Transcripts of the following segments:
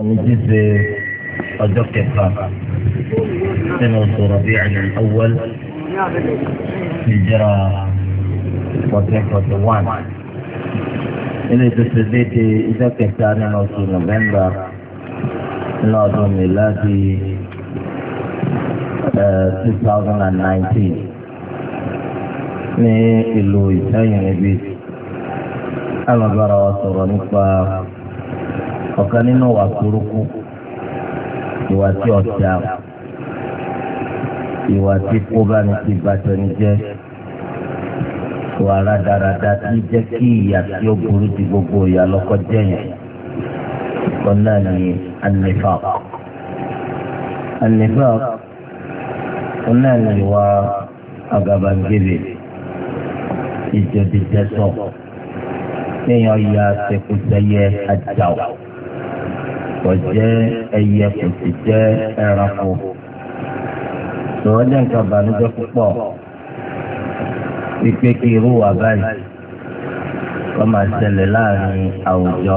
òní ṣíṣe ọjọ́ kẹfà sínú oṣù Rabi'ul Awwal ìjọra fourteen forty one nínú ìtòsí déédé ìjọ kẹta nínú oṣù nọ́vẹ́mbà nínú ọdún mìláàdì eh, two thousand and nineteen ní ìlú ìtẹ́yìn níbí. Àwọn bára wa sọ̀rọ̀ nípa ọ̀kan nínú ìwà burúkú ìwà tí ọ̀dà ìwà tí kó bá ní ti bàtẹ́ ní jẹ́ ìwà rádaràda tí jẹ́ kí ìyà tí ó burú ju gbogbo ìyà lọ́kọ́ jẹ́ yẹn kan náà ní anifaq anifaq kan náà ní ìwà agabangebe ìjọdìjẹsọ kéèyàn ya ṣekúṣẹyẹ ajáwó kò jẹ́ ẹyẹ kò sì jẹ́ ẹranko sọ̀rọ̀ jẹ́ nǹkan ìbànújẹ́ púpọ̀ wípé kí irú wà báyìí wọ́n máa ṣẹlẹ̀ láàrin àwùjọ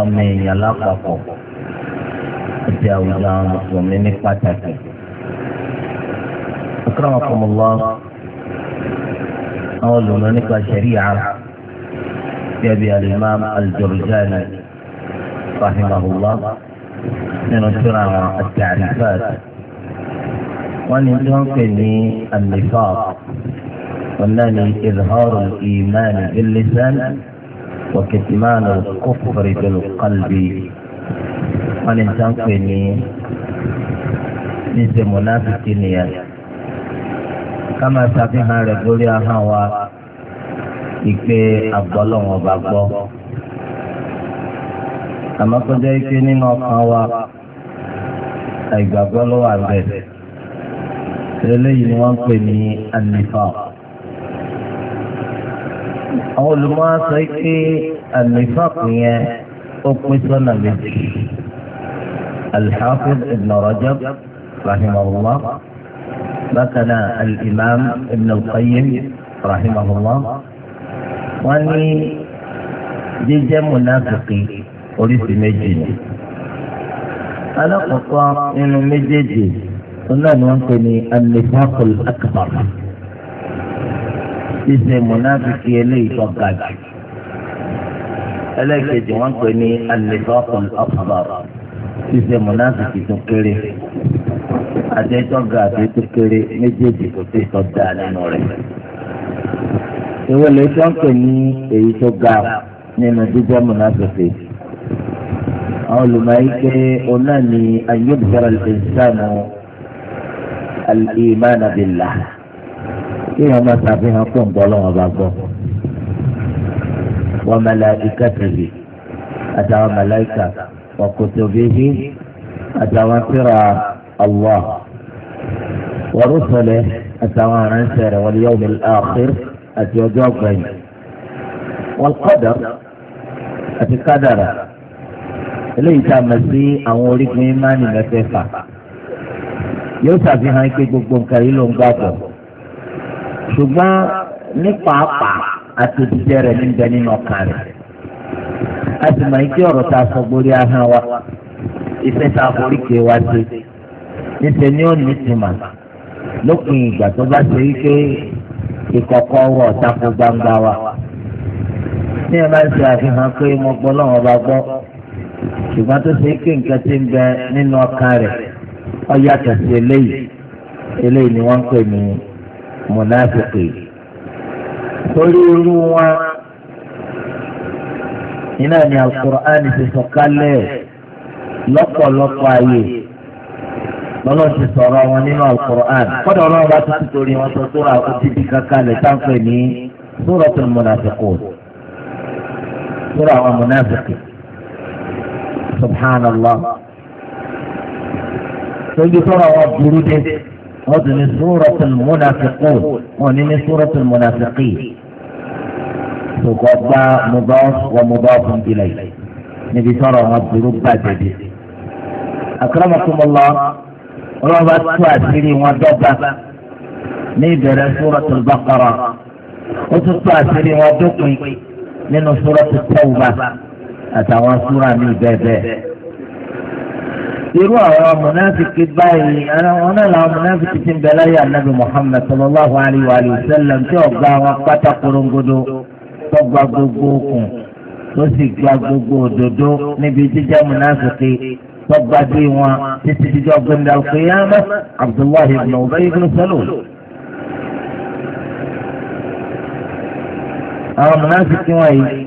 ọmọ èèyàn lápapọ̀ àti àwùjọ mùsùlùmí ní pàtàkì. akramakumullah àwọn olùmọ̀ nípa ṣẹ̀ríyà gẹ́gẹ́ bí al-imam al rahimahullah nínú síra wọn at-ta'rifat wọn ni tí wọn pè ní an-nifaq wọn náà ní izharu al-iman bil-lisan wa kitman al-kufr bil-qalbi wọn ni tí wọn pè ní ṣíṣe mọ̀nàfíkì nìyẹn ká máa ṣàfihàn rẹ̀ lórí ahọ́n wa ìpè àgbọ̀lọ́wọ̀n bá gbọ́. àmọ́ kó jẹ́ ike nínú ọkàn wa àìgbàgbọ́ ló wà bẹ́ẹ̀ eléyìí ni wọ́n ń pè ní àlìfà àwọn olùmọ̀ sọ pé àlìfà yẹn ó pín sọ́nà méjì alḥafiz ibn rajab rahimahullah bákan náà alimam ibn alqayyim rahimahullah wọ́n ní jíjẹ́ munafiki. oríṣi méjì ni. alákọ̀ọ́kọ́ nínú méjèèjì tó náà ni wọ́n ń pè ní alifakul akbar ṣíṣe mùnáfíkì eléyìí tó ga jù. ẹlẹ́kẹ̀jì wọ́n ń pè ní alifakul akbar ṣíṣe mùnáfíkì tó kéré àtẹ̀tọ́gà àti tó kéré méjèèjì kò sí ìtọ́jà nínú rẹ̀. ìwé lè tó pè ní èyí tó ga nínú jíjẹ́ mùnáfíkì àwọn olùmọ̀ọ́yí pé òun náà ni ayélujára ìsánú al-imana billah kí wọ́n máa ṣàfihàn pọ̀ ń gbọ́ lọ́wọ́ bá gbọ́ wa malaikatihi àtàwọn màláìkà wa kutubihi àtàwọn tírà Allah wa rusulihi àtàwọn aránṣẹ́ rẹ̀ wal yawmil akhir àti ọjọ́ gbẹ̀yìn wal qadar àti kádàrà eléyìí tá a mọ̀ sí àwọn orígun imáàni mẹ́fẹ̀ẹ̀fà yóò ṣàfihàn pé gbogbo nǹkan yìí ló ń gbàgbọ́ ṣùgbọ́n ní pàápàá àtòjíjẹ́ rẹ̀ níbẹ̀ nínú ọkàn rẹ̀ a sì mọ̀ ike ọ̀rọ̀ tá a sọ gbórí ahọ́n wa iṣẹ́ tá a forí ké wa ṣe níṣẹ́ ni ó ní tìmọ̀ lópin ìgbà tó bá ṣe wípé ìkọ̀kọ̀ wọ̀ ọ̀tá fún gbangba wa. ní ẹ bá ń ṣe àfihàn pé mo gbọ́ lọ́wọ́ bá gbọ́ ṣùgbọ́n tó ṣe é pé nǹkan ti ń bẹ nínú ọkàn rẹ̀ ó yàtọ̀ sí eléyìí eléyìí ni wọ́n ń pè ní mùnáfíkì. torí irú wọn iná ni alukur'an ti sọ kálẹ̀ lọ́pọ̀lọpọ̀ ayé lọ́nà ti sọ̀rọ̀ wọn nínú alukur'an kọ́dọ̀ ọlọ́run bá tuntun torí wọn sọ sóra ó ti di kankanlẹ̀ táǹpẹ̀ ní suratul munafiqun sóra àwọn mùnáfíkì subhanallah tóbi tọrọ wọn burú dé wọn tún ní suratul munafiqun wọn ní ní suratul munafiqin sọkọ gba mudaf wa mudafun ilayhi níbi tọrọ wọn burú bàjẹ́ dé. akramakumullah ọlọ́run bá tú àṣírí wọn dọ́gba ní ìbẹ̀rẹ̀ suratul baqara ó tún tú àṣírí wọn dópin nínú suratul tawba àtàwọn súra ní ìbẹ́ẹ̀bẹ́. irú àwọn mùnáfíkì báyìí àwọn náà làwọn mùnáfíkì ti ń bẹ láyé ànábì Muhammad sallallahu alayhi wa sallam tí ọ̀gá wọn pátá korongodo tó gba gbogbo okùn tó sì gba gbogbo òdodo níbi jíjẹ́ mùnáfíkì tó gba dé wọn títí jíjọ́ gbẹ̀ndà al Abdullahi ibn Ubay ibn Salul. àwọn mùnáfíkì wọ̀nyí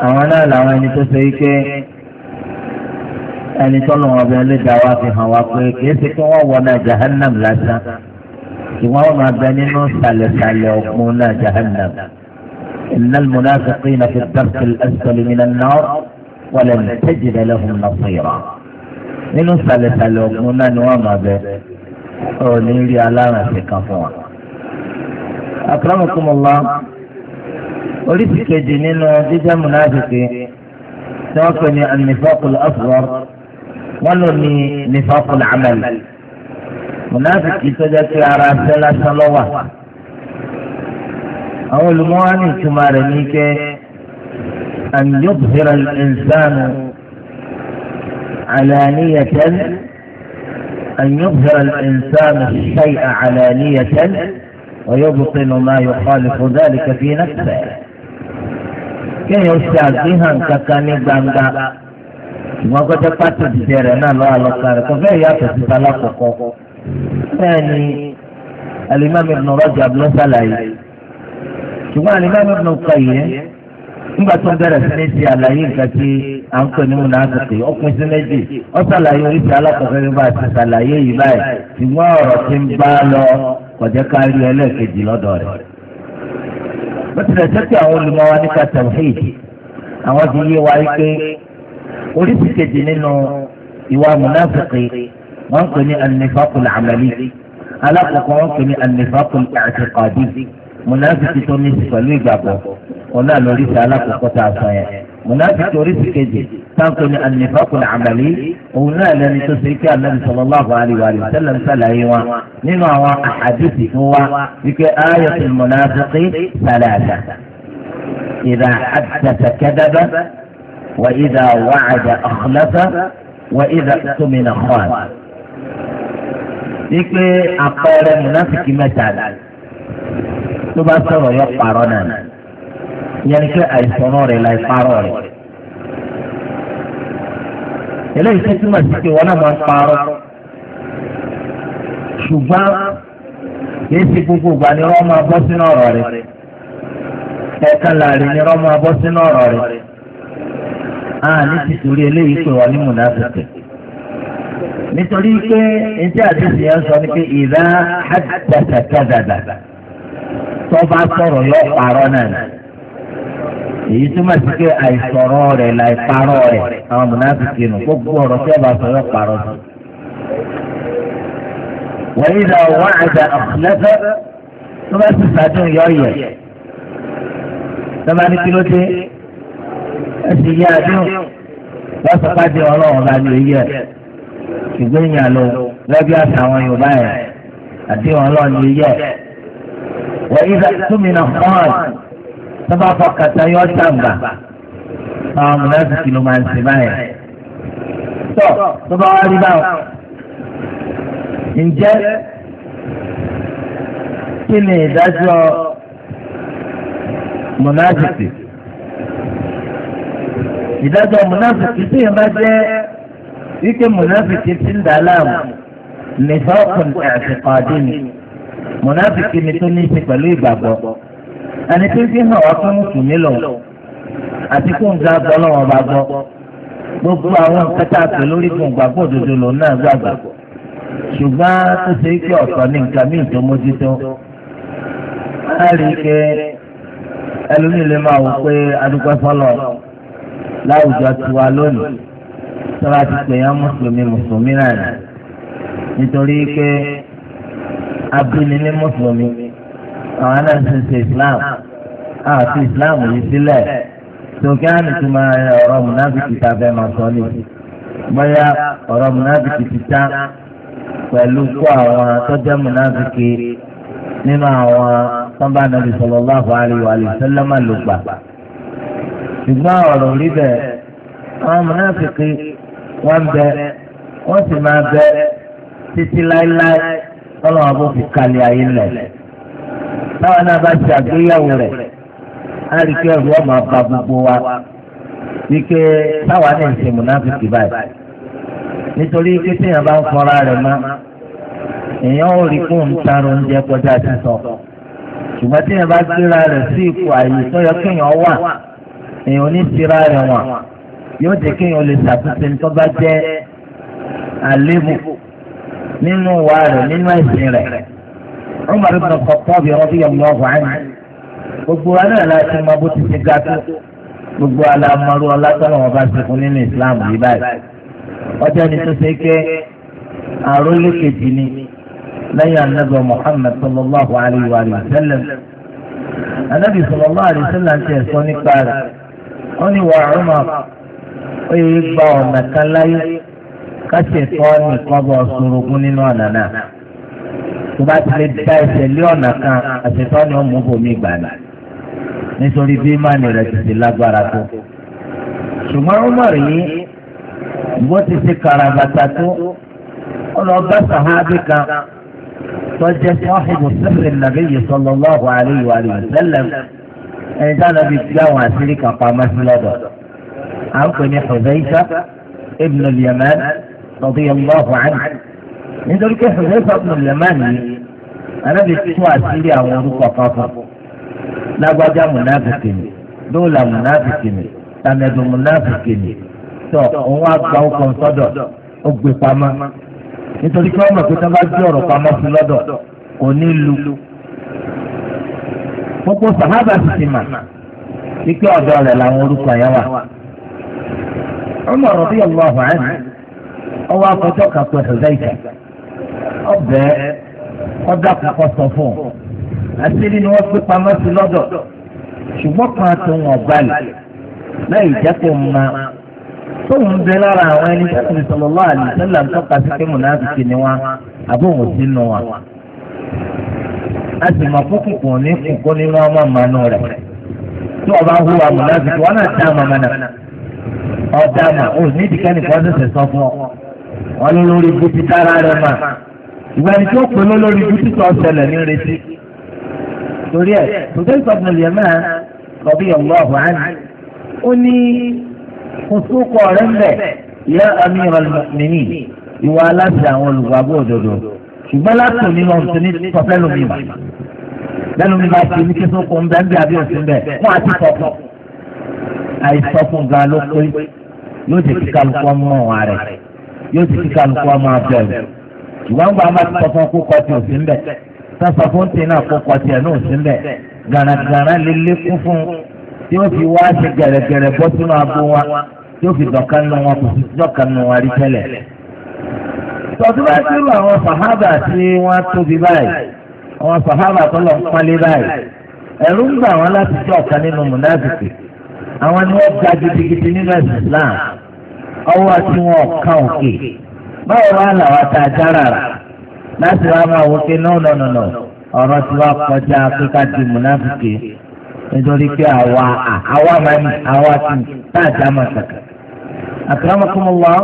àwọn náà làwọn ẹni tó ṣe wípé ẹni tọ́lọ̀ wọn bẹ lè dá wa fi hàn wá pé kìí ṣe kí wọ́n wọ náà jahannam lásán ṣùgbọ́n wọ́n máa bẹ nínú sàlẹ̀sàlẹ̀ ọ̀gbun náà jahannam. إن المنافقين في الدرك الأسفل من النار ولن تجد لهم نصيرا nínú sàlẹ̀sàlẹ̀ ọ̀gbun náà ni wọ́n máa bẹ ọ̀ ní rí alárànṣe kan وليس كجنين وليس منافقي توقني النفاق الأصغر ولني نفاق العمل منافق يتدك على رسالة صلى أو المواني كما رميك أن يظهر الإنسان علانية أن يظهر الإنسان الشيء علانية ويبطن ما يخالف ذلك في نفسه kéèyàn ṣe àgbéhàn kankan ní gbangba ìwọ́n gbọ́dọ̀ pàtó dìde rẹ̀ náà lọ́wọ́ àlọ́kà rẹ̀ kò fẹ́ẹ́ yàtọ̀ kọkọ lákòókò bẹ́ẹ̀ ni alimami ibn Rajab ló ṣàlàyé alimami ibn Qayyim nígbà tó ń bẹ̀rẹ̀ sí ní ti àlàyé nǹkan tí à ń pè ní munafiki ọkùnrin sí méjì ó oríṣi alákọ̀ọ́fẹ́ bá ti yìí báyìí ṣùgbọ́n ọ̀rọ̀ ti ń bá lọ kọjá kárí ẹlẹ́ẹ̀kejì lọ́dọ̀ bó tilẹ̀ jẹ́ pé àwọn olùmọ̀wá nípa tawhid àwọn ti yé wa pé oríṣi kejì nínú ìwà múnáfìkì wọ́n ń pè ní al-nifaqul amali alákọ̀ọ́kọ́ wọ́n ń pè ní al-nifaqul múnáfìkì tó ní sí pẹ̀lú ìgbàgbọ́ ọ̀nà lórí sí alákọ̀ọ́kọ́ tá a sọ yẹn. هناك تريد كذي تنقل النفاق العملي هنا لن تسرك النبي صلى الله عليه وآله وسلم سلايوا لما هو أحدث هو بك آية المنافق ثلاثة إذا حدث كذب وإذا وعد أخلف وإذا اؤتمن خان بك أقار منافق مثلا تبصر يقارننا ìyẹn ni pé àìsàn rẹ̀ láì parọ́ rẹ̀. eléyìí tó túmọ̀ sí pé wọn náà máa ń parọ́ ṣùgbọ́n kì í ṣe gbogbo ìgbà ni wọ́n máa bọ́ sínú ọ̀rọ̀ rẹ̀ ẹ̀ẹ̀kan láàrin ni wọ́n máa bọ́ sínú ọ̀rọ̀ rẹ̀ àní ti torí eléyìí pé wọ́n ní mùnàfíkì nítorí pé etí àdéhùn yẹn sọ ni pé ìdá àdàkàkàdàdà tó sọ̀rọ̀ yọ pààrọ̀ náà èyí túmọ̀ sí pé àìsọ̀rọ̀ rẹ̀ láìparọ́ rẹ̀ àwọn mùnáfíkì nù gbogbo ọ̀rọ̀ tí ọba sọ̀rọ̀ parọ́ sí. wọ́n yìí lọ wọ́n àjà ọ̀pọ̀lẹ́fẹ́ tó bá sì sàdún yọ yẹ. tọ́ba ní kí ló dé ẹ sì yé àdéhùn wọ́n sọ pé ọlọ́run ọba ni èyí ẹ̀ ṣùgbọ́n ìyàn ló lẹ́bí àti Yorùbá yẹn àdéhùn ọlọ́run ni èyí ẹ̀ wọ́n yìí tọ́ba fọkàtà yọ sàǹbà àwọn mùnàfíkì ló máa ń ṣe báyìí. tọ́ tọ́ba wá rí báwọn. ǹjẹ́ kí ni ìdájọ́ mùnàfíkì? ìdájọ́ mùnàfíkì tí yẹn bá jẹ́ wípé mùnàfíkì ti ń dà láàmú nìfọ́ kùn àti kọ́ọ̀dínì mùnàfíkì ni tó ní í ṣe pẹ̀lú ìgbàgbọ́ ẹni tí ń fi hàn wá fún mùsùlùmí lò àti kó ń ga gbọ́ lọ́wọ́ bá gbọ́ gbogbo àwọn nǹkan tá a pè lórí fún ìgbàgbọ́ òdodo lòun náà gbàgbọ́ ṣùgbọ́n tó ṣe é pé ọ̀sán ní nǹkan míì tó mójútó á rí i pé ẹlòmíì lè máa wò pé adúgbò fọlọ láwùjọ tiwa lónìí tó bá ti pè yán mùsùlùmí mùsùlùmí náà nítorí pé abúlé ní mùsùlùmí àwọn náà ti ṣe islam àti islam yìí sílẹ̀ tòkí àná tó máa ọ̀rọ̀ mùnáfíkì tá a fẹ́ máa sọ nìyí bóyá ọ̀rọ̀ mùnáfíkì ti tán pẹ̀lú kó àwọn tó jẹ́ mùnáfíkì nínú àwọn tọ́ba nàbì sallallahu alaihi wa sallam ló gbà. ṣùgbọ́n ọ̀rọ̀ rí bẹ́ẹ̀ àwọn mùnáfíkì wọ́n bẹ wọ́n sì máa bẹ títí láéláé tọ́lọ́wọ́n bó fi kalẹ̀ ayé lẹ̀ táwọn náà bá ti àgbéyàwó rẹ̀ á rí kí ẹ̀rù ọmọ bá gbogbo wa wípé táwa náà ń ṣe múnáfíkì báyìí nítorí pé téèyàn bá ń fọra rẹ̀ mọ́ èèyàn ò rí kó ń tarun oúnjẹ kọjá sísọ ṣùgbọ́n téèyàn bá gbéra rẹ̀ sí ipò àyè tó yẹ kéèyàn wà èèyàn ò ní tira rẹ̀ wọ̀n yóò jẹ́ kéèyàn lè ṣàtúnṣe tó bá jẹ́ àlébù nínú wa rẹ̀ nínú ẹ̀sìn rẹ̀. Umar ibn al-Khattab radiyallahu anhu gbogbo alẹ́ la ti mọ bó ti ti ga tó gbogbo alẹ́ amaru ọlátọ́nà wọn bá ti fún nínú Islam yìí báyìí ọjọ́ ni tó ṣe pé àrólé kejì ni lẹ́yìn anabi Muhammad sallallahu alayhi wa sallam anabi sallallahu alayhi wa sallam ti ẹ̀sọ́ nípa rẹ̀ wọ́n ní wà Umar ó yẹ gba ọ̀nà kan láyé ká ṣètò ọ̀nìkan bọ̀ ṣòro nínú ọ̀nà náà tó bá ti lè dá ẹsẹ̀ lé ọ̀nà kan àṣetọ́ ni wọ́n mú bomi gbà ní. nítorí bí mánì rẹ̀ ti ti lágbára tó. ṣùgbọ́n Umar yìí bó ti ṣe karabata tó ó lọ bá sàhábì kan tó jẹ́ sọ́hìbù sirri nàbíyí sallallahu alayhi wa sallam ẹni dáná bíi gbé àwọn àṣírí kan pamọ́ sí lọ́dọ̀. à ń pè ní Hudhayfa ibn al-Yaman radiyallahu anhu. nítorí pé Hudhayfa ibn al-Yaman yìí anábì tú àṣírí àwọn orúkọ kan fún lágbájá mùnáfìkì ni dóòlà mùnáfìkì ni tàmẹ̀dù mùnáfìkì ni tó òun àgbà ọkọ̀ sọ́dọ̀ ó gbé pamọ́ nítorí pé ọmọ pé sábà gbé ọ̀rọ̀ pamọ́ sí lọ́dọ̀ kò ní lu gbogbo sàhábà sì ti mà ike rẹ̀ làwọn orúkọ yẹn wà ọmọ ọ̀rọ̀ bí ọwọ́ kan pẹ̀lú ọbẹ̀ ọdọ àkàkọ fún un àṣírí ni wọ́n gbé pamọ́ sí lọ́dọ̀ ṣùgbọ́n kan tó wọn láì jẹ́ kó ma bẹ lára àwọn ẹni tó ti sọ̀rọ̀ lọ́wọ́ àlùsọ́là ń tọ́ka sí pé mùnàfíkì ni wọn a sì fún ní nínú ọmọ rẹ̀ tí wọ́n bá hùwà wọn náà dá ọ wọn lórí ìgbàni tí ó pè ló lórí ibi títọ́ ṣẹlẹ̀ ní retí. torí ẹ̀ tòtẹ́ ìsọ̀bùn ìlú ẹ̀mẹ́ lọ́bí ọ̀gbọ́n ọ̀hún àná ó ní kòsókò ọ̀rẹ́ mbẹ̀ yẹ àmì ìrọ̀lùmọ̀mìnì ìwà aláṣẹ àwọn olùgbàgbọ́ òdodo ṣùgbọ́n látò nínú ọ̀sẹ̀ ní tọ́fẹ́ lómi mà lẹ́nu mi bá ti ní kí sókò ń bẹ́ ń bẹ́ àbí òsì ń bẹ́ fún àti tọ́pọ̀ àìsọ́kùn gan ló pé yóò ti kíkà lùkọ́ mọ́ ọ̀hún rẹ̀ yóò ti kíkà lùkọ́ máa bẹ̀rù ṣùgbọ́n gba máa ti sọ fún kókọ tí ò sí ń bẹ̀ sọ́sọ fún tí náà kókọ tí ẹ̀ náà ò sí ń bẹ̀ gàràgàrà lè lékún fún tí ó fi wá ṣe gẹ̀rẹ́gẹ̀rẹ́ bọ́ sínú abó wa tí ó fi dọ̀kan nù wọn kò sí dọ̀kan nù wọn rí tẹ́lẹ̀. tọ́tún bá ti rú àwọn sàhábà tí wọ́n tóbi báyìí àwọn sàhábà tó lọ pálí báyìí ẹ̀rú ń gbà wọn láti jẹ́ ọ̀kan nínú mùnáfíkì àwọn ni wọ́n ga gidigidi nínú ẹ̀sìn ọwọ́ àti wọn ọ̀kan báwo wá làwọn àtàjára láti wá máa wọ pé náà nọ̀nà ọ̀rọ̀ tí wàá kọjá kíkà di múnáfìkì nítorí pé àwa àwa máa ní àwa tì táàjà máa kàkà. àkàràmọ́kùnmọ́ wa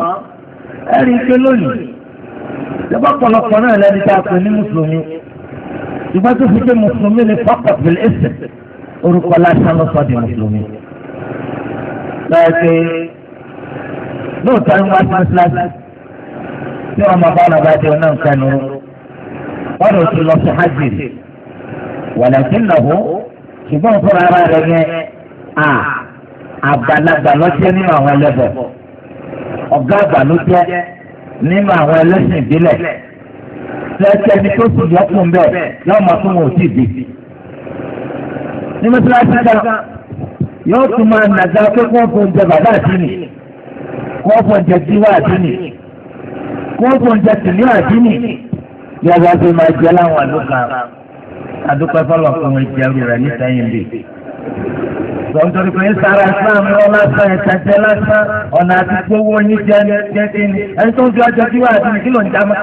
ẹ rí i pé lónìí lọ́pọ̀ pọ̀lọpọ̀ náà lẹ́ni tá a pè ní mùsùlùmí ìgbà tó fi dé mùsùlùmí ni fọ́pọ̀ pẹ̀lú ẹsẹ̀ orúkọ lásán ló sọ di mùsùlùmí. lọ́ọ̀kẹ́ lóòótọ́ ni wọ́n á ti mọ́síláṣí. tí Ramadan bá dé ọ̀nà nǹkan nù wọ́n lọ sí lọ sí hajj wàlàkínàhó ṣùgbọ́n fúnra ara rẹ̀ yẹn à àgbàlagbà ló jẹ́ nínú àwọn ẹlẹ́bọ̀ ọ̀gá àgbà ló jẹ́ nínú àwọn ẹlẹ́sìn ìbílẹ̀ lẹ́sẹ̀ ní tó sì yọkùn bẹ́ẹ̀ yọ́ọ́ máa tún wọn ò tí ì bì. ní mọ́tíláṣí kan yóò tún máa nàgá pé kó fún oúnjẹ bàbá àti nì kó fún oúnjẹ tíwá àti nì. wọ́n bọ̀ ń jẹ tìlú àdínì bí a bá fi máa jẹ láwọn àdúgbò àdúgbò fọlọ́ fún wọn jẹ rẹ̀ nítẹ̀yìn bì. Sọ̀tọ̀rì pé sára sáà ń lọ lásán ẹ̀ka jẹ́ lásán ọ̀nà àti gbowó ní jẹ́ jẹ́dé ni. Ẹni tó ń fi ọjọ́ tìlú àdínì kí ló ń jámá?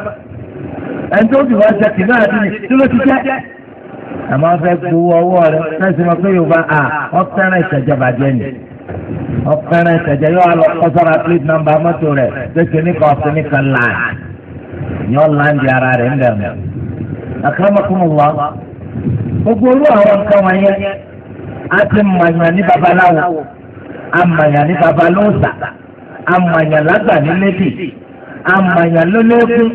Ẹni tó ń fi ọjọ́ tìlú àdínì kí ló ti jẹ́? Àmọ́ fẹ́ gbowó ọwọ́ rẹ̀ fẹ́ẹ́ sọ pé Yorùbá à wọ́n fẹ́ràn ìṣèjọba jẹ́ ni ọ̀fẹ́rẹ́ ìtẹ̀jẹ́ yóò lọ kọ́sára plate number mọ́tò rẹ̀ pèsè níka ọ̀sẹ̀ níka láì yọ láǹdì ara rẹ̀ ńlẹ̀ mọ́. àkàràmọ́kùnmọ́ wa gbogbo olú àwọn nǹkan wọ̀nyẹn a ti mọ̀nyàn ní babaláwo a mọ̀nyàn ní babalóòsà a mọ̀nyàn lágbà ní lédì a mọ̀nyàn lólégún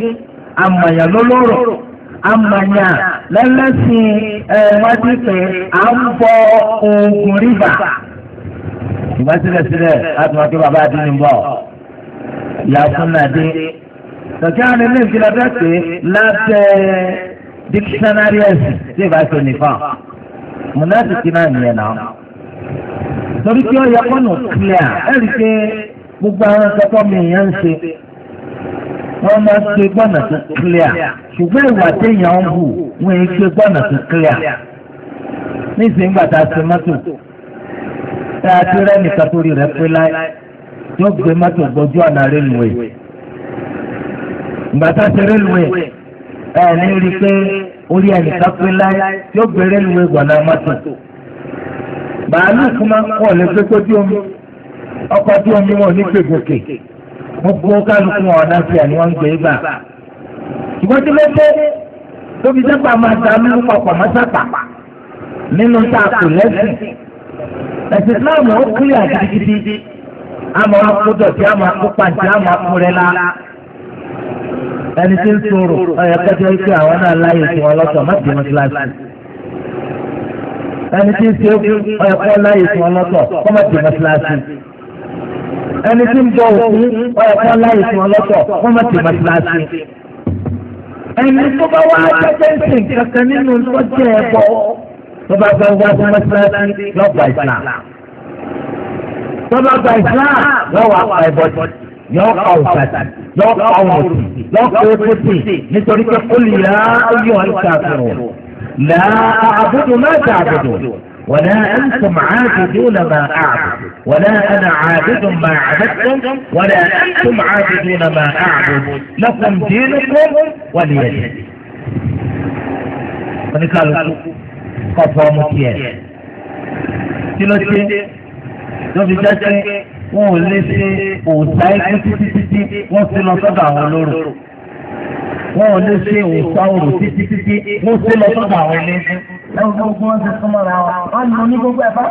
a mọ̀nyàn lólóró amanya lẹ́lẹ́sìn ẹ̀ wájú pé à ń bọ Ògùn rìbà ìgbà sílẹ̀sílẹ̀ láti máa kí bàbá àdínní bọ̀ ìyá súnàdé tọ́kí àwọn ilé ìfìlà bẹ́ẹ̀ pé lábẹ́ dictionary ẹ̀sìn tí ìbá ṣe nìkan mùnàfíkì náà nìyẹn náà torí kí ó yẹ kọ́nù clear ẹ̀rí pé gbogbo àwọn akẹ́kọ̀ọ́ mi yẹn ń ṣe wọ́n máa ń ṣe gbọ́nà tó clear ṣùgbọ́n ìwà téèyàn ń hù wọ́n ń ṣe gbọ́nà tó clear nísìnyí gbàtà sí mọ́tò. tá a ti rẹ́ nìkan tó rí rẹ̀ pé láì yóò gbé mọ́tò gbójú ọ̀nà rélùwé ti rélùwé ẹ̀ ní rí i pé orí ẹnìkan pé láì yóò gbé rélùwé gbọ̀nà mọ́tò bàálù kuma omi ọkọ̀ ojú omi wọn ní gbogbo kálukú wọn ọ̀nà fìyà ni wọ́n ń gbé gbà ṣùgbọ́n tí ló dé tóbi sẹ́pà máa ẹ̀sìn islam ó kílì àgídígídí àmọ́ akódọ̀ tí àmọ́ akópàǹtì àmọ́ akúrẹ́ la ẹni tí ń sọ̀rọ̀ ọ̀yẹ́ kẹ́tẹ́ wípé àwọn náà láyè fún ọ lọ́sọ̀ má bímọ síláàsì ẹni tí ń ṣe ọ̀yẹ́ kọ́ láyè fún ọ lọ́sọ̀ kọ́ má bímọ síláàsì ẹni tí ń bọ òkú ọ̀yẹ́ kọ́ láyè fún ọ lọ́sọ̀ kọ́ má bímọ síláàsì ẹni tó bá wá kẹ́kẹ́ ń kankan nínú tọ́jú ẹ̀ bọ́. طبعا فانجاز مثلا لو بايسنا طبعا بايسنا لو عقاي بوت لو قوفة لو قوفة لو قوفة نتوري تقول يا أيها الكافرون لا أعبد ما تعبدون ولا أنتم عابدون ما أعبد ولا أنا عابد ما عبدتم ولا أنتم عابدون ما أعبد لكم دينكم وليدي فنقال kọ́pọ̀ ọmọ tiẹ̀. kí ló ṣe ló fi jẹ́ pé wọn ò lè ṣe òòṣà ikú títí títí wọ́n sì lọ sọ́dọ̀ àwọn olóró. wọn ò lè ṣe òòṣà orò títí títí wọ́n sì lọ sọ́dọ̀ àwọn eléyìí. ẹ̀rù gbogbo wọn ti fún mọ́ra wa wọ́n lò ní gbogbo ẹ̀ bá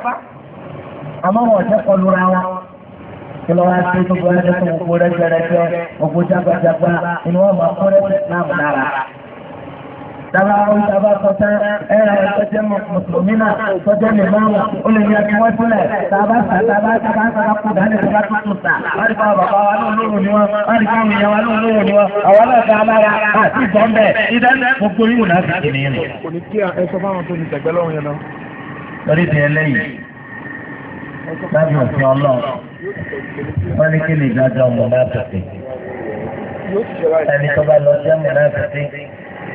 àmọ́ wọn ò tẹ́ kọlu ra wa kọlọ́wọ́ àti gbogbo ẹ̀jẹ̀ fún gbogbo rẹ̀ jẹrẹ jẹ ògbó jágbajàgba inú wọn máa kọ́ rẹ̀ láàmú lára dára àwọn ìjọba sọtẹ ẹ̀rọ ìtọ́jẹ́ mùsùlùmí náà ìtọ́jẹ́ nìmọ́ọ̀mù ó lè yẹ kí wọ́n sílẹ̀ tàbá tàbá tàbá tàbá kú dání tàbá tó tún sà. wọ́n ti fọwọ́ bàbá wa lóun lóhùn ni wọ́n wọ́n ti fọwọ́ ìyá wa lóun lóhùn ni wọ́n àwọn náà ta alára àti ìbọn bẹ́ẹ̀ ìdáná gbogbo yìí wò náà fi kìnìún rẹ̀. kò ní kí ẹ sọ fáwọn tó ní tẹ̀gbẹ́ lọ́wọ́ yẹn náà. lórí ti ẹlẹ́yìn lábẹ́ òfin ọlọ́run wọ́n ní kí lè dájọ́ mọ̀ náà tètè ẹni tó bá lọ jẹ́ mọ̀ náà tètè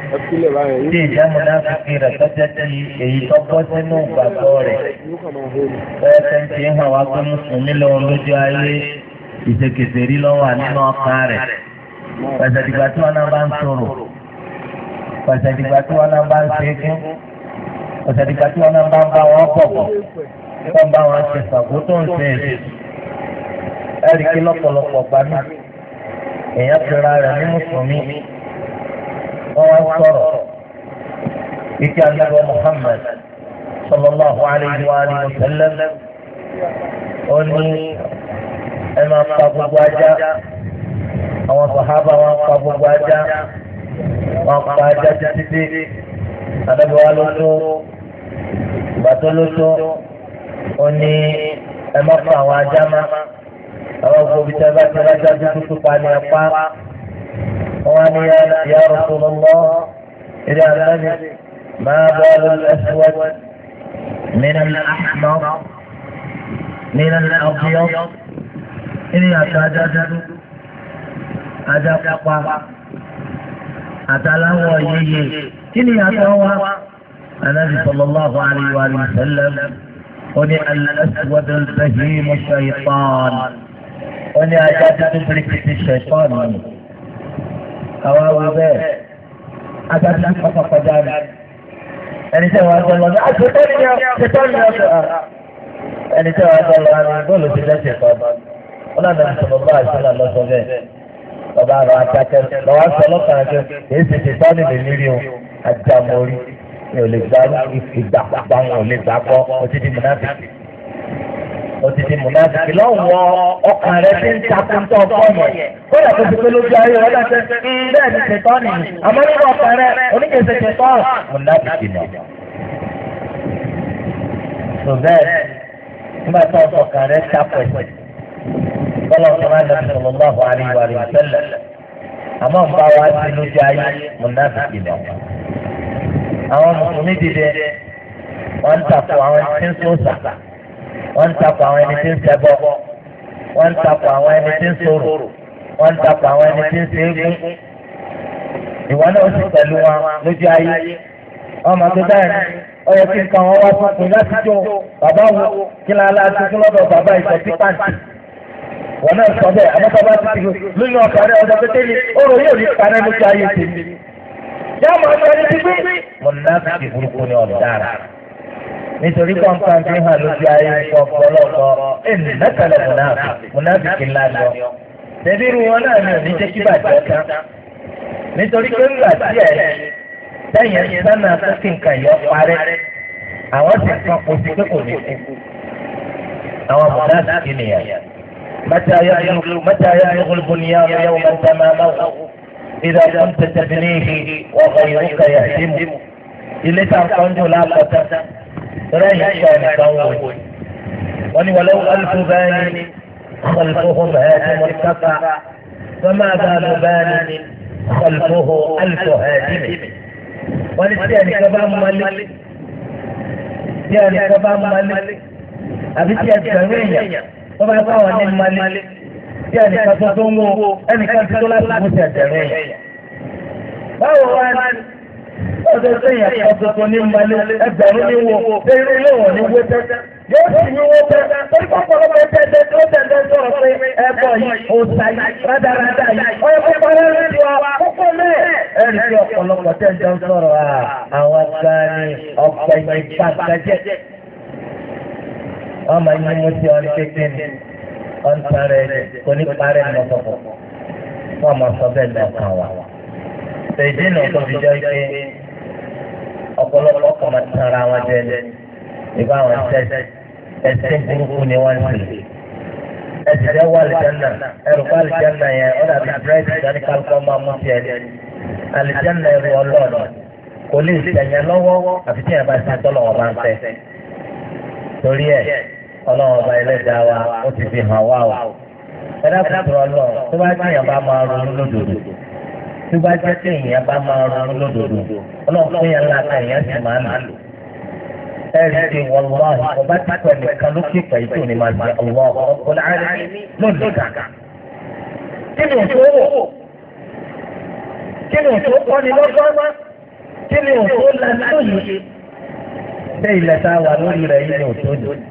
Ṣé ìjánu náà fi rẹ̀ tọ́jẹ́ ti èyí tó bọ́ sínú ìgbàgbọ́ rẹ̀? Bẹ́ẹ̀ sẹ́ńtì ń hàn wá pé Mùsùlùmí lòun lójú ayé ìṣèkèsè rí lọ́wọ́ nínú ọkàn rẹ̀. Pẹ̀sẹ̀ dìgbà tí wọ́n náà bá ń sọ̀rọ̀. Pẹ̀sẹ̀ dìgbà tí wọ́n náà bá ń ṣe é fún. Pẹ̀sẹ̀ dìgbà tí wọ́n náà bá ń bá wọn pọ̀ pọ̀. Tó ń bá wọn ṣe sàgbó tó ń ṣe èsì. lọ́pọ̀lọpọ̀ gbà mí. Èèyàn fira rẹ̀ ní Mùsùlùmí wọ́n wá sọ̀rọ̀ ike alẹ́bọ̀ Muhammad sallallahu alayhi wa sallam ó ní ẹ máa ń pa gbogbo ajá àwọn sàhábà wọn pa gbogbo ajá wọn pa ajá títí dé alẹ́bọ̀ wa ló tó bàtọ́ ló tó ó ní ẹ má pa àwọn ajá má àwọn gbogbo ibi tí a bá tó tó pa ni ẹ pa. قال يا رسول الله إذا النبي ما بال الأسود من الأحمر من الأبيض إذا تجدد أدقق أتلوى يجي إذا يتوى النبي صلى الله عليه وآله وسلم وني الأسود البهيم الشيطان وني أجدد بركة الشيطان منه àwọn àwọn bẹ́ẹ̀ adájọ́ kọ́kọ́ kọjá ni ẹni tẹ́ wàá jẹun lọ́dún àtúntò ní ọ̀sẹ̀ ẹni tẹ́ wàá jẹun lọ́dún bóòlù ti lẹ́sẹ̀ kọ́ ọ́n náà lọ́dún sọ̀rọ̀ bá àṣìlá lọ́sọ̀ bẹ́ẹ̀ bàbá àwọn adájọ́ lọ́wọ́ sọ̀rọ̀ kan jẹ́ èyí ti ti tọ́ nílé nírí o àjàmọ́rí mi ò lè gbá ìgbà pàpà wọn ò lè gbà kọ́ ọtí di mùnáfíà òtítì mùnádìkì lọ́wọ́ ọkàn rẹ ti ń takun tó fọ́ọ̀mù ẹ̀ ó dàgbà tó pé lójú ayé wọn láti hmm, bẹ́ẹ̀ ni ṣètọ́ ni àmọ́ nínú ọkàn rẹ oníkèsè ṣètọ́ mùnádìkì nà. tó bẹ́ẹ̀ nígbà tó ọkọ̀ kan rẹ tapẹ̀ bọ́lá ọ̀sán máa ń lọ sọ̀rọ̀ lọ́wọ́ àríwá rẹ̀ tẹ́lẹ̀ àmọ́ ń wa sí lójú ayé mùnádìkì nà. àwọn mùsùlùmí dìde wọ́n ń tàkùn àwọn tí ń sọ́sà wọ́n ń àwọn ẹni tí ń ṣẹbọ wọ́n ń àwọn ẹni tí ń sòrò wọ́n ń àwọn ẹni tí ń ṣe é gún ìwọ náà sì pẹ̀lú wọn lójú ayé ọmọ tó dáhùn yẹ kí wọn wá láti jó bàbá wo kí ni aláàtú fún lọ́dọ̀ bàbá pàǹtì wọn náà sọ bẹ́ẹ̀ àmọ́tọ́ bá ti dìgbò lónìí ọkọ̀ ọjọ́ pété ni ó rò nítorí kọ́ńtà ń fi hàn lójú ayé nǹkan ọ̀pọ̀lọpọ̀ ẹ̀mí lẹ́tàlẹ̀ mùnáfì mùnáfìkì ńlá ni ọ. tẹ̀bí irun wọn náà ni ò ní jẹ́ kí bàjẹ́ tán nítorí pé ńlá tí ẹ̀ tẹ̀yẹ̀ sánà tó kí nǹkan yọ parẹ́ àwọn sì kan kò sí pé kò ní kú. àwọn mùnáfìkì nìyẹn. متى يبلغ البنيان يوما تمامه إذا كنت تبنيه وغيرك يهدمه. إليك أن تنجو لا تتسم tọ́lá yìí sọ nìkan wò ni wọ́n ní wọlé alùpùpù báyìí ni kọlùpùpù báyìí ti mọ̀ sábà wọ́n máa bá a lọ báyìí ni kọlùpùpù alùpùpù báyìí ni wọ́n ní tí ẹnìkan bá mọ́lé tí ẹnìkan bá mọ́lé àbí tí ẹgbẹ̀rún èèyàn wọ́n bá fáwọn ní mọ́lé tí ẹnìkan tó tó ń wo ẹnìkan tó tó láti mú ti ẹgbẹ̀rún èèyàn. báwo wá ní. ọ̀sẹ̀ sẹ́yìn ẹ̀ka tuntun ní mbalẹ̀ ẹgbẹ̀rún ní wo eré ilé ní wo tẹ́ yóò sì ní wo tẹ́ torí pọ̀pọ̀lọpọ̀ ẹ̀ tẹ́tẹ́ tó tẹ́tẹ́ sọ̀rọ̀ pé ẹ̀bọ̀ yìí rádaràdà yìí rẹ̀ ló ti wá kókó ọ̀pọ̀lọpọ̀ ń sọ̀rọ̀ àwọn wọ́n máa kékeré ọ̀pọ̀lọpọ̀ kan máa tán ara wọn jẹ nípa àwọn ẹsẹ̀ ẹsẹ̀ burúkú ni wọ́n ń sè. ẹsẹ̀ rẹ̀ wà lìjánà ẹrù bá lìjánà yẹn ó dàbí bírèdì dání kálukọ́ máa mú tiẹ̀ ní. àlìjánà ẹrù ọlọ́ọ̀nà kò lè sẹ̀yìn lọ́wọ́ àfi tí yẹn bá ṣe tọ́lọ̀ wọn bá ń fẹ́. torí ẹ̀ ọlọ́wọ́n ọba ẹlẹ́dàá wa ó ti fi hàn wá o. ẹ dákun tó ọlọ́run tó bá tó bá jẹ́ pé èèyàn bá máa ronú lódodo ọlọ́run fún yẹn ńlá kan èèyàn sì máa ń lò. ẹ rí i pé wàlúwàhì ọba títọ̀ nìkan ló sì pẹ̀ tó ní máa jẹ ọwọ́ ọkùnrin àárẹ̀ lónìí kàkà. kí ni òṣù wò? kí ni òṣù kọ́ni lọ́gbọ́n? kí ni òṣù lẹ́nu lóyè? ṣé ilẹ̀ tá a wà lórí rẹ̀ yìí ni òṣù ni?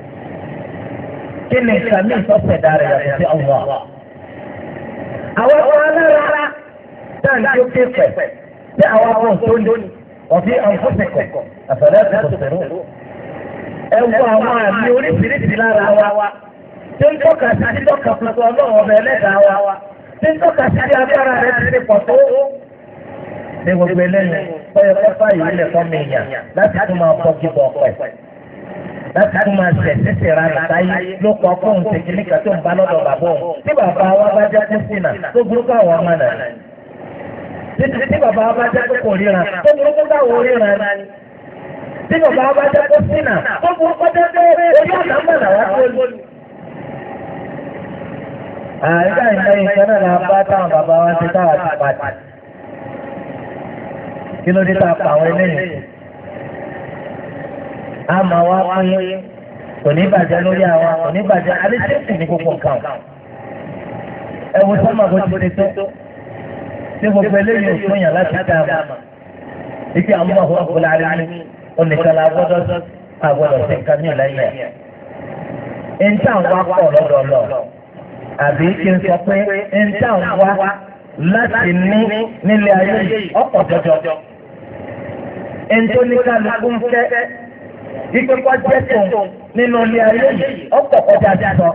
kí ni kàmí ìsọ̀fẹ̀dá rẹ̀ yàtọ̀ sí ọwọ́? àwọn ọ̀rọ̀ alára naanị ó ké pẹ̀ ní àwọn àwọn tó ní ọ̀bí àǹfọ̀sẹ̀kọ̀ na àwọn àmì oríṣiríṣi lára wa tí ń tọ́ka sí tí tọ́ka pẹ̀lú ọlọ́run ọbẹ̀ ẹlẹ́dàá wa tí ń tọ́ka sí agbára rẹ̀ ti ti pọ̀ tó. ní gbogbo mi yàn láti tún máa kí bọ̀ pẹ̀ láti tún máa ṣẹ̀ ra ló ń bá lọ́dọ̀ bàbá òun tí bàbá wa bá tó burúkú nítorí tí bàbá bá jẹ́ pé kò ríran tó burúkú dáwọ́ ríran ni tí bàbá bá jẹ́ pé sínà tó burúkú jẹ́ pé orí àtàmọ̀ làwọn tó lù. àìsà ìlẹ́yìn kan náà la bá táwọn bàbá wa ti táwọn ti pàtì kí ló dé tá a pa àwọn eléyìí a máa wá pín kò ní lórí àwọn kò ní alẹ́ tí ó sì ní gbogbo nǹkan ẹ wo sọ́mà bó ti ti ṣé gbogbo eléyìí ò fún yàn láti dá a mọ̀ ibi àwọn ọ̀hún ọ̀gbọ̀n àlẹ́ mi onìkan la gbọ́dọ̀ àgbọ̀dọ̀ sí nǹkan ní ìlẹ́yìn ẹ̀. ẹ̀ńtà ń wá pọ̀ lọ àbí kí n sọ pé ẹ̀ńtà ń láti ní nílé ayé ọ̀pọ̀ jọjọ. ẹ̀ńtò ní ń fẹ́ ikú kọjá tó nínú ilé ayé ọ̀pọ̀ kọjá tó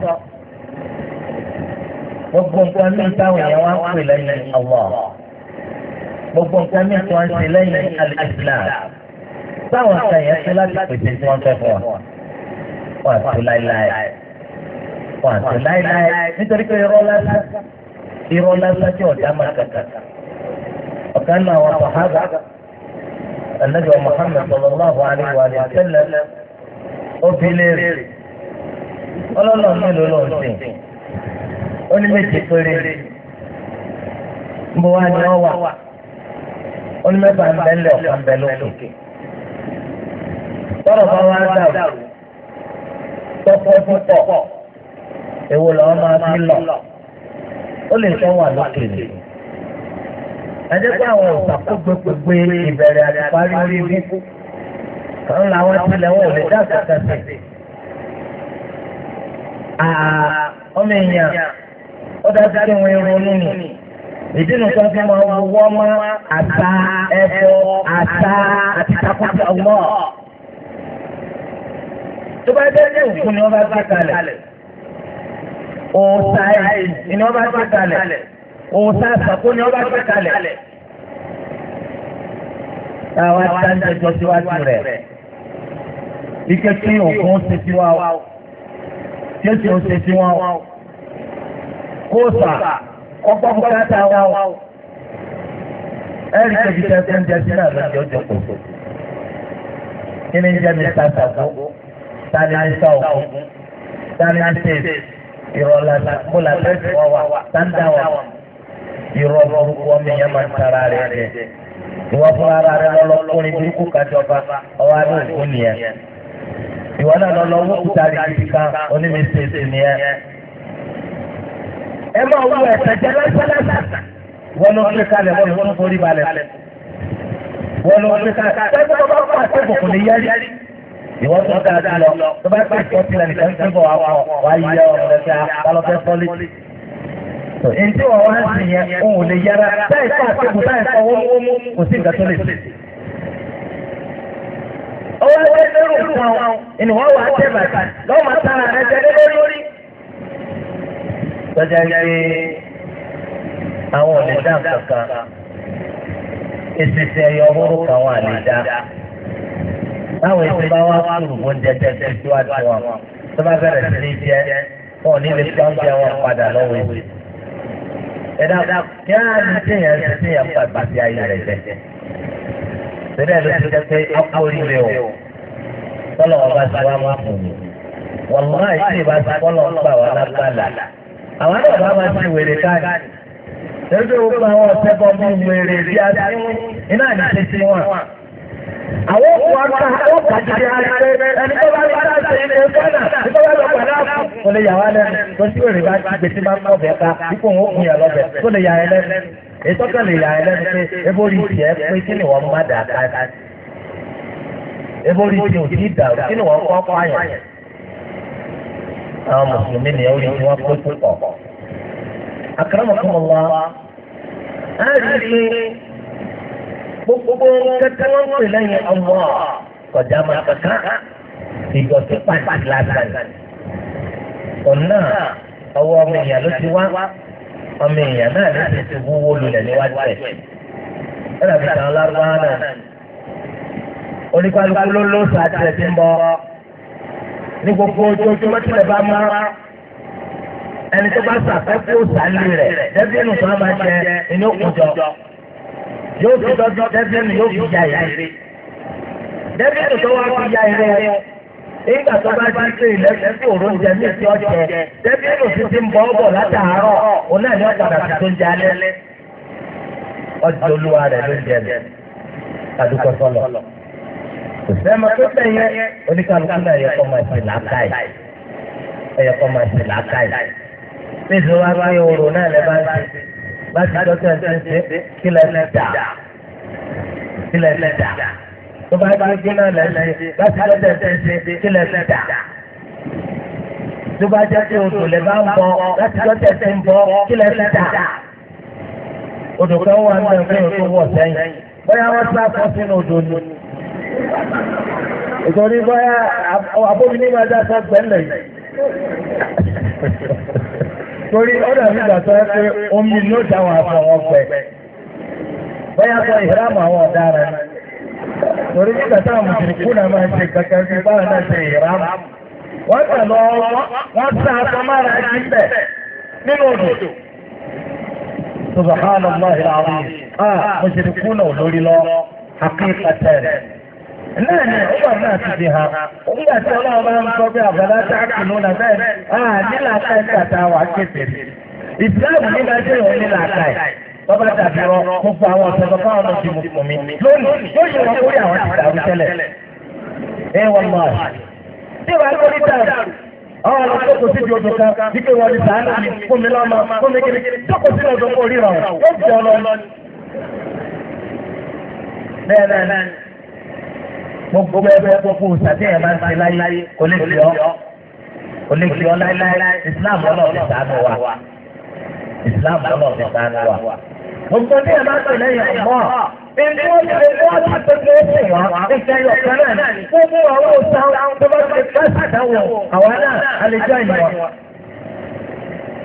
gbogbo nǹkan mi táwọn èèyàn wá ń pè lẹ́yìn ọ̀wọ́ gbogbo nǹkan mi tí wọ́n ń ṣe lẹ́yìn alẹ́sìlám táwọn nǹkan yẹn ṣe láti pèsè tí wọ́n fẹ́ fún ọ wọn àti láéláé wọn àti láéláé nítorí pé irọ́ lásán irọ́ lásán tí ọ̀dà máa kàkà ọ̀kan náà wọn sàhábà anabi muhammed sallallahu alayhi wa sallam ó fi léèrè ọlọ́run mélòó ló ń sìn. ó ní méje péré ni ọ wa ó mẹ́fà ń tọrọ púpọ̀ èwo lọ́wọ́ máa fi lọ ó lè sọ wà lókè ni àdéhùn àwọn òṣàkógbégbé ìbẹ̀rẹ̀ àti parí orí bíkú kan làwọn tilẹ̀ wọn lè dá ọ̀dà ti kí wọn ronú nù. Ìdí nu tó fi máa wọ wọ́n mọ́ àtà ẹ̀fọ́ àtà àti takọ́tà wọ́. Tó bá dé ní òkú ni wọ́n bá gbé kalẹ̀. Òòsà ẹ̀sìn ni wọ́n bá gbé kalẹ̀. Òòsà àsàkó ni wọ́n bá gbé kalẹ̀. Táwa tá ń jẹjọ síwájú rẹ̀. Ike tí òkun ṣe sí wa ó ṣe sí wọn o. kóòsà ọgbọ́n bùkátà wa o ẹ̀rí kejì tẹ́ fún jẹ́ náà lọ́jọ́ jọ kò jẹ́ mi ta sàgbó ta ni sá òkú ta ni mi ìrọ̀lá wá ọmọ yẹn máa ń tara rẹ̀ ìwọ fún ara rẹ burúkú kájọba òkú ẹ máa wọ ẹ̀sẹ̀ jẹ́ lẹ́sẹ̀lẹ́sẹ̀. wọ́n ló gbé kalẹ̀ wọ́n ló forí balẹ̀ wọ́n ló gbé kalẹ̀ tẹ́tí tó bá fún àtẹ́gùn kò ní yẹ́rí. ìwọ tó ń dáadáa lọ tó bá pẹ́ tó tilẹ̀ nìkan ń gbébọ̀ wá wá yí ọ lẹ́sẹ̀ alọ́fẹ́ pọ́lí. èyí wọ́n wá sí yẹn òun lè yára táyì fún àtẹ́gùn táyì fún ọwọ́ mú kò sí nǹkan tó lè sí owó ẹgbẹ́ lórí nǹkan ẹni wọ́n wà á tẹ̀ bàtà lọ́wọ́ máa tara tọ́jà pé àwọn ò lè dá kankan èsìsì ẹ̀yọ ọ̀rọ̀ kan wà lè dá báwo èsì bá wá sùúrù bó ń jẹjẹ tó tó àti wọn tó bá bẹ̀rẹ̀ sí ní jẹ wọn ò ní lè gbá oúnjẹ wọn padà lọ́wọ́ èsì ẹ̀dá kí á ní téèyàn ti téèyàn pa ìbàdí ayé rẹ̀ jẹ sílẹ̀ ló ti jẹ́ pé ọkọ̀ o tọ́lọ̀ ọba ti wá wá fún mi wọ́n máa ṣe ìbáṣepọ̀ lọ́ọ́ gbà wá lágbàlá. àwọn náà bá máa ṣe wèrè káàdì lójú gbogbo àwọn ọ̀sẹ̀ bọ̀ mú wèrè bí a ti ń iná ní ti ti àwọn òkú ọ̀tá ọ̀tá jíjẹ alẹ́ ẹni tó bá bá ṣe ilé fọ́nà ẹni tó bá lọ pẹ̀lú àpò. lè lẹ́nu tó wèrè bá ti gbèsè máa ń bọ̀ bẹ́ẹ̀ ká òun yà lọ́bẹ̀ lè yà ẹ lẹ́nu. lè yà ẹ lẹ́nu pé pé kí ni wọ́n má dà àwọn mùsùlùmí nìyẹn orí tí wọ́n kó sí pọ̀. akramakumullah á rí i pé gbogbo kẹtẹ wọn pè lẹ́yìn ọmọ kọjá máa kankan ìjọsìn pàtàkì lásán. ọ̀nà ọwọ́ ọmọ èèyàn ló ti wá ọmọ èèyàn náà ló ti ti wúwo lulẹ̀ níwájú ẹ̀. ẹ̀rọ ìtàn ọlọ́run náà oníkálukú ló ló sa sí ń bọ́ ní gbogbo ojoojúmọ́ tí lè bá mọ́ ẹni tó bá sàfẹ́kù sàlẹ̀ rẹ̀ dẹ́bínú tó máa jẹ ẹni ó kùjọ yóò fi dọ́dọ́ dẹ́bínú yóò fi ya ìrè dẹ́bínú tó wá fi ya ìrè nígbà tó bá ti pé ìlẹ́sìn òróúnjẹ ní ìsìn ọ̀jẹ̀ dẹ́bínú ti ti ń bọ́ bọ̀ látàárọ̀ òun náà ní ọ̀padà ti tó ń jẹ alẹ́ ọjọ́ olúwa rẹ̀ ló ń jẹ rẹ̀ sẹ́mi tó tẹ̀yẹ oníkàlùkù náà yẹ kọ́ máa ṣe làákàyè ẹ̀yẹ kọ́ máa ṣe làákàyè bẹ́ẹ̀ wá pé orò náà lẹ́ bá ń ṣe láti dọ́tẹ́ ń ṣe kí lẹ́ lẹ́ dà kí lẹ́ lẹ́ dà tó bá gbé gbé náà lẹ́ ṣe láti dọ́tẹ́ ń ṣe kí lẹ́ lẹ́ dà tó bá jẹ́ pé odò lẹ́ bá ń bọ̀ láti dọ́tẹ́ ṣe ń bọ̀ kí lẹ́ dà odò kan wà ní ẹgbẹ́ òkú wọ̀ sẹ́yìn bóyá wọ́n sá fọ́ sínú odò ni ìtọ́rí bọ́yá abóminí máa dá sọ pẹ́lẹ̀ yìí torí ọ̀dà mi gbà sọ pé omi ló dá wọn àpò wọn pẹ́ bọ́yá sọ ìhìrámù àwọn ọ̀daràn torí nígbà táwọn mùsùlùmí kúnà máa ṣe kankan bí báwọn náà ṣe ìhìrámù wọ́n tẹ̀ lọ wọ́n sá aṣọ mára ẹjí bẹ̀ nínú odò. subhanallah ilaahi ah mùsùlùmí kúnà olórí lọ akíkatẹ́ rẹ̀. náà ni ọgbà náà ha nígbà tí ọlọ́run bá ń sọ bí àbàlá tá a bẹ́ẹ̀ nílà ká a kéde ìsìláàmù nígbà tí nílà ká gbogbo àwọn ti mú fún mi lónìí yóò yẹ wọn kórè àwọn ti dàrú tẹ́lẹ̀ ẹ wọn tí lórí àwọn sí di odò kan wípé wọn sàánù mi fún mi lọ́mọ fún mi kiri sí ọ gbogbo ẹgbẹ́ gbogbo òṣàtẹ ẹ máa ń ṣe láyé kò lè fi ọ kò lè fi ọ láyé islam ọlọ́ọ̀dẹ sànù wa islam ọlọ́ọ̀dẹ sànù wa gbogbo ní ẹ máa ń ṣe lẹ́yìn ọmọ ẹni wọn ti ẹni wọn ó sì wá ìṣe ẹyọ kan náà ni fún mú ọwọ́ tó bá ti ká sàdáwọ àwa náà àlejò ìwọ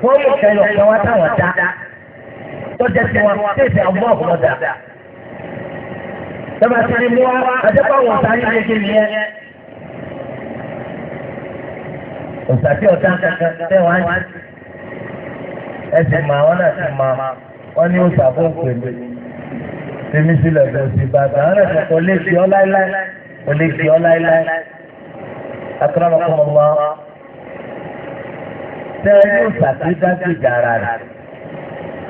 wọn mú ìṣe ẹyọ kan wá táwọn dá tó jẹ tọ́ba ti ní mú wa àdẹ́pọ̀ wọ̀ ọ̀tá yín kékeré nìyẹn. òṣà tí ọ̀tá kankan tẹ̀ wá yìí ẹ ti mọ àwọn náà ti mọ wọn ní òṣà fún pèlè tèmi sílẹ̀ lọ sí bàbá àwọn ẹ̀sìn kò lè fi ọ́ láéláé kò lè fi ọ́ láéláé akọ́nàmọ́kọ́ mọ́ tẹ ní òṣà dájú ìjà ara rẹ̀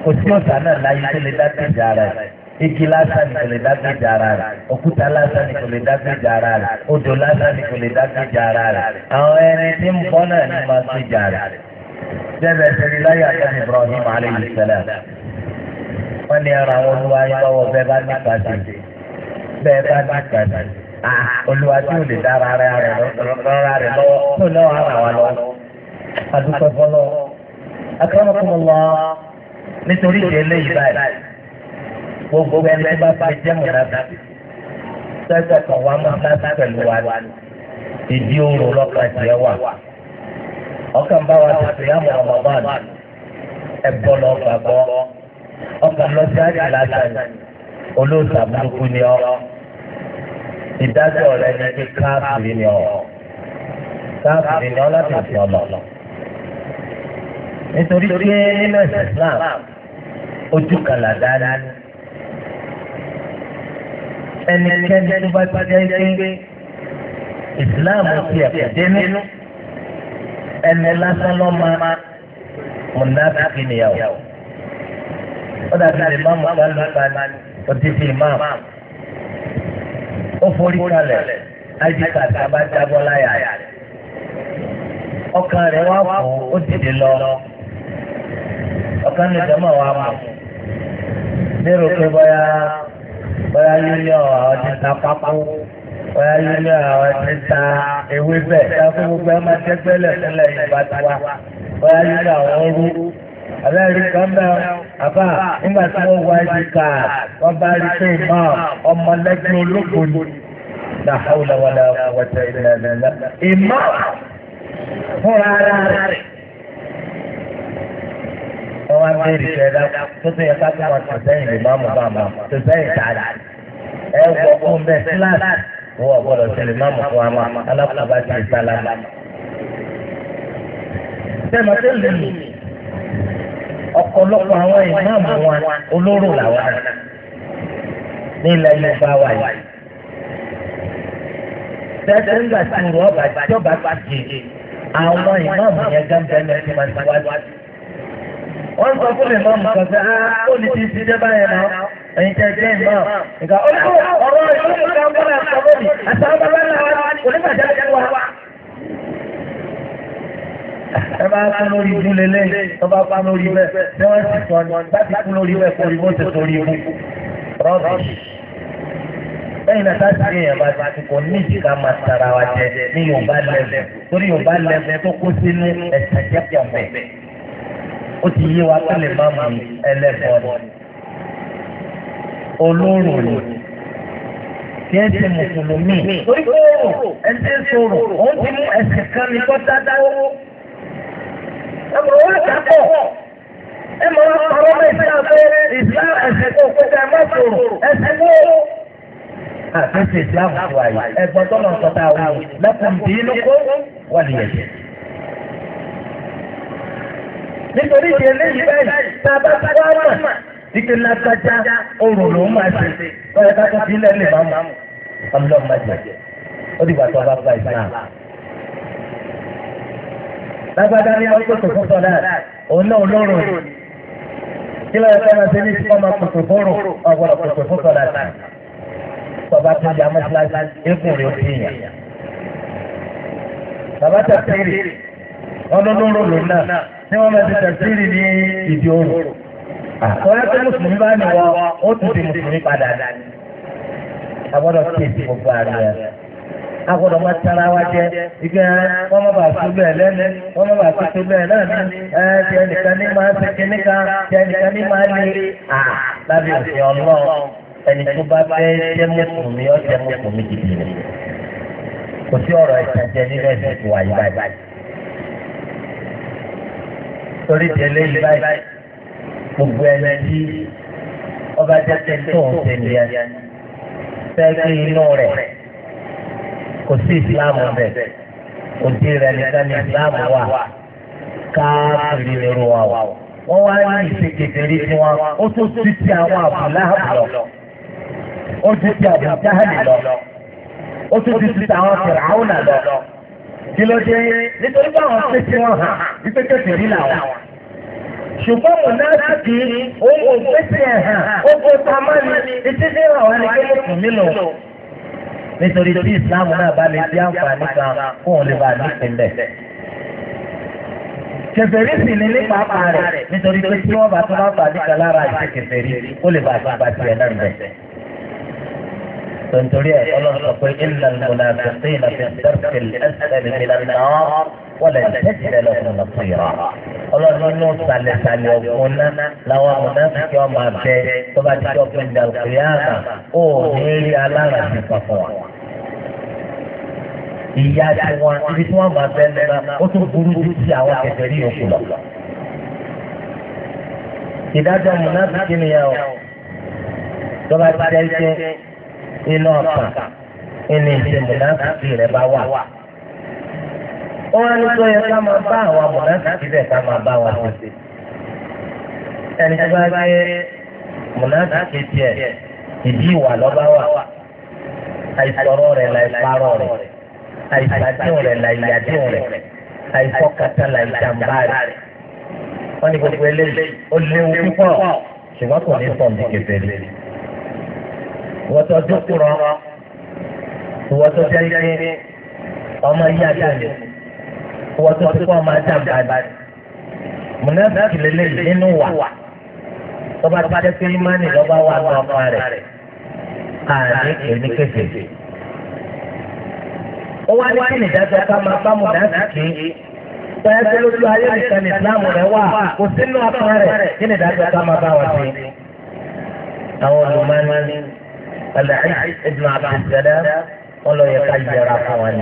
kò sí òṣà náà láyé tó lè dájú ìjà ara rẹ̀ igi lásán ni kò lè dágbèjà ara rẹ̀ òkúta lásán ni kò lè dágbèjà ara rẹ̀ odò lásán ni kò lè dágbèjà ara rẹ̀ àwọn ẹni tí ń bọ́ náà ni máa gbèjà rẹ̀. jẹ́bẹ̀ẹ́ sẹ́ni láyé àtẹ́ni Ibrahim aleyhi sẹ́lẹ̀ wọ́n ní ara àwọn olúwa yín lọ́wọ́ bẹ́ẹ̀ bá nípa sí bẹ́ẹ̀ bá nípa sí olúwa tí ò lè dára ara rẹ̀ lọ́wọ́ lọ́wọ́ ara wa lọ́wọ́ adúpẹ́ fọlọ́ akérèmọ́kùnmọ́ wọn nítorí ìdílé gbogbo ẹgbẹ́ bá bá jẹ́ mọ̀nàdá sẹ́sẹ̀ kan wá máa bá sí pẹ̀lú wa ni ìdí oorun lọ́kàn tiẹ̀ wà ọkàn bá wa ti sèyá mọ̀ ọ̀mọ̀bán ẹ̀bọ lọ gbàgbọ́ ọkàn lọ sí àjẹ́ lásán olóòtú àbúrúkú ni ọ ìdájọ́ rẹ ní kí káàkiri ni ọ káàkiri ni ọ láti fi ọ lọ nítorí pé nínú ẹ̀sìn Islam ojú kan là dáadáa ni. ẹnikẹ́ni tó bá ti jẹ́ pé ìsìláàmù ti ẹ̀kẹ́dẹ́ nínú ẹni lásán lọ́ máa mùnàfíkì nìyàwó. ó dàbí lè má mú ó ti fi ó forí kalẹ̀ jábọ́ láyà rẹ̀ ọkàn rẹ̀ wá kó ó lọ ọkàn wà bóyá yúlíọ̀ àwọn ti ta pápá bóyá yúlíọ̀ àwọn ti ta ewébẹ̀ dákú gbogbo ẹ máa tẹ́gbẹ́lẹ̀ sílẹ̀ ìgbà tiwa bóyá yúlíọ̀ àwọn rú abẹ́rẹ́ kan bẹ́ẹ̀ àbá nígbà tí wọ́n wá ẹ̀dí ká wọ́n bá rí pé ìmọ̀ ọmọlẹ́gbẹ́ ológo ni làhàwùlà wàlà wọ̀tẹ̀ ìlẹ̀ ìlẹ̀ ìmọ̀ fúnra rẹ̀ kan wá béèrè fẹ́ dá tó tó yẹ ká tó wọn tó sẹ́yìn lè máàmù bá máa tó sẹ́yìn tààrà ẹ wọ fún bẹ́ẹ̀ síláàsì wọ́n gbọ́dọ̀ sílẹ̀ máàmù fún wa máa alákùnrin ti sálámà. sẹ́mi tó lè mí ọ̀pọ̀lọpọ̀ àwọn ìmáàmù wa olóró làwọn náà ní ilẹ̀ Yorùbá wa yìí. Tẹ́tẹ́ ńgbà tí ìrù ọba ìjọba ti jèjì àwọn ìmáàmù yẹn gángan ní ọdún máa ń wájú wọ́n sọ fún mi máa mú kàfẹ́ ó ní ti ti dé báyẹn náà ẹ̀yin tẹ́ jẹ́ ìmọ̀ ìgbà ó ní ọ̀rọ̀ ìlú kan bọ́ náà sọ fún mi àtàwọn bàbá náà kò ní bàjẹ́ lẹ́yìn wa. ẹ bá kún lórí ibú lélẹ̀ tó bá kún lórí bẹ́ẹ̀ tí wọ́n sì sọ bá ti kún lórí bẹ́ẹ̀ kórìí bó ti sórí ibú rọ́bì lẹ́yìn náà sáà ti yẹn bá ti kò ní ìdíkà máa tara wa jẹ ní Yorùbá lẹ́fẹ̀ẹ́ torí Yorùbá lẹ́fẹ̀ẹ́ tó kó sínú ẹ̀sẹ̀ jẹ́pẹ̀ ó ti yé wa tẹ́lẹ̀ máa mú ẹlẹ́bọ ni olóró ni kí ẹ ti mùsùlùmí torí pé òrò ẹ ti sọ̀rọ̀ òun ti mú ẹsẹ̀ kan ní kọ́ dáadáa ẹ mọ̀ ó lè ká pọ̀ ẹ mọ̀ ó sọ̀rọ̀ bẹ́ẹ̀ sí àgbẹ̀ ìsìlámù ẹsẹ̀ tó kó ká má sọ̀rọ̀ ẹsẹ̀ tó àfẹsẹ̀ ìsìlámù tó àyè ẹgbọ́n tó lọ sọ̀tà àwọn lẹ́kùn bíi lóko wà ní nítorí ìdí eléyìí báyìí tá a bá ti mà ike lágbájá oòrùn ló máa ṣe lọ́yẹ ká tó fi lẹ́lẹ̀ máa mú ọlọ́run má jẹ ó dìgbà tó bá gba lágbájá òun náà lọ́rùn kí máa ṣe ní ìsìnkú ọmọ kòtò kòtò tó yà rẹ̀ ó ti yàn. tí wọ́n mẹ́sí tẹ̀sírì ní ìdí oòrùn. Àkọ́rẹ́ pé Mùsùlùmí bá ní wọn, ó ti di Mùsùlùmí padà. A gbọ́dọ̀ kéèsì gbogbo àrẹ rẹ̀. A gbọ́dọ̀ máa tara wa jẹ, ìgbẹ́ wọn má bàa tó bẹ́ẹ̀ lẹ́nu, wọn má bàa tó tó bẹ́ẹ̀ náà ní ẹ̀ẹ́dì ẹnìkan ní máa ṣe kíní kan, ti ẹnìkan ní máa lè à lábẹ́ òfin ọlọ́run. Ẹni tó bá fẹ́ jẹ́ Mùsùlùmí, ó jẹ́ Mùsùlùmí torí di eléyìí báyìí gbogbo ẹni tí ọba jẹ́ tó ń tẹ̀lé ẹ sẹ́gbẹ́ inú rẹ̀ kò sí ìsìláàmù rẹ̀ òdi rẹ̀ nìkan ní ìsìláàmù wà káàkiri lóru wa wọ́n wá ní ìṣèkèkèrè tí wọ́n ó tó ti ti àwọn àbúláàbù lọ ó ti ti àbújáde lọ ó tó ti kí ló dé nítorí báwọn ṣe ti wọn hàn wípé kẹsì rí làwọn. ṣùgbọ́n mo náà ti kí ohun òṣèṣe ẹ̀ hàn ogun pamọ́ ni etí ní àwọn ẹni kékeré kùn mí lò. nítorí tí ìsìláàmù náà bá lè di àǹfààní kan kó òun lè bá a nípìnlẹ̀. kẹfẹ́rí sì ni nípa apá rẹ̀ nítorí pé tí wọ́n bá tó bá fà níkà lára àti kẹfẹ́rí ó lè bá a ti bá tiẹ̀ náà bẹ̀ tontori ẹ Ọlọ́run sọ pé ilà múnafikì na fi dẹrẹkìl ẹsẹlẹ nílẹ náà wọlé ẹsẹlẹ lọkùnrin lọ fìrà Ọlọ́run nínú sàlẹsàlẹ ọgbọn náà làwọn múnafikì ọmọ abẹ tó bá ti dọkùn ní àlùkìyàmà ó ní rí alára ti pàpọ̀ wa. ìyá tí wọn ibi tí wọn máa bẹ lẹ́nu ó tún burú ju ti àwọn kẹfẹ́ rí yòókù lọ. ìdájọ́ múnafikì nìyẹn o tó ti dẹ́ nínú ọkàn ẹni ìṣe mùnáfíkì rẹ̀ bá wà. ó wá ní tó yẹ ká máa bá àwọn mùnáfíkì bẹ̀ ká máa bá wọn ṣe. ẹni tó bá gbé mùnáfíkì tiẹ̀ ìdí ìwà lọ́ba wà àìsọ̀rọ̀ rẹ̀ la ìparọ̀ rẹ̀ àìsàdéhùn rẹ̀ la ìyàdéhùn rẹ̀ àìsọ̀kàtà la ìjàmbá rẹ̀ wọ́n ní gbogbo eléyìí ó léwu púpọ̀ ṣùgbọ́n kò ní sọ̀ǹdì kékeré. ìwọ́tọ̀ jókòrọ̀ ọmọ yíyá jẹ́ni ìwọ́tọ̀ ọmọ kò máa jà bàbàdì. nínú wà tọ́ba ti jẹ́ pé ìmánì lọ́ba wà ní ọkọ rẹ̀ àní èmi kéde. Ó wá ní kí nìdájọ́ ká máa bá bẹ́ẹ̀ tó lójú ayé nìkan ní rẹ̀ wà kò sínú ọkọ rẹ̀ kí nìdájọ́ ká máa bá wà sí. Àwọn Al-Aid ibn Abdussalam wọn lọ yẹ ká yẹra fún wa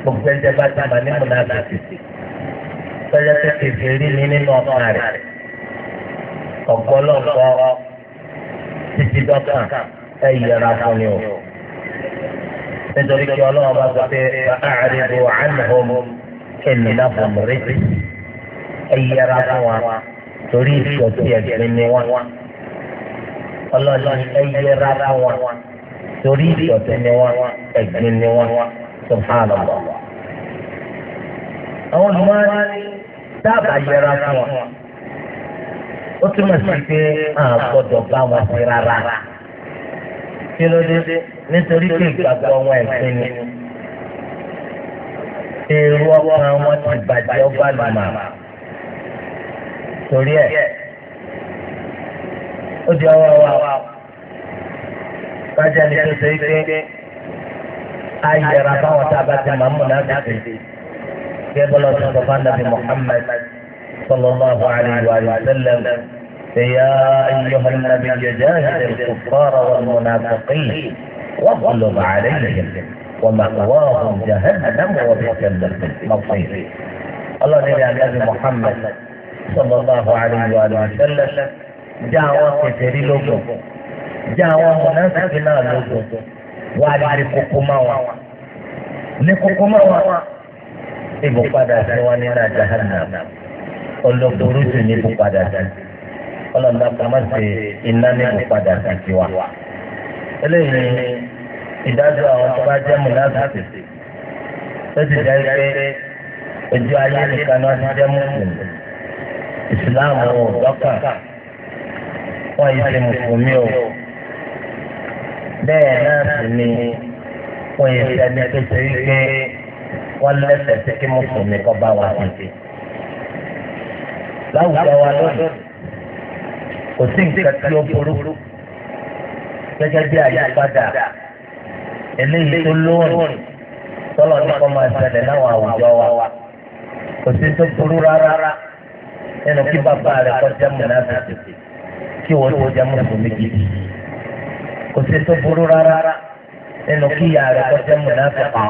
gbogbo bá ti tó nínú títí yẹra fún o nítorí kí ọlọ́wọ́ bá sọ pé àárẹ̀ bò ànàhóm ẹnìlá fún rẹ̀ ẹ yẹra fún wa torí ọlọ́ọ̀ni ẹ yẹra wọn torí ìdọ̀tí ni wọn ẹ̀gbin ni wọn subhana allah. àwọn olùmọ̀ọ́ni dábàá yẹra fún wọn ó túmọ̀ sí pé a gbọ́dọ̀ bá wọn sí rárá. kí ló dé nítorí pé ìgbàgbọ́ wọn ẹ̀gbin ni. èrò ọkàn wọn ti bàjẹ́ ọgbà lọ́mọ. torí ẹ̀. ó di ọwọ́ wa wájà ní tó ṣe pé a yẹra báwọn tá a bá ti máa mú náà tètè kí ẹ bọ́lá ọ̀sán bàbá nàbì Muhammad sallallahu alayhi wa sallam ya ayyuha an-nabiyyu jahid al-kuffara wal-munafiqin waghlub alayhim wa ma'wahum jahannam wa bi'sa al-masir Allah ní ìyá nàbì Muhammad sallallahu alayhi wa sallam. já àwọn kẹfẹ́rí lógun já àwọn mọ̀nàṣẹ́fì náà lógun wà ní kókó máa wà ní kókó máa wà ibò padà sí wọn nínú àjàhánà ọlọ́gbọ̀rú sì ní ibò padà sí ọlọ́dà kàmá iná ní ibò padà sí tiwa. eléyìí ìdájọ́ àwọn tó bá jẹ́ ó ti wọ́n yìí ṣe mùsùlùmí o bẹ́ẹ̀ náà sì ni wọ́n yìí ṣe ẹni tó ṣe wípé wọ́n lẹ́sẹ̀ sí kí mùsùlùmí kọ́ bá wa tètè. láwùjọ wa lónìí kò sí nǹkan tí ó burú gẹ́gẹ́ bí àyípadà eléyìí tó lóòrùn tọ́lọ̀ ní kọ́ máa ṣẹlẹ̀ láwọn àwùjọ wa kò sí tó burú rárá nínú kí bàbá rẹ̀ kọjá mùnà tètè kí wọ́n ti jẹ́ mùsùlùmí gidi kò sí tó burú rárá nínú kí ìyá rẹ̀ kọ́ jẹ́ mùnáfíkà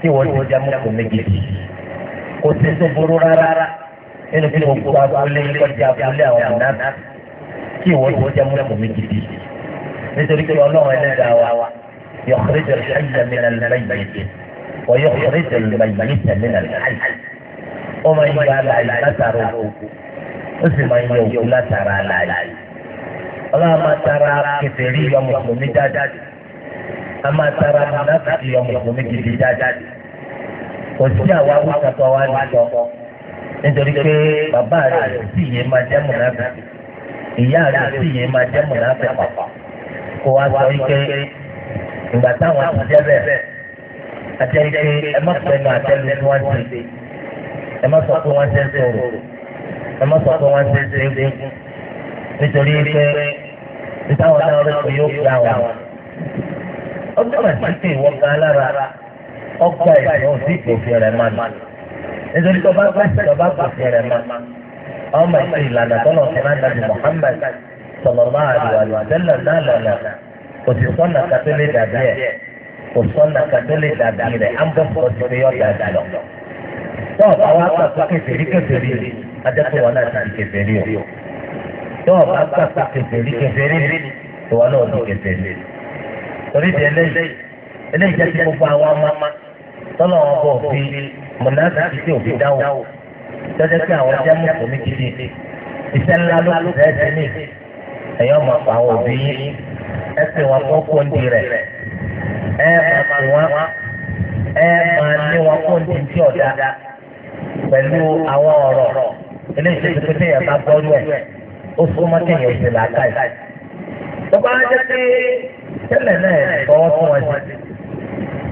kí wọ́n ti jẹ́ mùsùlùmí gidi kò sí tó burú rárá nínú kí gbogbo abúlé kọ́ jẹ́ abúlé àwọn mùnáfíkà kí wọ́n ti jẹ́ mùsùlùmí gidi nítorí pé ọlọ́run ẹlẹ́dàá wa يخرج الحي من الميت ويخرج الميت من الحي ومن يجعل البصر ó sì máa ń yọ òkú látara láàyè ọlọ́run máa tara kẹfẹ́rí yọ mùsùlùmí jáde a máa tara mùnáfíì yọ mùsùlùmí gidi jáde kò sí àwa wákàtọ́ wa nìjọ nítorí pé bàbá rẹ̀ sì yé máa jẹ́ mùnáfíì ìyá rẹ̀ sì yé máa jẹ́ mùnáfíì pàpà kó wa sọ ike ìgbà táwọn ti jẹ́ bẹ́ẹ̀ àti ike ẹ má pẹ́ẹ́nu àtẹ́lu tí wọ́n ti ẹ má sọ pé wọ́n ti ń sọ̀rọ̀ ẹ má sọ pé wọ́n ṣe ṣe é léegun nítorí pé ìtawọ̀ náà lóṣù yóò fi àwọn. ọjọ́ màtí pé ìwọ gan lára ọgbà ìfẹ́ òsì ìgbòfin rẹ̀ máa nù. nítorí tó bá gbà sí ọba gbòfin rẹ̀ máa ọmọ ìfẹ́ ìlànà tọ́lọ̀ fún anabi Muhammad sọlọ́mọ àdìwàlù àtẹ́lẹ̀ náà lọ́nà kò sì sọ́nà kátólì dàbí ẹ̀ kò sọ́nà kátólì dàbí rẹ̀ ambos kò sì fi yọ̀ dàbí lọ. tọ́ọ̀ bá wá pàtó kẹfìrí kẹfìrí ajẹ́pẹ́ wà náà ti di kẹfẹ́rí o tí wọn bá gbà pé kẹfẹ́rí kẹfẹ́rí náà di kẹfẹ́rí torí ti eléyìí eléyìí jẹ́ gbogbo àwọn tọ́lọ̀ wọn bọ̀ fi tí òfin dáwọ̀ tọ́jú àwọn jẹ́ gidi iṣẹ́ ńlá ló ní ẹ̀yọ́ máa àwọn òbí yín ẹ wọn kó kóńdì rẹ̀ pẹ̀lú àwọn ọ̀rọ̀ eléyìí tó ti pété yẹn bá gbọ́rú ẹ̀ ó fún mọ́kẹ́yìn òsè làákàyè. gbogbo àwọn jẹ́ pé tẹ́lẹ̀ náà fọwọ́ fún wọn sí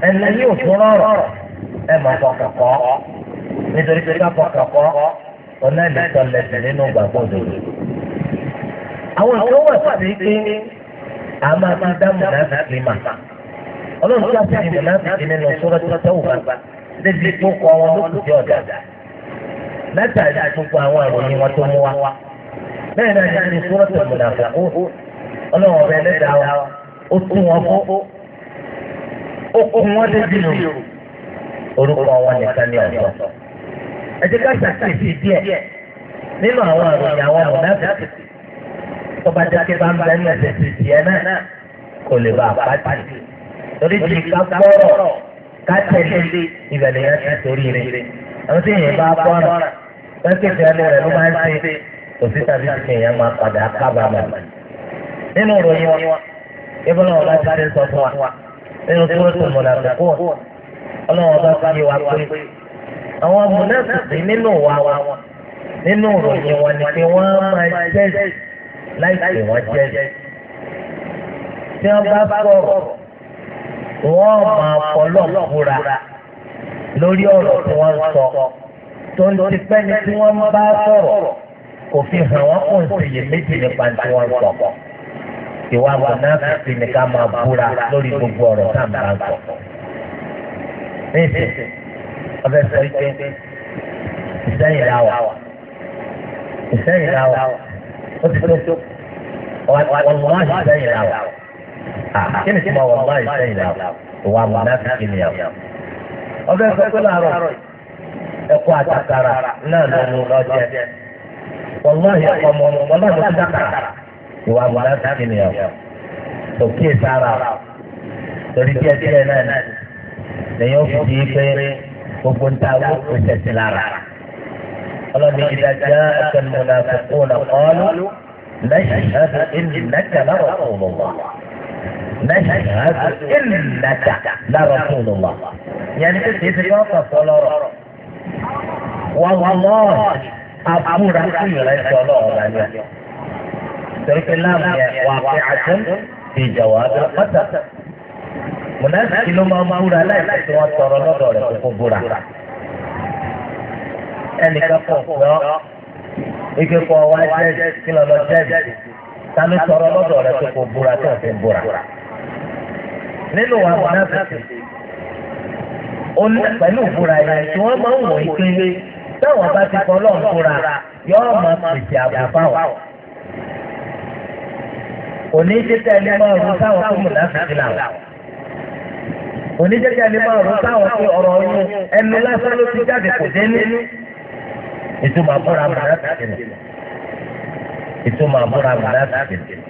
ẹ̀lẹ́ yóò fún rọ̀rọ̀ ẹ̀ máa fọkàn kọ́ nítorí pé ká fọkàn kọ́ ọ̀nà ìlẹ̀tọ̀ lẹ̀sẹ̀ nínú gbàgbọ́ òdòdó. àwọn ìṣòro wà sí pé a máa fi dá mùnàfíkì mà ọlọ́run tó nínú tó tẹ́wọ̀ débi tó kọ́ wọn látàrí gbogbo àwọn àròyìn wọn tó mú wa. bẹ́ẹ̀ náà ní ní sọ́ọ̀tì mùnàfẹ́kù ọlọ́wọ́n ọ̀bẹ ẹlẹ́dàá wa ó tún wọn fún ó kún wọn débi lò orúkọ wọn nìkan ní ọ̀tọ̀. ẹ jẹ́ ká ṣàkíyèsí díẹ̀ nínú àwọn àròyìn àwọn mùnàfẹ́kù tó bá jẹ́ bá ń bẹ ní ẹsẹ̀ ti tiẹ̀ náà kò lè bá a torí ká ká tẹ̀lé ìbẹ̀lẹ̀ yẹn ti torí rẹ̀ àwọn tí yẹn bá lọ́sẹ̀ tí alẹ́ rẹ̀ ló máa ń ṣe kò sí tàbí ti kéèyàn máa padà kábàámà nínú ìròyìn wọn ibùdó wọn bá ti ṣe sọ fún wa nínú tí wọ́n tó mọ̀lá tó kú ọlọ́wọ́n bá fi wá pé àwọn mùnàfíìsì nínú wa wọn nínú ìròyìn wọn ni pé wọ́n máa jẹ́jẹ́ láì pè wọ́n jẹ́jẹ́ tí wọ́n bá sọ̀rọ̀ wọ́n máa fọlọ́ fúra lórí ọ̀rọ̀ tí wọ́n sọ tó ń ti pẹ́ ni tí wọ́n bá sọ̀rọ̀ kò fi hàn wọ́n kò ń ṣèyí méjì nípa tí wọ́n sọ. ìwà mọ̀nàfíìsì ni ká máa búra lórí gbogbo ọ̀rọ̀ tá à ń bá sọ. níbi ọbẹ̀ sọ ike ìsẹ́yìn láwà ìsẹ́yìn láwà ó ti tó wọ́n wá ìsẹ́yìn láwà. Ah, kí ni tí mo wọ̀ wá ìsẹ́yìn láwà? ìwà mọ̀nàfíìsì ni àwọn. ọbẹ̀ sọ pé láàárọ̀ ẹ̀kọ́ àtàkàrà náà ló mú lọ́jẹ́. wàláhì ọkọ mọ wàláhì ọkọ dákàrà ìwà àbúrò àtàkì nìyẹn kò kíyè sára torí díẹ̀ díẹ̀ náà lẹ́yìn ó fi di pé gbogbo ń ta owó kò tẹ̀sí lára. ọlọ́ni ìdájọ́ ẹ̀kẹ́nìmọ̀lá kókó nà kọ́ọ́lù lẹ́yìn ìnáka lọ́rọ̀ fún un wà. lẹ́yìn ìnáka lọ́rọ̀ fún un wà. yẹn ní kí kìí ṣe kí wọ́n kà fọ́ lọ́rọ̀ wọ́n wọ́n mọ́ àbúrò sí ìrẹsì ọlọ́run lálẹ́. torí pé láàmú yẹn wà pé àtẹ́m ti jọ̀wọ́ abẹ́rẹ́ pátá. mùnásìkì ló máa máa wúra láìpẹ́ tí wọ́n tọrọ lọ́dọ̀ rẹ̀ kókó búra. ẹnìkan pọ̀ pọ̀ ike kọ́ wá jẹ́ kí lọ lọ tani tọrọ lọ́dọ̀ rẹ̀ kókó búra tó ń fi búra. nínú wa mùnásìkì pẹ̀lú ìbúra yẹn tí wọ́n máa ń wọ̀ ìpele táwọn bá ti kọ́ lọ́n fúnra yóò máa pèsè àbò fáwọn. òní jẹ́jẹ́ ẹni máa rú sáwọn tó mú láfíìsì làwọn. òní jẹ́jẹ́ ẹni máa rú sáwọn tó ọ̀rọ̀ ọyún ẹnu lásán ló ti jáde kò dé ní. ìtumọ̀ àbúrò àbúrò láfíìsì nù. ìtumọ̀ àbúrò àbúrò láfíìsì nù.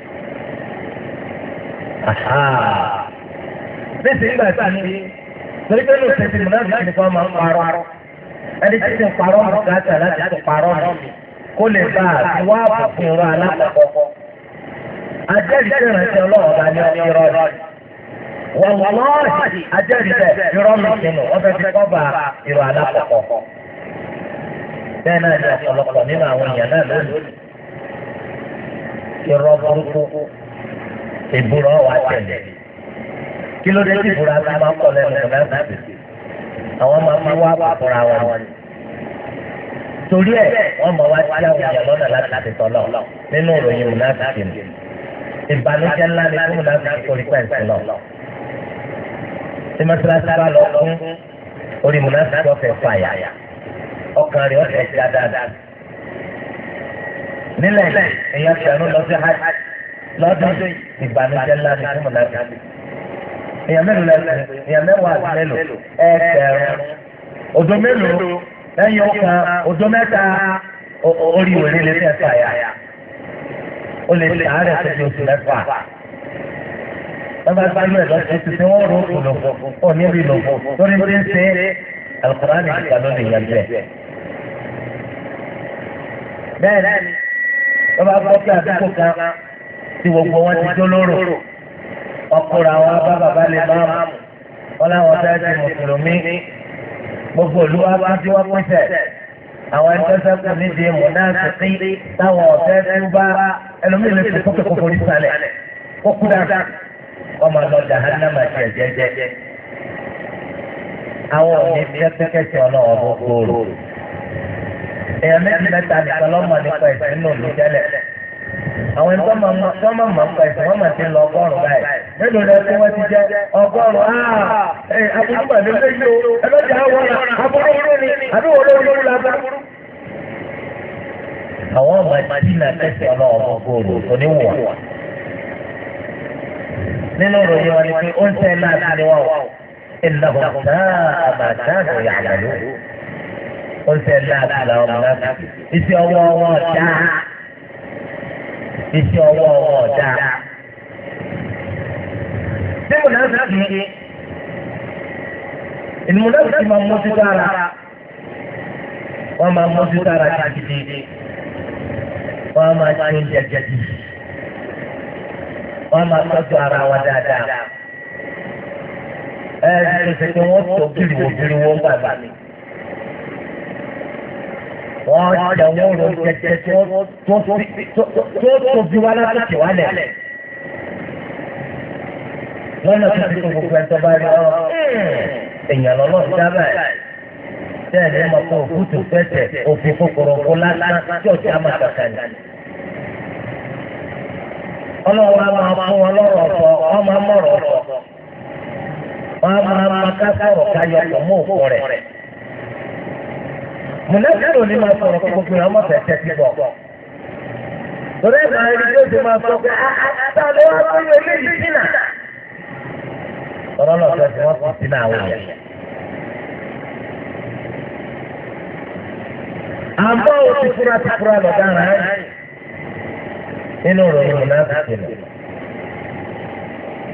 nísìnyí gbà sí torí pé ní ìṣẹ́jú mùnáfíkì nìkan máa ń parọ́ ẹni tí ń parọ́ mú káàtà láti tún parọ́ mi kó lè bá àti wá àbùkùn rọ alákọ̀ọ́kọ́. ajẹ́rìíṣẹ́ ìrántí ọlọ́run bá ní irọ́ rẹ̀ wọ́n wọ́ọ́rì ajẹ́rìíṣẹ́ irọ́ mi sínú wọ́n fẹ́ fi kọ́ba ìrọ̀ alákọ̀ọ́kọ́. bẹ́ẹ̀ náà ni ọ̀pọ̀lọpọ̀ nínú àwọn èèyàn náà lónìí irọ́ burúkú ìbúrọ̀ wà tẹ̀lé kí ló dé tí ìfura ti máa ń kọ́ lẹ́nu ọ̀gá ìgbàgbé àwọn máa fi wá àbúra wọn ni. torí ẹ̀ wọ́n mọ̀ wá sí àwọn èèyàn lọ́nà láti ti tọ́lọ̀ nínú ìròyìn múnáfíìsì ni. ìbànújẹ́ ńlá ni fún múnáfíìsì kò rí pẹ̀ǹsì lọ. tí mọ́sálásí bá lọ fún orí múnáfíìsì ọ̀fẹ́ fàyà ọkàn rẹ̀ ọ̀fẹ́ ti dáadáa. nílẹ̀ èèyàn ṣàánú lọ́dún ìbànújẹ́ ńlá ni fún múnáfíìsì èèyàn mélòó lẹ́sẹ̀ èèyàn mẹ́wàá àti mélòó ẹ̀ẹ́dẹ̀rún òdo mélòó lẹ́yìn ọkàn òdo mẹ́ta orí wèrè lè fẹ́ fà yà ó lè sàárẹ̀ tó di oṣù mẹ́fà lọ́ba sáré ẹ̀ lọ́sẹ̀ ti sẹ́ wọ́n rò ó lòfò ó ní rí lòfò lórí bí ń ṣe alukóraní nìkan ló lè yẹ bẹ́ẹ̀. bẹ́ẹ̀ lọ́ba gbọ́ pé àdúgbò kan tí gbogbo wọn ti jó lóró. ọkùnrin àwọn abá lè ọla, wọn láwọn fẹ́ẹ́ ṣe mùsùlùmí gbogbo olúwa bá tí wọ́n pèsè àwọn ẹgbẹ́sẹ̀ kù nídìí mùnáfíkí táwọn ọ̀fẹ́ tún bá ẹlòmíì lè fi kókè kókò ní sálẹ̀ kó kú dáadáa jẹ jẹjẹ. àwọn òní èèyàn méjì nìkan nípa òní àwọn ẹni tó máa tó máa máa pa ẹsẹ̀ wọ́n máa ti lọ ọgọ́rùn-ún báyìí mélòó lẹ fún wọn ti jẹ ọgọ́rùn-ún áà ah! ẹ àbúrúgbà ló lé yìí o ẹ bá jẹ àwọn àbúrú olórí ni àbí wọn lórí lórí lábúrú. àwọn ọmọ ìmàdínà tẹsẹ̀ ọlọ́wọ́ gbòòrò oníwà nínú ìròyìn wọn ni pé ó ń tẹ́ láti ní wọn o ìnáwó náà àbàdàn ìyá ń tẹ́ láti iṣẹ́ ọwọ́ wọn ọ̀dà. Dẹ́kun náà sì kì í. Ìmúlẹ̀ sì máa mú sí dára. Wọ́n máa mú sí dára káàkiri. Wọ́n máa ṣe oúnjẹ jẹ̀dì. Wọ́n máa tọ́jú ara wọn dáadáa. Ẹ̀ẹ́dì tó ṣe pé wọ́n tó kiri wo gbàgbà mi. ọjà wọn rò jẹjẹ tó tóbi wá látòkè wálẹ̀ lọ́nà tó ti gbogbo ẹ̀tọ́ bá èèyàn lọ́lọ́run dábàá ẹ̀ bẹ́ẹ̀ ni òkútù òfin kòkòrò ńkó lásán tí máa kàkà ní. ọlọ́run máa fún lọ́rọ̀ máa mọ̀rọ̀ mùnẹ́sìlò ní máa sọ̀rọ̀ kó gbogbo ìyàwó ọ̀fẹ́ tẹ́tí bọ̀. Torí ẹ̀ka ẹni tó ti máa sọ pé àtàlẹ́ wá sí eléyìí sínà. Ọ̀rọ̀ lọ na fún wọn sí náà wọ̀. Àmọ́ òtún fúra ti fúra lọ dára ẹ̀. Nínú ìròyìn mùnàfíìsì nù.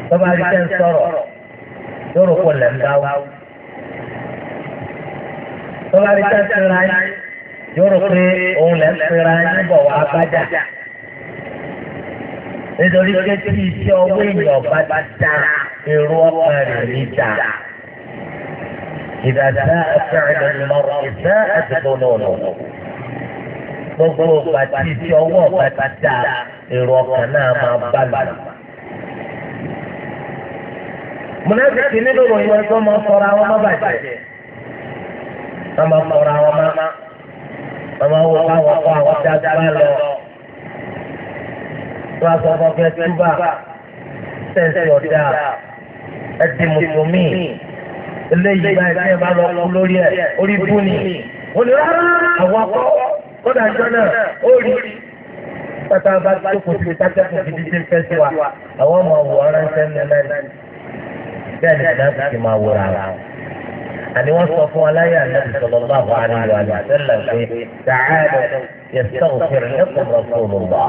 Tọ́ba rí tẹ́ ń sọ̀rọ̀ yóò rò pọ̀ lẹ́ńdáwó. tó bá rí sẹ́ńtìrà yín yóò rò pé òun lẹ́ ń pera yín bọ̀ wá bájà. nítorí pé tí iṣẹ́ ọwọ́ èèyàn bá da èrò ọkàn rẹ̀ ní da. ìdàdà ẹ̀fẹ̀rẹ̀ lọ́rọ̀ ìfẹ́ ẹ̀dùnkún lọ́rọ̀. gbogbo ọba tí iṣẹ́ ọwọ́ ọba bá da èrò ọkàn náà máa bá lọ. mùnàfíìsì nínú ìròyìn wọn máa ń sọra wọn má bàjẹ́ wọ́n máa fọra wọn má wọ́n máa wọ káwọn kọ́ àwọn dáadáa lọ. wọ́n á sọ fún ọkẹ́ túbà sẹ́ǹsì ọ̀dà ẹ̀dì mùsùlùmí eléyìí báyìí tí ẹ bá lọ kú lórí ẹ̀ orí bú ni. olè rárá àwọn akọ kódà jọ náà ó rí pátá bá jókòó sí pátákó gidi tí ń fẹ́ sí wa àwọn ọmọ wò ọ́ránṣẹ́ ní náà bẹ́ẹ̀ ni ìdáàbò ti máa wúra ara wọn àní wọ́n sọ fún aláyé ànábì sallallahu alaihi wa sallam pé ta'ala yastaghfir lakum rasulullah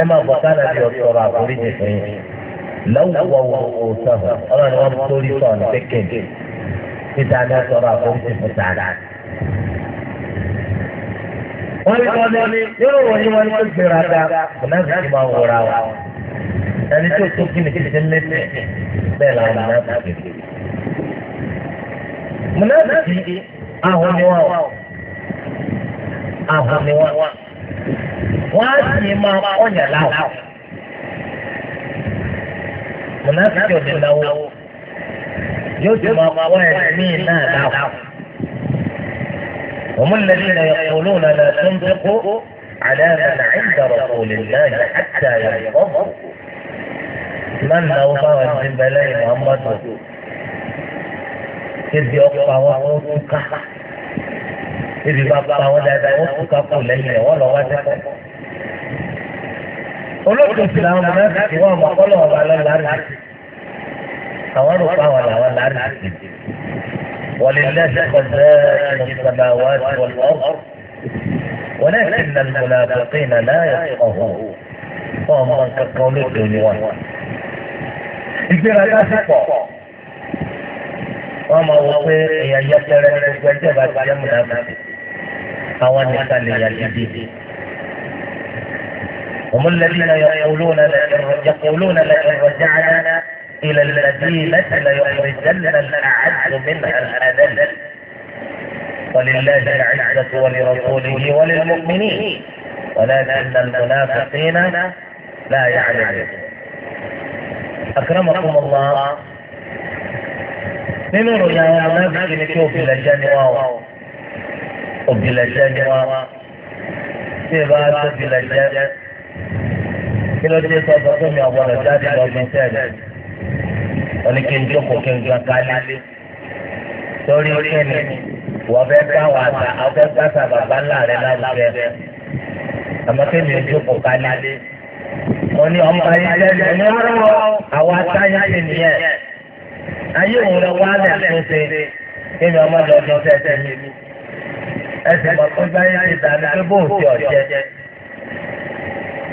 ẹ máa bọ̀ kánà bí ọ̀tọ̀rọ̀ àforíjì fún yín lọ́wọ́ òòtọ́hùn ọlọ́run wọn torí sọ̀rọ̀ kékeré títa ní ọ̀tọ̀rọ̀ àforíjì fún tààrà. wọ́n ní kọ́ni nínú wọ̀nyí wọn ló gbéra ga ọ̀nàfẹ́ ti máa wọra wa ẹni tó tó kí ni kí ti mẹ́fẹ̀ẹ́ bẹ́ẹ̀ làwọn ọ̀nàfẹ́ kékeré. هناك في اهو الواو اهو الواو واتي ما قلنا له هناك في الواو يوتي ما قلنا له هم الذين يقولون لا تنطقوا على من عند رسول الله حتى ينظروا من أوضاع الزبلين أمرته ebi ọ̀pá wọn kó túká ebi bá pa wọn dáadáa wọn túká kó lẹ́yìn rẹ̀ wọ́n lọ wá sẹ́kọ̀. olóòtú ìsìlá wọn náà ti ti wọn ọmọ lọ lárí àwọn rò pa làwọn lárí wọlé lẹ́sẹ̀ kọjá ìmọ̀sálà wá sí wọn lọ́wọ́ wọlé ìsìlá nìkọlá àbọ̀tẹ́ ìnàlá ọ̀hún fún ọmọ kankan olóòtú wọn. ìgbéraga sí pọ̀. wọ́n máa wọ pé èèyàn yẹpẹrẹ gbogbo ẹjọ́ bá ti jẹ́ àwọn nìkan lè yà هم الذين يقولون يقولون لئن رجعنا إلى المدينة ليخرجن الأعز منها الأذل ولله العزة ولرسوله وللمؤمنين ولكن المنافقين لا يعلمون أكرمكم الله nínú ìròyìn àwọn anábìkì ni pé òbílẹ̀ jẹ́ ni wọ́n wà òbílẹ̀ jẹ́ ni wọ́n wà tí ìbá tóbílẹ̀ jẹ́ kí ló dé sọ́sọ́ tó mi ọ̀gbọ́dọ̀ jáde lọ́gbìn tẹ́lẹ̀ wọ́n ní kí n jókòó kí n gbà kálí torí kíni wọ́n fẹ́ bá wà sá ọ̀fẹ́ gbàsà bàbá ńlá rẹ̀ lárugẹ àmọ́ kí mi ò jókòó kálí wọ́n ní ọmọ ayé àwọn atáyà nìyẹn. ayé òun lọ wá lẹ̀ ṣẹṣẹ kémi ọmọ lọ bí ṣẹṣẹ mi ẹsẹ̀ mọ̀ pé báyìí ti dàbí pé bó ti ọ̀jẹ́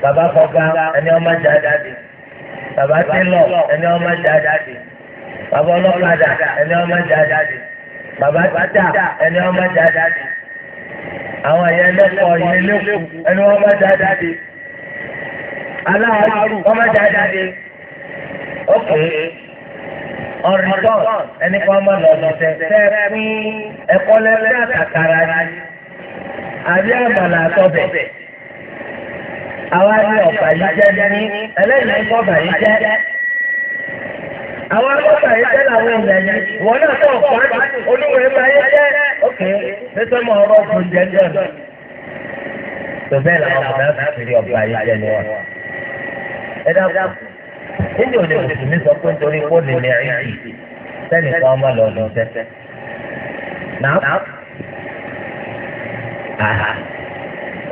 bàbá fọgá ẹni ọmọ jáde bàbá tílọ̀ ẹni ọmọ jáde bàbá ọlọ́kadà ẹni ọmọ jáde bàbá títà ẹni ọmọ jáde àwọn ẹ̀yẹ lẹ́kọ̀ọ́ ọ̀rìndọ̀ ẹni kan máa lọ lọ́sẹ̀ tẹ́ pín ẹ̀kọ́ lẹ́lẹ́ àtàkàrà yìí àbí àmàlà àtọ̀bẹ̀. àwa ní ọ̀bà yìí jẹ́ ní ẹlẹ́yìn ní kọ́bà yìí jẹ́. àwọn kọ́bà yìí jẹ́ làwọn èèyàn yìí wọ́n náà tó ọ̀pá oníwèé máa yẹ jẹ́. mọ ọ̀gbìn jẹ́ làwọn ọ̀bà yìí jẹ́ wọn. ẹ dákun. níbi òní mùsùlùmí sọ pé nítorí kó lè lè rí yìí sẹ́nìkan ọmọ lọ́dún tẹ́tẹ́. Nàá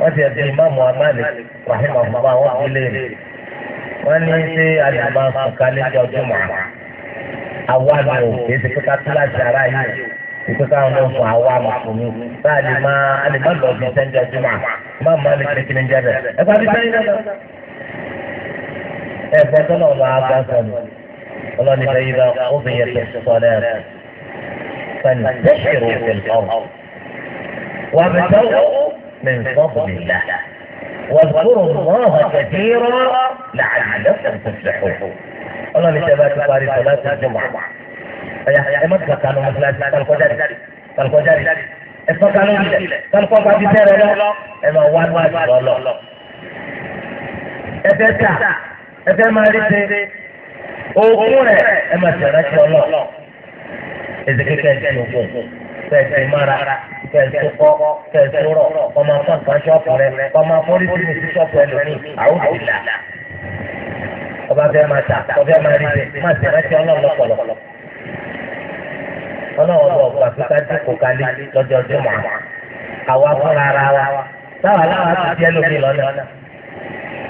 wọ́n ti ẹ̀sìn ìmáàmù amáàlì rahim ọ̀gbọ́n àwọn ìbílẹ̀ rẹ̀. wọ́n ní ṣé àdìmọ́ àkàlẹ́ ní ọdún mọ́ àwa ni ò kì í ṣe pé ká tó láti ara yìí ìpè káwọn ló ń fún àwa mùsùlùmí bá àdìmọ́ àdìmọ́ lọ́dún tẹ́ńdì ọdún mọ́ àmọ́ àmọ́ àlè kékeré ń jẹ́ bẹ́ẹ̀. ẹ ẹ̀bọ tọ́lọ̀ ọba àgbà sọ̀rọ̀ ọlọ́ni bẹ́yìí bá ọbẹ̀ yẹn tó sọ̀rọ̀ ẹ̀ fẹ́ni tẹ́sírù fìlọ̀ wà bẹ̀tẹ̀wò mi nfọ́bù nílá wàzúrù mọ́ọ̀hà kẹ̀kẹ́rọ́ làálẹ́kùn tẹ̀síhù ọlọ́ni tẹ́ bá ti parí sọ̀lá ti dùn wà ẹ̀yà ẹ̀ má ti kàkánú mọ́tíláṣí kálukọ́jáde kálukọ́jáde ẹ̀fọ́ kánú ilẹ̀ kálukọ́ bá ti tẹ́rẹ̀ lọ ẹ̀ máa wá níwájú lọ́lọ́ ẹ̀fẹ́ ta ẹ fẹ́ máa rí ṣe ogún rẹ̀ ẹ máa tẹ̀rẹ́ tí ọlọ́ ezekeke ti ogún fẹ́ẹ̀sì mara fẹ́ẹ̀sì kọ́ fẹ́ẹ̀sì rọ̀ ọmọ afọ́nkan ṣọ́ọ̀pù rẹ ọmọ afọ́rísí ní ṣọ́ọ̀pù ẹlòmíì àwọn òbílà ọba fẹ́ máa tà ọba máa rí ṣe máa tẹ̀rẹ́ tí ọlọ́ lọ́pọ̀lọpọ̀ ọlọ́wọ́ bọ̀ ọ̀gbà pípa dínkù kálí lọ́jọ́ ọdún mọ́ àwọn afọ́nra ara wa táwa láwa ti di ẹlòmíì lọ́nà.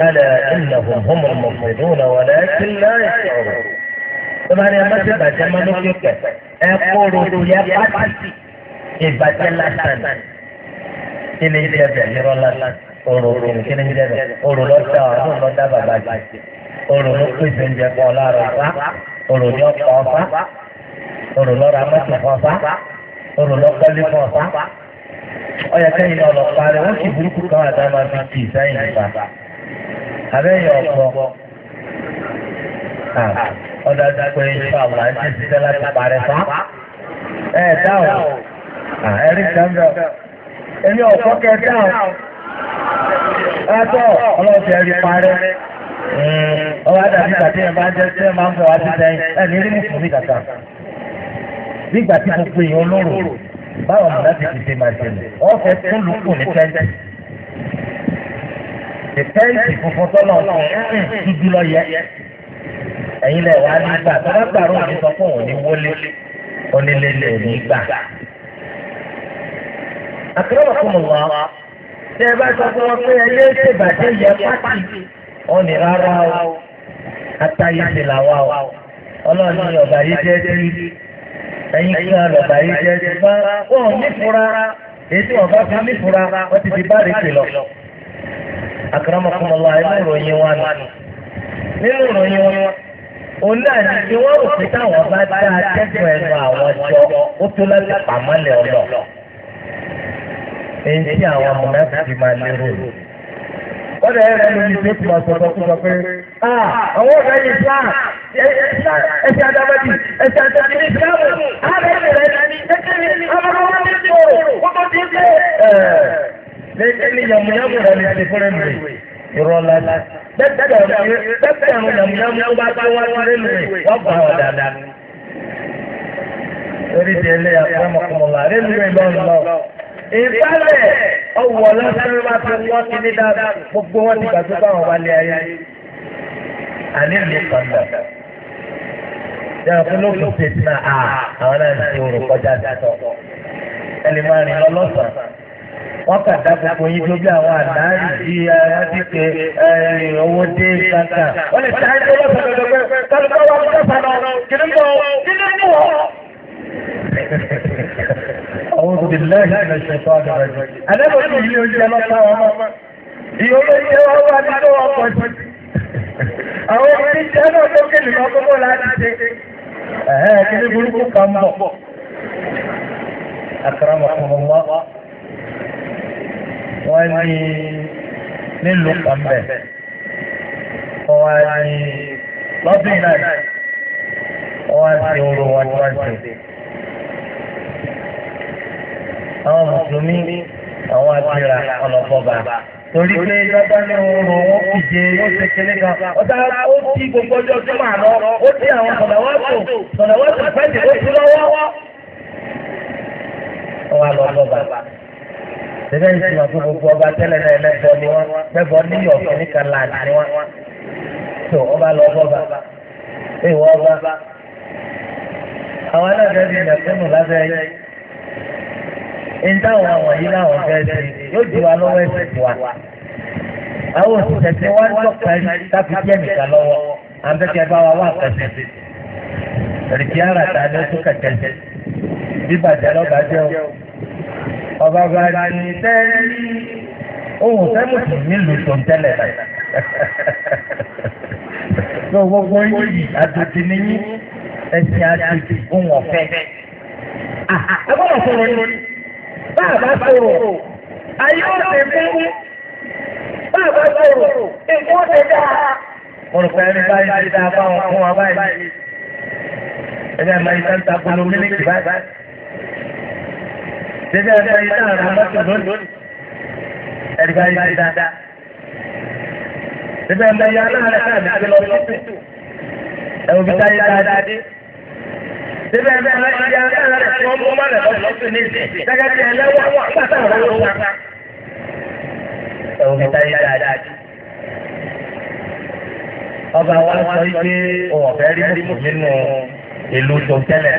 ألا إنهم هم المفسدون ولكن لا يشعرون tọ́ba ni ẹ má ṣe bàjẹ́ má lókè kẹ̀ ẹ kóró yẹ pàtì ìbàjẹ́ lásán kí ni jẹ bẹ̀ yọrọ lásán òrò òrò kí ni jẹ bẹ̀ òrò lọ́dà ọ̀rọ̀ lọ́dà bàbá jẹ òrò ló pèsè ń jẹ pọ̀ lára ọ̀fá òrò ní ọ̀pọ̀ ọ̀fá òrò lọ́ra mọ́tò ọ̀fá òrò lọ́kọ́lé ọ̀fá ọ̀yẹ̀kẹ́yìn ọ̀lọ́pàá rẹ̀ wọ́n kì burúkú kan àdá máa fi tì sẹ́yìn nípa abẹ́yẹ ọ̀pọ̀ ọ̀dà pé iṣẹ́ àwọn àti ṣiṣẹ́ láti parẹ́ fa ẹ̀ dáhùn ẹ̀rí kàmbẹ̀ ẹni ọ̀pọ̀ kẹ dáhùn ẹ̀tọ́ ọlọ́ọ̀fẹ́ ẹ̀rí parẹ́ ọwọ́ àdàbí tàbí ẹ̀ máa ń jẹ́ tí ẹ̀ máa ń bọ̀ wá sí sẹ́yìn ẹ̀ ní rí mùsùlùmí kàkà nígbà tí gbogbo èèyàn lóró báwọn mọ̀ láti fi ṣe máa ṣẹlẹ̀ wọ́n fẹ́ ní tẹ́ńtẹ́. tẹ̀tẹ́ǹtì funfun tọ́lọ̀ dúdú lọ yẹ. ẹ̀yin lẹ̀ wá nígbà tó bá gbàrú òní sọ fún òní wọlé onílélẹ̀ òní gbà. àkàrà fún mi wá tẹ́ ẹ bá sọ fún wọn pé ẹyẹ yẹ pátì wọn ní rárá o àtàyè ti là wá o ọlọ́run ọ̀bà yìí jẹ́ sí kan yìí fura èyí tí wọn fura wọn ti fi bá akramakumullah inú ìròyìn wọn ni nínú ìròyìn wọn òun náà ní kí wọ́n rò pé táwọn bá dá akẹ́kọ̀ọ́ ẹnu àwọn jọ ó tó láti pàmọ́lẹ̀ ọlọ. èyí tí àwọn mọ̀nàfíì máa lérò yìí. wọ́n lórí tí wọ́n pé àwọn yìí sá ẹsẹ̀ ẹsẹ̀ ní ní ọmọ ọmọ ọmọ ọmọ ọmọ lẹ́yìn yàmùyàmù rẹ̀ ní different way irọ́ lẹ́la tẹ́tẹ̀rún yàmùyàmù bá tó wá sí rélùwé wọ́n gbà ọ̀ dáadáa. torí di ẹlẹ́yà fẹ́mọ̀kùnmọ̀lá rélùwé lọ́nà náà. ìbálẹ̀ ọwọ́ lọ́sẹ̀rẹ́ bá ti wọ́n ti ní dáadáa gbogbo wọn ti gbàgbé báwọn wá lé ayé. àní ìlú kọ̀ọ̀dà. yàrá fún lóògùn tètè náà àwọn náà ti rò kọjá sátọ̀ ẹni máa rìn lọ lọ́sàn-án wọ́n kà dábàá fún yín tó bí àwọn àdáàrí bí wọ́n ti pè owó dé kàkà. wọ́n lè ta ẹgbẹ́ lọ́sọ̀ lọ́dọ̀ pé kálukọ́ wa ń dọ́sà lọ kìnnìkọ́ kìnnìkọ́ wọ́. أعوذ بالله من الشيطان الرجيم أنا بقول لي يا الله يقول لي يا الله أنا أقول àwọn oníṣẹ́ náà tó kéde lọ gbogbo láti ṣe. Ẹ̀hẹ́ kí ni burúkú kan bọ̀? Àkàrà màkàrà wá wọ́n ní nílùú kan bẹ̀ wọ́n á ní lọ́dún náà wọ́n á ti oró wọn tí wọ́n ti. àwọn mùsùlùmí àwọn àtìrà ọlọ́bọ̀bà torí pé lọ́dọ̀ ní oòrùn wọn kìje yóò ṣe kéré kan ọ̀tá ó ti gbogbo ọjọ́ tó máa lọ ó ti àwọn sọ̀dọ̀wọ́sọ̀ sọ̀dọ̀wọ́sọ̀ pẹ́ẹ́tì ó ti lọ́wọ́. wọ́n á lọ bọ̀ bàbá tẹ́lẹ̀ ń sìn ọ̀tún gbogbo ọba tẹ́lẹ̀ náà lẹ́bọ̀ ni wọ́n lẹ́bọ̀ níyọ̀ nìkan láàdì ni wọ́n tó ọba lọ bọ́ba ìwọ ọba àwọn ẹlẹ́dẹ̀ẹ́ ti yàn sínú lábẹ́ yìí ìdáhùn àwọn yìí láwọn fẹ́ ṣe yóò di wa lọ́wọ́ ẹ̀sìn tiwa àwọn òṣìṣẹ́ tí wọ́n ń tọ́ka rí káfí díẹ̀ nìkan lọ́wọ́ àbẹ́kẹ́ bá wa wà kẹsẹ̀ rìkì àràtà ni ó tún kẹsẹ̀ bíbàjẹ́ lọ́ba jẹ́ o ọba bàrà ní tẹ́lí ohun fẹ́ mùsùlùmí lò tó ń tẹ́lẹ̀ báyìí. lọ gbogbo yìí àtòtì nìyí ẹsìn àtòtì ohun ọ̀fẹ́. agbọ́dọ̀ sọ̀rọ̀ ni báàbá sọ̀rọ̀ ayé ọ̀sẹ̀ fún báàbá sọ̀rọ̀ èkó ọ̀sẹ̀ dáa. mo rò pé ẹni báyìí ti dáa báwọn fún wa báyìí. ẹgbẹ́ mi máa ń ta mílíkì báyìí. Dédé ẹgbẹ́ ilé àrùn mọ́tò lónìí. Ẹ̀ríkà yìí ti dáadáa. Dédé ẹgbẹ́ ilé àrùn mọ́tò lónìí ti lọ lọ́pẹ̀. Ẹ̀wù bí táyé dáadáa dé. Dédé ẹgbẹ́ ilé àrùn mọ́tò lọ́pẹ̀ ní ìsìn. Gẹ́gẹ́ bí ẹlẹ́wọ̀n pátá àwọn olùkọ́. Ẹ̀wù bí táyé dáadáa dé. Ọba wa sọ pé ọ̀fẹ́ rí mùsùlùmí nù ìlú tó tẹ́lẹ̀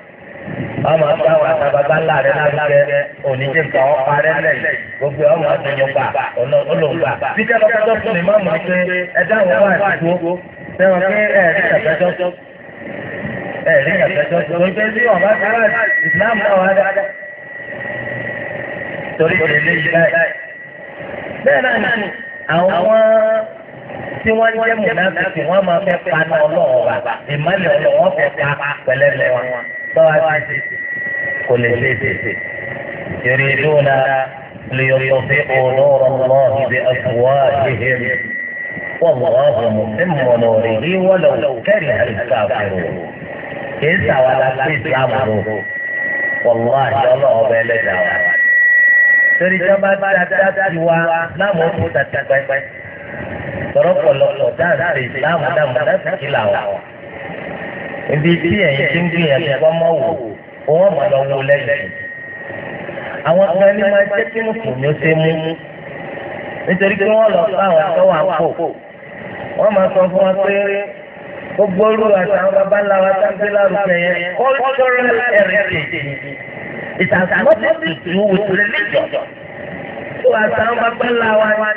ọmọ ọgbà wà sábàbá ńlá lábẹ́ oníjẹ nǹkan ọ̀pá lẹ̀ gbogbo ọmọ ọdúnyọgbà ọ̀nà olóńgbà. títí ọlọ́pàá fún mi máa mọ̀ pé ẹ dáhùn wá àdúgbò sẹ́wọ̀n pé ẹ tó ń gbé ọ̀bá sára ìsìlám náà torí yìí láì. bẹ́ẹ̀ náà ni àwọn tí wọ́n jẹ́ wọ́n máa fẹ́ báwa ti kò lè ṣe tètè. يريدون ليطفئوا نور الله بأفواههم والله متم نوره ولو كره الكافرون إنت ولا تسلمه والله الله بلده torí tí wọn bá dáadáa ti wá láàmú ọkọ tàtàgbẹ tọrọ pọ̀lọpọ̀ dáhùn sí ìsìláàmù dáhùn láti kí làwọn ibi tí ẹ̀yin ti ń gbìyànjú kọ́ mọ́ wò òun ọ̀mọ̀ lọ wo lẹ́yìn. àwọn kan ní máa jẹ́ kí mùsùlùmí ó ṣe mú nítorí pé wọ́n lọ bá àwọn tó wà pò wọ́n máa sọ fún wọn pé gbogbo olú àtàwọn babaláwa sáńpé lárúkẹ yẹn cultural heritage it has nothing to do with religion tó àtàwọn babaláwa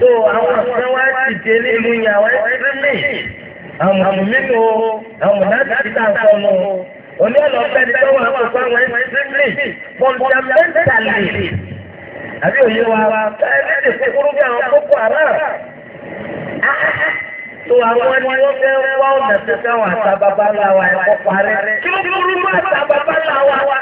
tó àwọn kan wá ti dé nínú yàrá ẹgbẹ́ mi àwọn mùsùlùmí tó àwọn mùsùlùmí tó àwọn ọmọ òní ọ̀nà ọ̀fẹ́ ti tọ́wọ́ àkókò àwọn ẹ̀sìnlẹ̀ fọ̀ǹtàmẹ́ntàlì àbí òye wa ẹ̀ẹ́dẹ́ ti kúkúrú bí àwọn Boko Haram tó àwọn ẹni wọ́n fẹ́ wá ọ̀nà tó fẹ́wọ̀n àtàbàbà làwà ẹ̀kọ́ parẹ́ kí ló burú mọ́ àtàbàbà làwà wa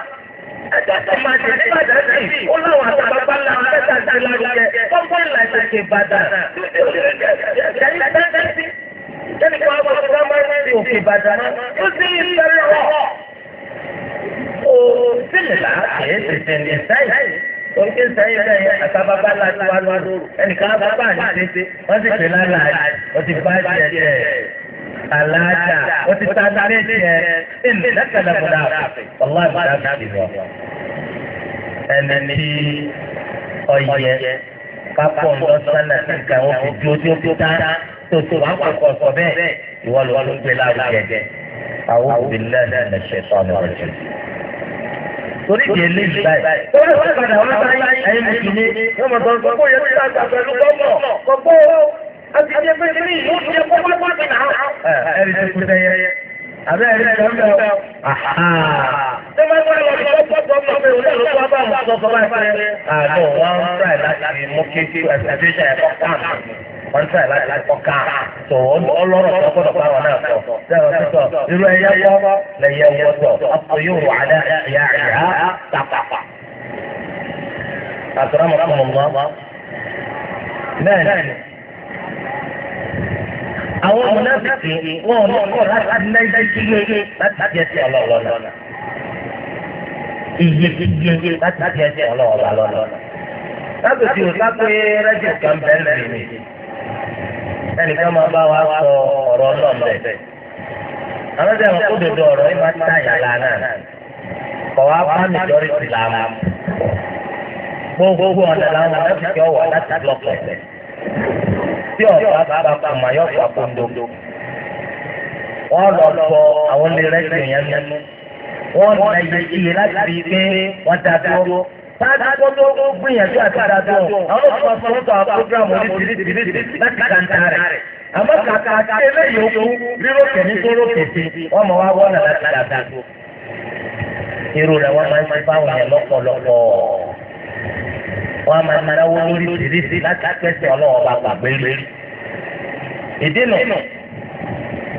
ẹjọ́ tó máa ṣe nígbàdàn sí ó láwọn àtàbàbà làwà mẹ́ta sí lárugẹ fọ́nfọ́n ìlànà ìṣèjì Ìbàdàn Sẹ́ni kan wọ́n ti òkè Ìbàdàn náà. sì ń sẹ́rẹ̀ wọ̀. O kìí tètè ní sáyì. Oúnjẹ sáyì bẹ́ẹ̀ àtàbàbà láti wá lóru. Ẹnìkan bàbá àti tètè wọ́n sì pè lálẹ́ àti ọtí bá jẹ jẹ. Àlàájá ó ti ta dáná jẹ. Ẹnì lẹ́kẹ̀lẹ́ fi bá pọ̀ lọ́sánà tí nǹkan wọn fi dúró tí ó fi tán tó tó wà kọ̀kọ̀ sọ bẹ́ẹ̀ ìwọ ló ń gbé lárugẹ. àwọn òbí lẹ́nu ẹ̀ ṣe sọ ọ́nà ọ̀jẹ̀. torí ìdí eléyìí báyìí. tó bá wà padà wá sáyé ẹ̀yìn mùsùlùmí yóò mọ̀ sọ́n kókó yẹn tó àgbà pẹ̀lú gbọ́mọ̀ kókó àti ẹgbẹ́ mi yóò jẹ́ kókó Abẹ́rẹ́ rẹ̀ lọ́wọ́. Ṣé bá wà lọ sí ọjọ́ tó ń bọ̀ ní bá wà lọ́kọ̀ bá ṣe? Àlọ́ wọn ń láti mú kékeré ẹ̀sẹ̀dẹ́sẹ̀ ẹ̀kọ́ kàn. Wọ́n ń láti kọ́ kàn. Tó ọlọ́rọ̀ tó gbọ́dọ̀ bá wọn náà sọ. Sẹ́wọ̀n títọ̀ irú ẹyẹ wọ́ lẹ́yẹ wọ́ tọ̀. Ọkọ̀ yóò wà ní ẹ̀yà ẹ̀yà tàpàpà. Àtúrámọ̀kọ̀ mọ̀ àwọn mọ̀nàfíkì wọn ò mọ̀ láti náírà kílé láti jẹ́ sí ọlọ́ọ̀lọ́ lọ́nà. Iye kílé láti jẹ́ sí ọlọ́ọ̀lọ́ lọ́nà. Lábòsí o sá pé rẹ́jì kan bẹ́ẹ̀ lè mi. Ẹnìkan máa bá wa sọ ọ̀rọ̀ ọlọ́ọ̀ bẹ̀. Àwọn ẹgbẹ́ wọn kó dodo ọ̀rọ̀ yìí máa ń tàyà lánàá. Kọ̀ wá bá mi dọ́rí sí làmú. Gbogbo ọ̀nà làwọn mọ̀nàfíkì ọ̀wọ̀ láti blọ́kọ̀ tí ọ̀gá bá kùmà yọ pàkóńdó wọ́n lọ sọ àwọn ilé rẹ́díò yẹn nínú wọ́n nà iye iye láti rí pé wọ́n dá dúró sáájú tó gbìyànjú àti dáadọ́ àwọn ọmọ fún àwọn programu láti kàńtà rẹ̀ àmọ́ kàkà tó wọ́n mọ̀ wá wọ́n irú rẹ̀ wọ́n máa ń ṣe báwọn yẹn lọ́pọ̀lọpọ̀ wọ́n á máa náwó lórí tìrìsì láti pẹ́sẹ̀ bá gbàgbé lé. ìdí nù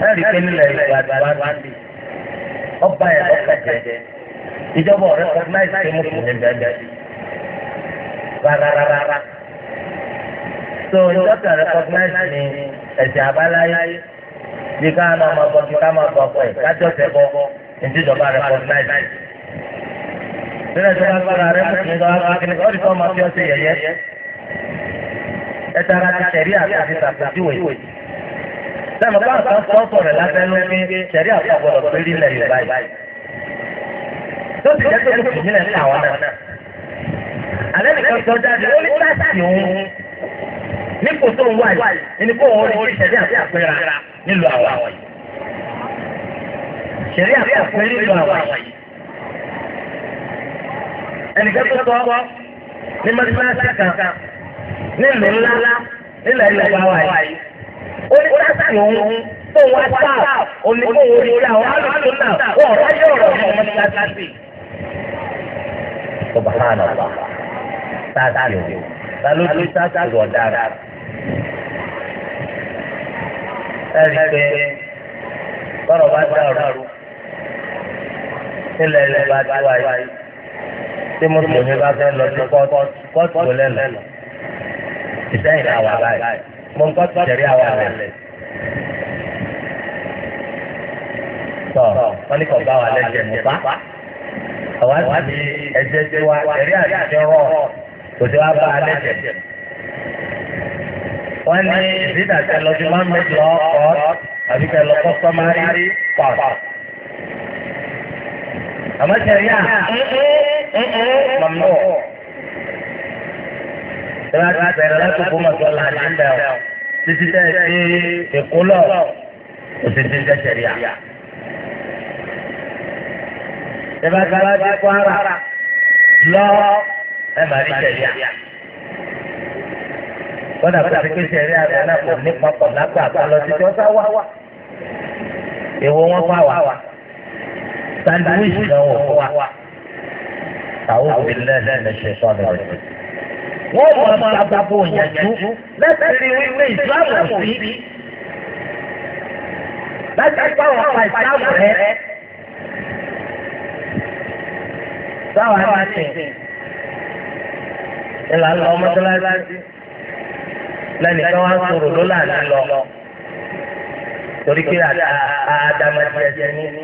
náà rí pé nílẹ̀ wa ti ọba ẹ̀ lọ́kàn jẹ ìjọba ọ̀rẹ́ ọ̀gáìsì tó mú fún mi so ìjọba rẹ̀kọ̀gnáìsì na ẹ̀sìn àbáláyé bí káwọn ọmọ ọgbọ́n ti ká máa gbọ́ ìjọba sílẹ̀ tó bá gbára rẹ̀ fún ìgbà wá kékeré ó di kọ́ ọmọ tí ó ṣe yẹ̀yẹ́. ẹ tara ti sẹ̀rí àti ṣàpèjúwe. sẹ́mi bá nǹkan sọ́ọ̀tọ̀ rẹ̀ lábẹ́nú pé sẹ̀rí àpapọ̀lọ̀ péré lẹ̀ yóò báyìí. tó ti jẹ́ pé kò nílẹ̀ ká wọn náà. àlẹ́ nìkan sọ jáde ó ní táàsì òun ní kò tó ń wá yìí ní kò wọ́n rí sẹ̀rí àpapọ̀lọ̀ nílùú àwọn yìí. sẹ̀rí àpapọ̀lọ̀ nílùú àwọn yìí ẹnìkan tó sọ ní mọ́tíláṣí kan ní ìlú ńlá nílẹ̀ ilẹ̀ bàbá yìí. ó ní sáàsì òun tó wá sáà oníkóhùn orí àwọn alùpùpù náà wọ́n ráyè ọ̀rọ̀ ọmọ mọ́tíláṣí. ọba hàn ọba sáàsì òun lálójú sáàsì ọ̀daràn. ẹ̀rí pé bọ́rọ̀ bá dá ọ̀rọ̀ nílẹ̀ ilẹ̀ bàbá yìí tí mùsùlùmí bá fẹ́ lọ sí kóòtù kó lẹ́nu ìsẹ́yìn àwà báyìí mo ń kóòtù tẹ̀lé àwà rẹ̀. sọ wọn ní kò bá wa lẹ́jẹ̀ nípa àwa ti ẹ̀jẹ̀ ti wa tẹ̀lé àtijọ́ rọ̀ kò sí wa bá a lẹ́jẹ̀. wọ́n ní ìdídàtẹ̀ lọ́jọ́ máa ń mẹ́jọ ọ́ àbíkẹ́ lọ kọ́sọ́márì pàápàá. أما شريعة ممنوع ثلاثة بيرلات وكما صلى عندها تسيتا إقولا وتسيتا شريعة Ìbá kala ti kwara lọ ẹ máa rí ṣẹ̀ríà. Kọ́dà kò sí pé ṣẹ̀ríà rẹ̀ náà kò ní papọ̀ lágbàá lọ sí tí wọ́n sá wá. Èwo wọn fà sandwich náà wọ̀ fún wa. àwọn obìnrin lẹ́sẹ̀ lè ṣe sọ́ọ̀nù rẹ̀. wọ́n mọ̀ máa gbàgbó ìyànjú láti rí wíwé ìsìlámù sí. láti rí báwọn ọ̀pá ìsìlámù rẹ̀. sáwọn àwọn àti ìlànà ọmọdéláṣí lẹ́nìkan wá ń sọ̀rọ̀ ló là ń lọ torí pé àdàmàjẹ̀jẹ̀ ní.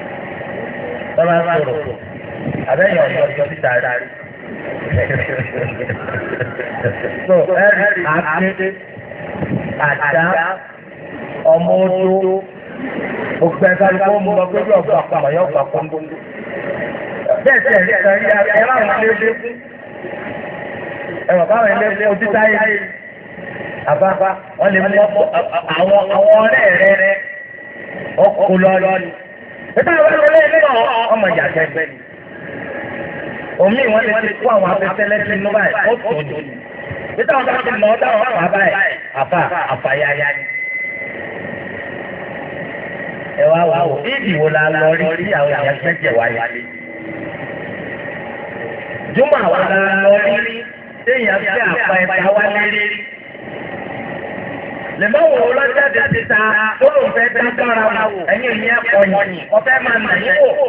tọ́lá sọ̀rọ̀ ọjọ́ so ẹ̀rí àdá ọmọ odó pẹ̀lú bẹ́ẹ̀ ẹ̀rọ àwọn ilé ẹ̀rọ báwọn ilé ojú táyé ẹ̀dá àwọn ẹ̀rọ lẹ́yìn náà ọmọ ìyá tẹ́lẹ̀. omi wọn lè ti kó àwọn afẹ́fẹ́lẹ́ tí inú báyìí ó tó ní. títà wọn bá ti nà ọ́ dáhùn àpá báyìí àpá àfàyàyà ni. ẹ wá wá wò bí ìdìbò la lọ rí sí àwọn ìyá tẹ́jẹ̀ wáyé. jùmọ̀ àwọn la lọ rí sí ìyá tẹ́ àpá ẹ̀ta wá lérí. lèmọ́ wò ó lọ́jáde síta tó fẹ́ dágbára wò ẹ̀yìn ìyẹn ọ̀yìn ọ̀fẹ́ máa nà yín wò.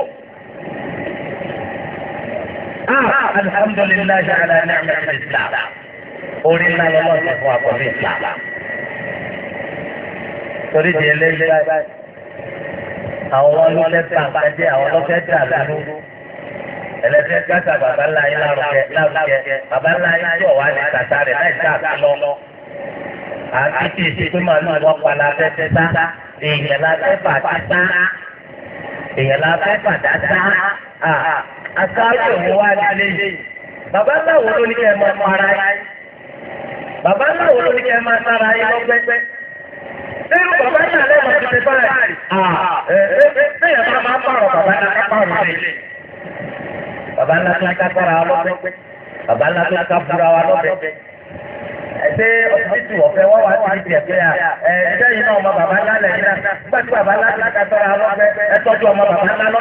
alhamdulilayi ala ní àmì islam orí ńlá yẹn lọ sí fún akọ̀wé islam. torí di eléyìí báyìí àwọn àwọn ọlọ́fẹ́ dà lóru ẹlẹ́fẹ́ gbàtà ní rẹ̀ láì sáà àti tí ìṣe pé màálù wọn pala tẹ́tẹ́ sá èèyàn la fẹ́ fà èèyàn la fẹ́ fà dáta òun wá nílé bàbá láwo ló ní kẹ́ ẹ máa bàbá láwo ló ní kẹ́ ẹ máa sára lọ́gbẹ́gbẹ́ nínú bàbá náà lẹ́nu ti ti báyìí ẹ̀ẹ́dẹ́gbẹ́yà máa bàbá náà ká pààrọ̀ rẹ̀ bàbá ká wa ṣé ọsibítù ọ̀fẹ́ wá wá síbi tiẹ̀ pé ẹ ẹjẹ́ yìí náà ọmọ bàbá ńlá náà tí bàbá ńlá ti ká tọ́ra ẹ tọ́jú ọmọ bàbá ńlá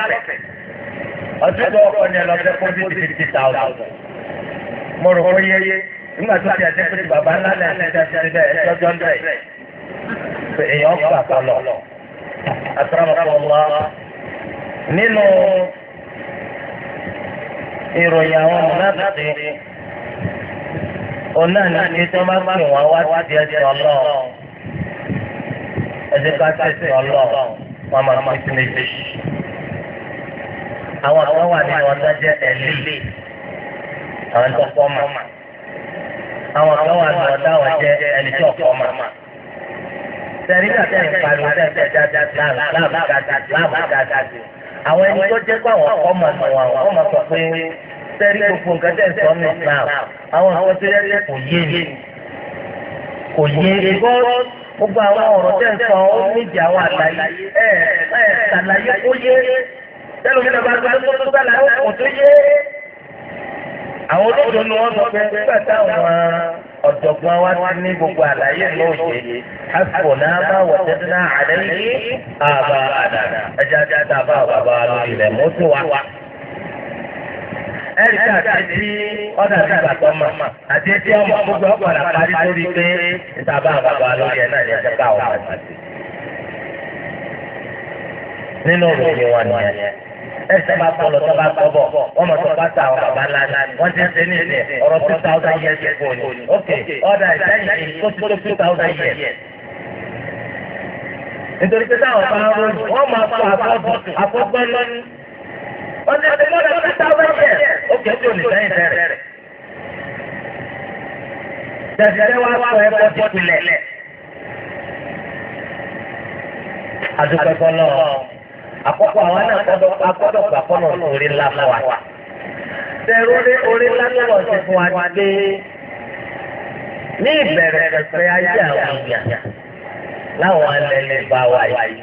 ọdún ọkọ ni ti mo rò ó nígbà tó ti pé bàbá ńlá nínú ìròyìn àwọn òun na ní tí wọ́n bá wá sí ẹsẹ̀ ọlọ́run ẹsẹ̀ bá tẹ̀sẹ̀ máa sí méjì. àwọn àwọn wà ọjọ́ jẹ́ àwọn tó mọ́ àwọn àwọn wà ọjọ́ àwọn jẹ́ ẹni tó mọ́. kàtẹ́ dáadáa láàbù dáadáa sẹ́rí gbogbo nǹkan tẹ̀ sọ ní Islam àwọn nǹkan tó yẹ kó yé ni kò yé ni gbogbo àwọn ọ̀rọ̀ tẹ̀ sọ ó níbi àwọn àlàyé ẹ̀ ẹ̀ àlàyé kó yé tẹ́lẹ̀ òmìnira bá gbà tó kò tó yé. ẹ̀rí àti tí ọ̀dà ti gbàgbọ́ mà àti tí ọmọ gbogbo ọ̀pọ̀lá parí lórí pé ìtàbá bàbá lórí ẹ̀ náà ní ẹ̀jẹ̀ bá wà láti. nínú òròyìn wọn nìyẹn ẹsẹ̀ bá tọ̀ lọ tó bá tọ̀ bọ̀ wọ́n mọ̀ tó bá ta àwọn bàbá ńlá wọ́n ti ń ṣe ní ọ̀nà ìdílọ́dọ̀ tó ta wọ́n yẹ ó kẹ́ tó lè sẹ́yìn bẹ̀rẹ̀. Tẹ̀síṣẹ́ wa sọ ẹ̀kọ́ tó tilẹ̀. Àdúgbò fọlọ́ àkọ́kọ́ àwọn náà gbọ́dọ̀ gbà fọlọ́ orí ńlá fún wa. Tẹ̀rù orí ńlá tó wọ̀ sí fún wa dé ní ìbẹ̀rẹ̀ pẹ̀pẹ̀ ayé àwọn èèyàn láwọn alẹ́ lè bá wa yìí.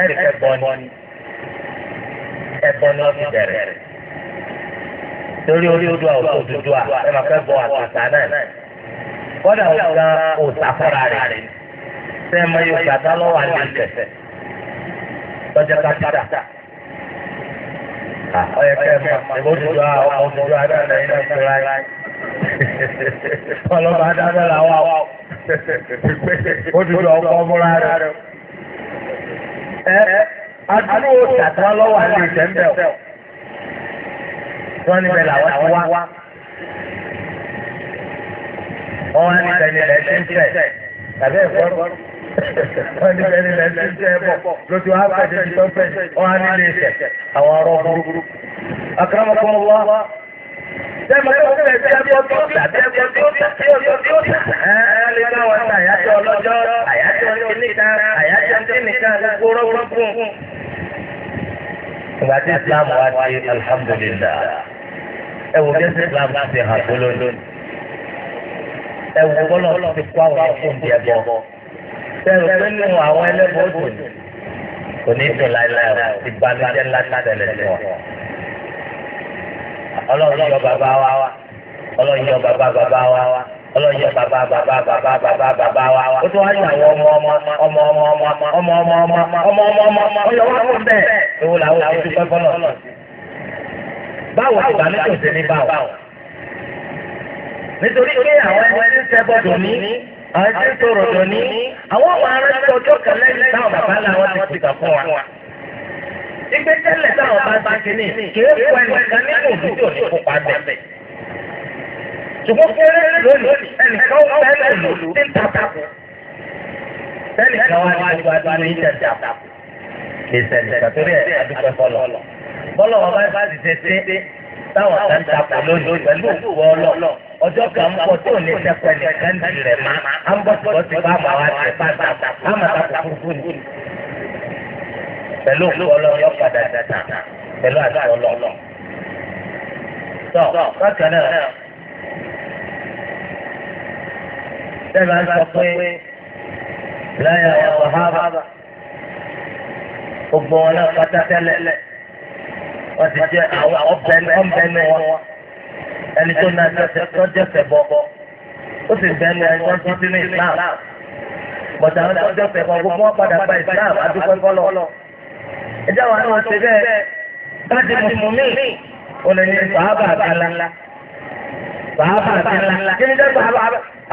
Ẹ̀rì kẹ́kọ̀ọ́ ni ẹ̀bọ ni wọ́n ti bẹ̀rẹ̀ torí orí odò àwọn òdòdó à ẹ máa fẹ́ bọ àtàtà náà kọ́dà ọ̀gá òsàfọ́ra rẹ̀ sẹ́ẹ̀ máa yọ gbàdá lọ́wọ́ àlẹ́ ìfẹ́ lọ́jọ́ kápítà ọyọ kẹfà ìbò dùdú a ọmọ dùdú a dáadáa iná ìfura yìí ọlọ́ba dáadáa là wà ó dùdú ọkọ múra rẹ ẹ adúró tàtà lọ́wọ́ àti ìtẹ́ńbẹ̀ ọ̀. wọ́n níbẹ̀ làwọn ti wá. wọ́n wá níbẹ̀ nílẹ̀ ti ń tẹ̀ tàbí ẹ̀fọ́ wọ́n níbẹ̀ nílẹ̀ ti ń tẹ̀ bọ̀ lójú wa pẹ̀lú ti tọ́ pẹ̀ wọ́n á nílé ìṣẹ̀ àwọn ọ̀rọ̀ burúkú. wá. Sẹ́mi ló ẹgbẹ́ tàbí ẹgbẹ́ tàbí ọjọ́ tó tà. Ẹ ẹ lè bá wọn ta àyájọ́ ọlọ́jọ́, ìgbà tí islam wá sí alhamdulilah ẹ wò bí islam ti hàn tó lónìí ẹ wò bọ́lọ̀ ti kó àwọn fún bí ẹ bọ́ bẹ́ẹ̀ pé nínú àwọn ẹlẹ́bọ̀ òdò ni kò ní dùn láéláé o ti balùwẹ̀ látàdẹ̀lẹ̀ sí wọn. ọlọ́run yọ bàbá wa ọlọ́run yọ bàbá bàbá wa. ọlọ́yẹ bàbá bàbá bàbá bàbá bàbá wa wáyé àwọn ọmọ ọmọ ọmọ ọmọ ọmọ ọmọ ọmọ ọmọ ọmọ ọmọ ọmọ ọmọ ọmọ ṣùgbọ́n kéré lónìí ẹnìkan ó fẹ́ lẹ́nu ní tàkàkù. sẹ́ni kan wá ní gbogbo àdúgbò yìí tẹ̀sí àtàkù. kì í sẹ́ni kàtórí ẹ̀ adúpẹ́ fọlọ́. bọ́lá wọn bá bá ti ṣe ṣe táwọn kan takò lónìí pẹ̀lú òkú ọlọ́ ọjọ́ kan ń bọ̀ tó ní sẹ́pẹ̀ ní kẹ́ńtì rẹ̀ má a ń bọ̀ tó ti bá àmà wá ti bá àtàkù àmà takò fúnfún pẹ̀lú òkú ọlọ́ yọ padà dàtà pẹ̀lú àtàkù ọlọ́ tọ́ bákan náà lẹ́nu à ń sọ pé láyà àwọn sàhábà gbogbo wọn náà pátá tẹ́lẹ̀ wọ́n ti jẹ́ àwọn ọ̀bẹ̀nu wọn ẹni tó náà jẹ́ tọ́jẹ́ fẹ̀ bọ̀ ó sì bẹ́nu ẹni wọ́n ti sínú Islam bọ̀dà àwọn tọ́jẹ́ fẹ̀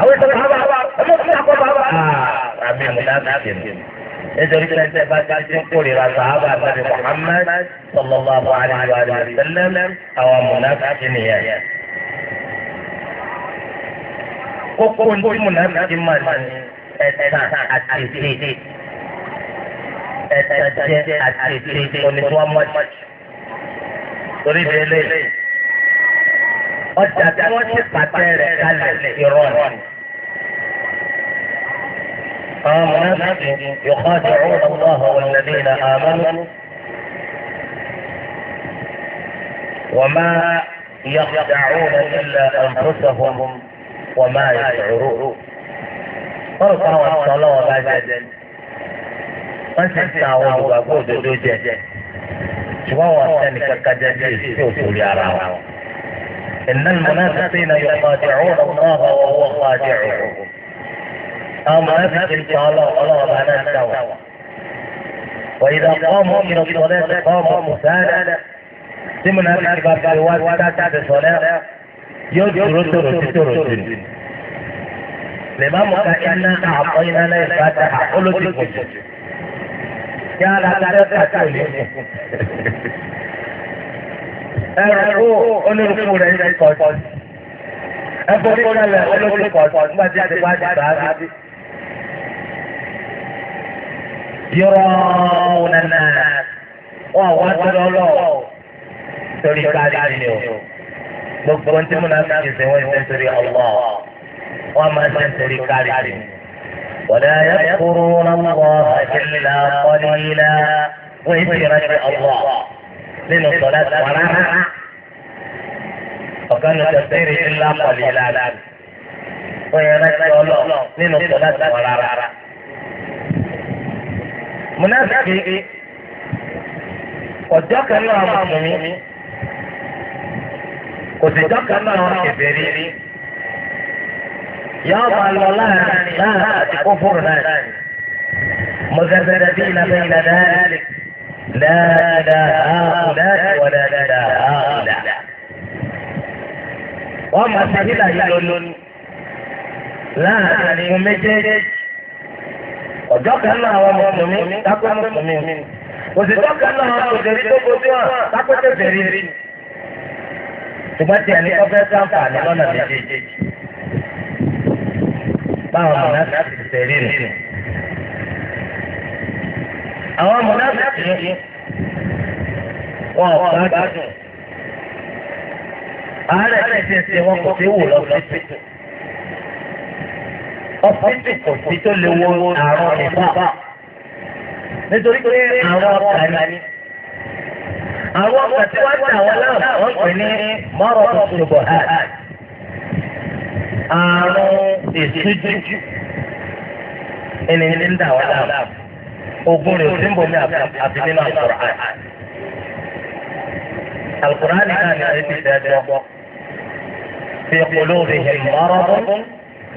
àwọn ìṣòro bàbá ọmọ òfin àkọ́ bàbá. àmì mùsàlá ti ní. nítorí pé ẹsẹ̀ bá ti ti ń kórìíra sàábà nàbì Muhammad sallallahu alaihi wa sallam àwọn mùsàlá ti nìyẹn. kókó ní mùsàlá ti máa ń ẹ̀sán àti ìdílé ẹ̀sán jẹ́ àti ìdílé onídùúwọ́mọ́jú. torí bẹ́ẹ̀ lẹ́yìn ọjà tí wọ́n ṣe pàtẹ rẹ̀ kalẹ̀ irọ́ ni. àwọn mọ̀nàfíì yọ̀kọ́ ti rún ọmọ àwọn ìlànà ìlànà àmọ́nú. وما يخدعون إلا أنفسهم وما يشعرون wọ́n kọ́ àwọn sọ lọ́wọ́ bá jẹ́ wọ́n sì ta àwọn olùgbàgbọ́ òdodo jẹ́ ṣùgbọ́n wọn sẹ́ni kankan jẹ́ sí òṣèlú ara wọn. إن المنافقين يخادعون الله وهو خادعهم أو منافق إن شاء الله الله معنا سوا وإذا قاموا إلى الصلاة قاموا مسانا tí mo náà ti bàbá wa wá dáadáa sọ̀rọ̀ yóò dúró tòrò sí tòrò sí. lè má mú ká iná àpọ̀ iná náà ìgbà dá olódìbò jù. yàrá dáadáa ká tó lé ẹ̀rọ olórúkú rẹ̀ ní kọ̀ọ̀tì. ẹ̀fọ́ kọ́lẹ̀ olórúkú kọ̀ọ̀tì nígbà tí a ti bá ti bá a bí. yọrọ nana wọn wá sọ̀rọ̀ lọ torí káàdì ni o gbogbo ohun tí mo náà fi ṣe wọn ṣe torí ọlọ wọn máa ṣe torí káàdì ni. ولا يذكرون الله إلا قليلا وذكر الله nínú sọ̀rọ̀ àtàwọn rárá. ọ̀gá ló tẹ̀ sẹ́rì ńlá pọ̀lì ìlànà. wọ́n yẹn rántí ọlọ́ nínú sọ̀rọ̀ àtàwọn rárá. mùnàfíkì ọjọ́ kan náà mùsùlùmí kò sì jọ́ kan náà wọ́n kẹfẹ́ rí. yọ́ bá lọ láàrin láàrin àti kófòrò náà. مزرزرين بين ذلك لا لا هؤلاء ولا لا هؤلاء wọ́n máa ṣe nílà yìí lónìí láàrin méjèèjì ọjọ́ kan náà àwọn mùsùlùmí kápẹ́ mùsùlùmí òṣìṣẹ́ kan náà àwọn òṣèré tó gbójú hàn kápẹ́ tó bẹ̀rẹ̀ rí ṣùgbọ́n tí ẹni kọ́fẹ́ sáǹfààní lọ́nà méjèèjì báwọn mùsùlùmí ti tẹ̀lé rẹ̀. àwọn mọ̀nàfíìsì wọn ò gbádùn. àárẹ̀ ti ń ṣe wọn kò sí wò lọ́sítì. ọ̀sítì kò sí tó lè wo àrùn nìbá. nítorí pé àwọn ọ̀kà ni. àwọn tí náà pè ní àrùn ìṣújú. ẹni ní náà. ogun rẹ̀ òsín bomi àfi nínú àkùrán. àkùrán nìkan ni àyè ti dẹ́jọ́. في قلوبهم مرض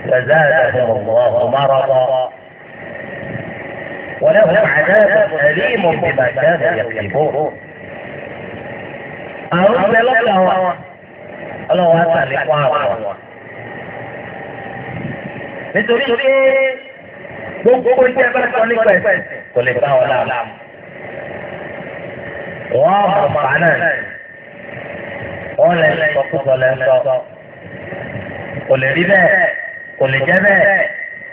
فزادهم الله مرضا ولهم عذاب أليم بما كانوا يكذبون أعوذ بالله الله أسأل إخوانه nítorí pé gbogbo ìjẹ́ bá sọ nípa ẹ̀sìn kò lè bá wọn láàmú. wọ́n mọ̀ fà náà wọ́n lè sọ púpọ̀ lẹ́ sọ kò lè rí bẹ́ẹ̀ kò lè jẹ́ bẹ́ẹ̀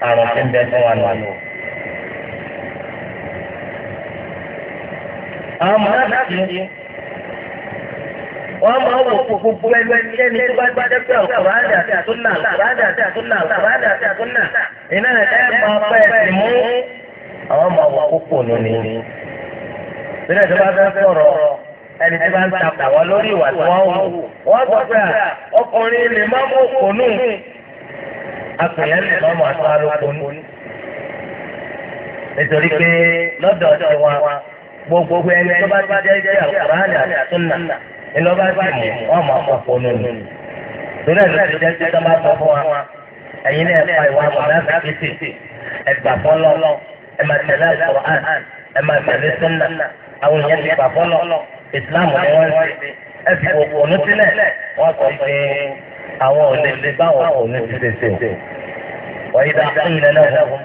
àrùn tí ń bẹ fún wa lọ́wọ́. àwọn mọ̀ náà kì í wọ́n máa wò kó gbogbo ẹnikẹ́ni tó bá gbádẹ́ pé ọ̀kọ̀rọ̀ àdà àti àtúnà ọ̀kọ̀rọ̀ àdà àti àtúnà ọ̀kọ̀rọ̀ àdà àti àtúnà ìnáyà ẹ̀ máa pẹ́ ẹ̀sìn mú. àwọn ọmọ àwọn kókò lónìí ni. Bílẹ̀ tó bá fẹ́ sọ̀rọ̀ ẹni tí bá lórí ìwà tí wọ́n wù. Wọ́n sọ pé ọkùnrin lè má mú Akùnrin lè má mú Nítorí pé lọ́dọ̀ wa gbogbo ẹni tó bá jẹ́ jẹ́ àti àtúnà ni mú jẹ́ jẹ́ tó bá sọ fún ẹ máa tẹ̀lé àlùkùránì ẹ máa tẹ̀lé sùnnà àwọn èèyàn ti pàfọ́ lọ ìsìláàmù ni wọ́n ń ṣe ẹ fi òkùnú sílẹ̀ wọ́n sọ pé àwọn ò lè ṣe báwọn òkùnú ti ṣe ṣe. وإذا قيل لهم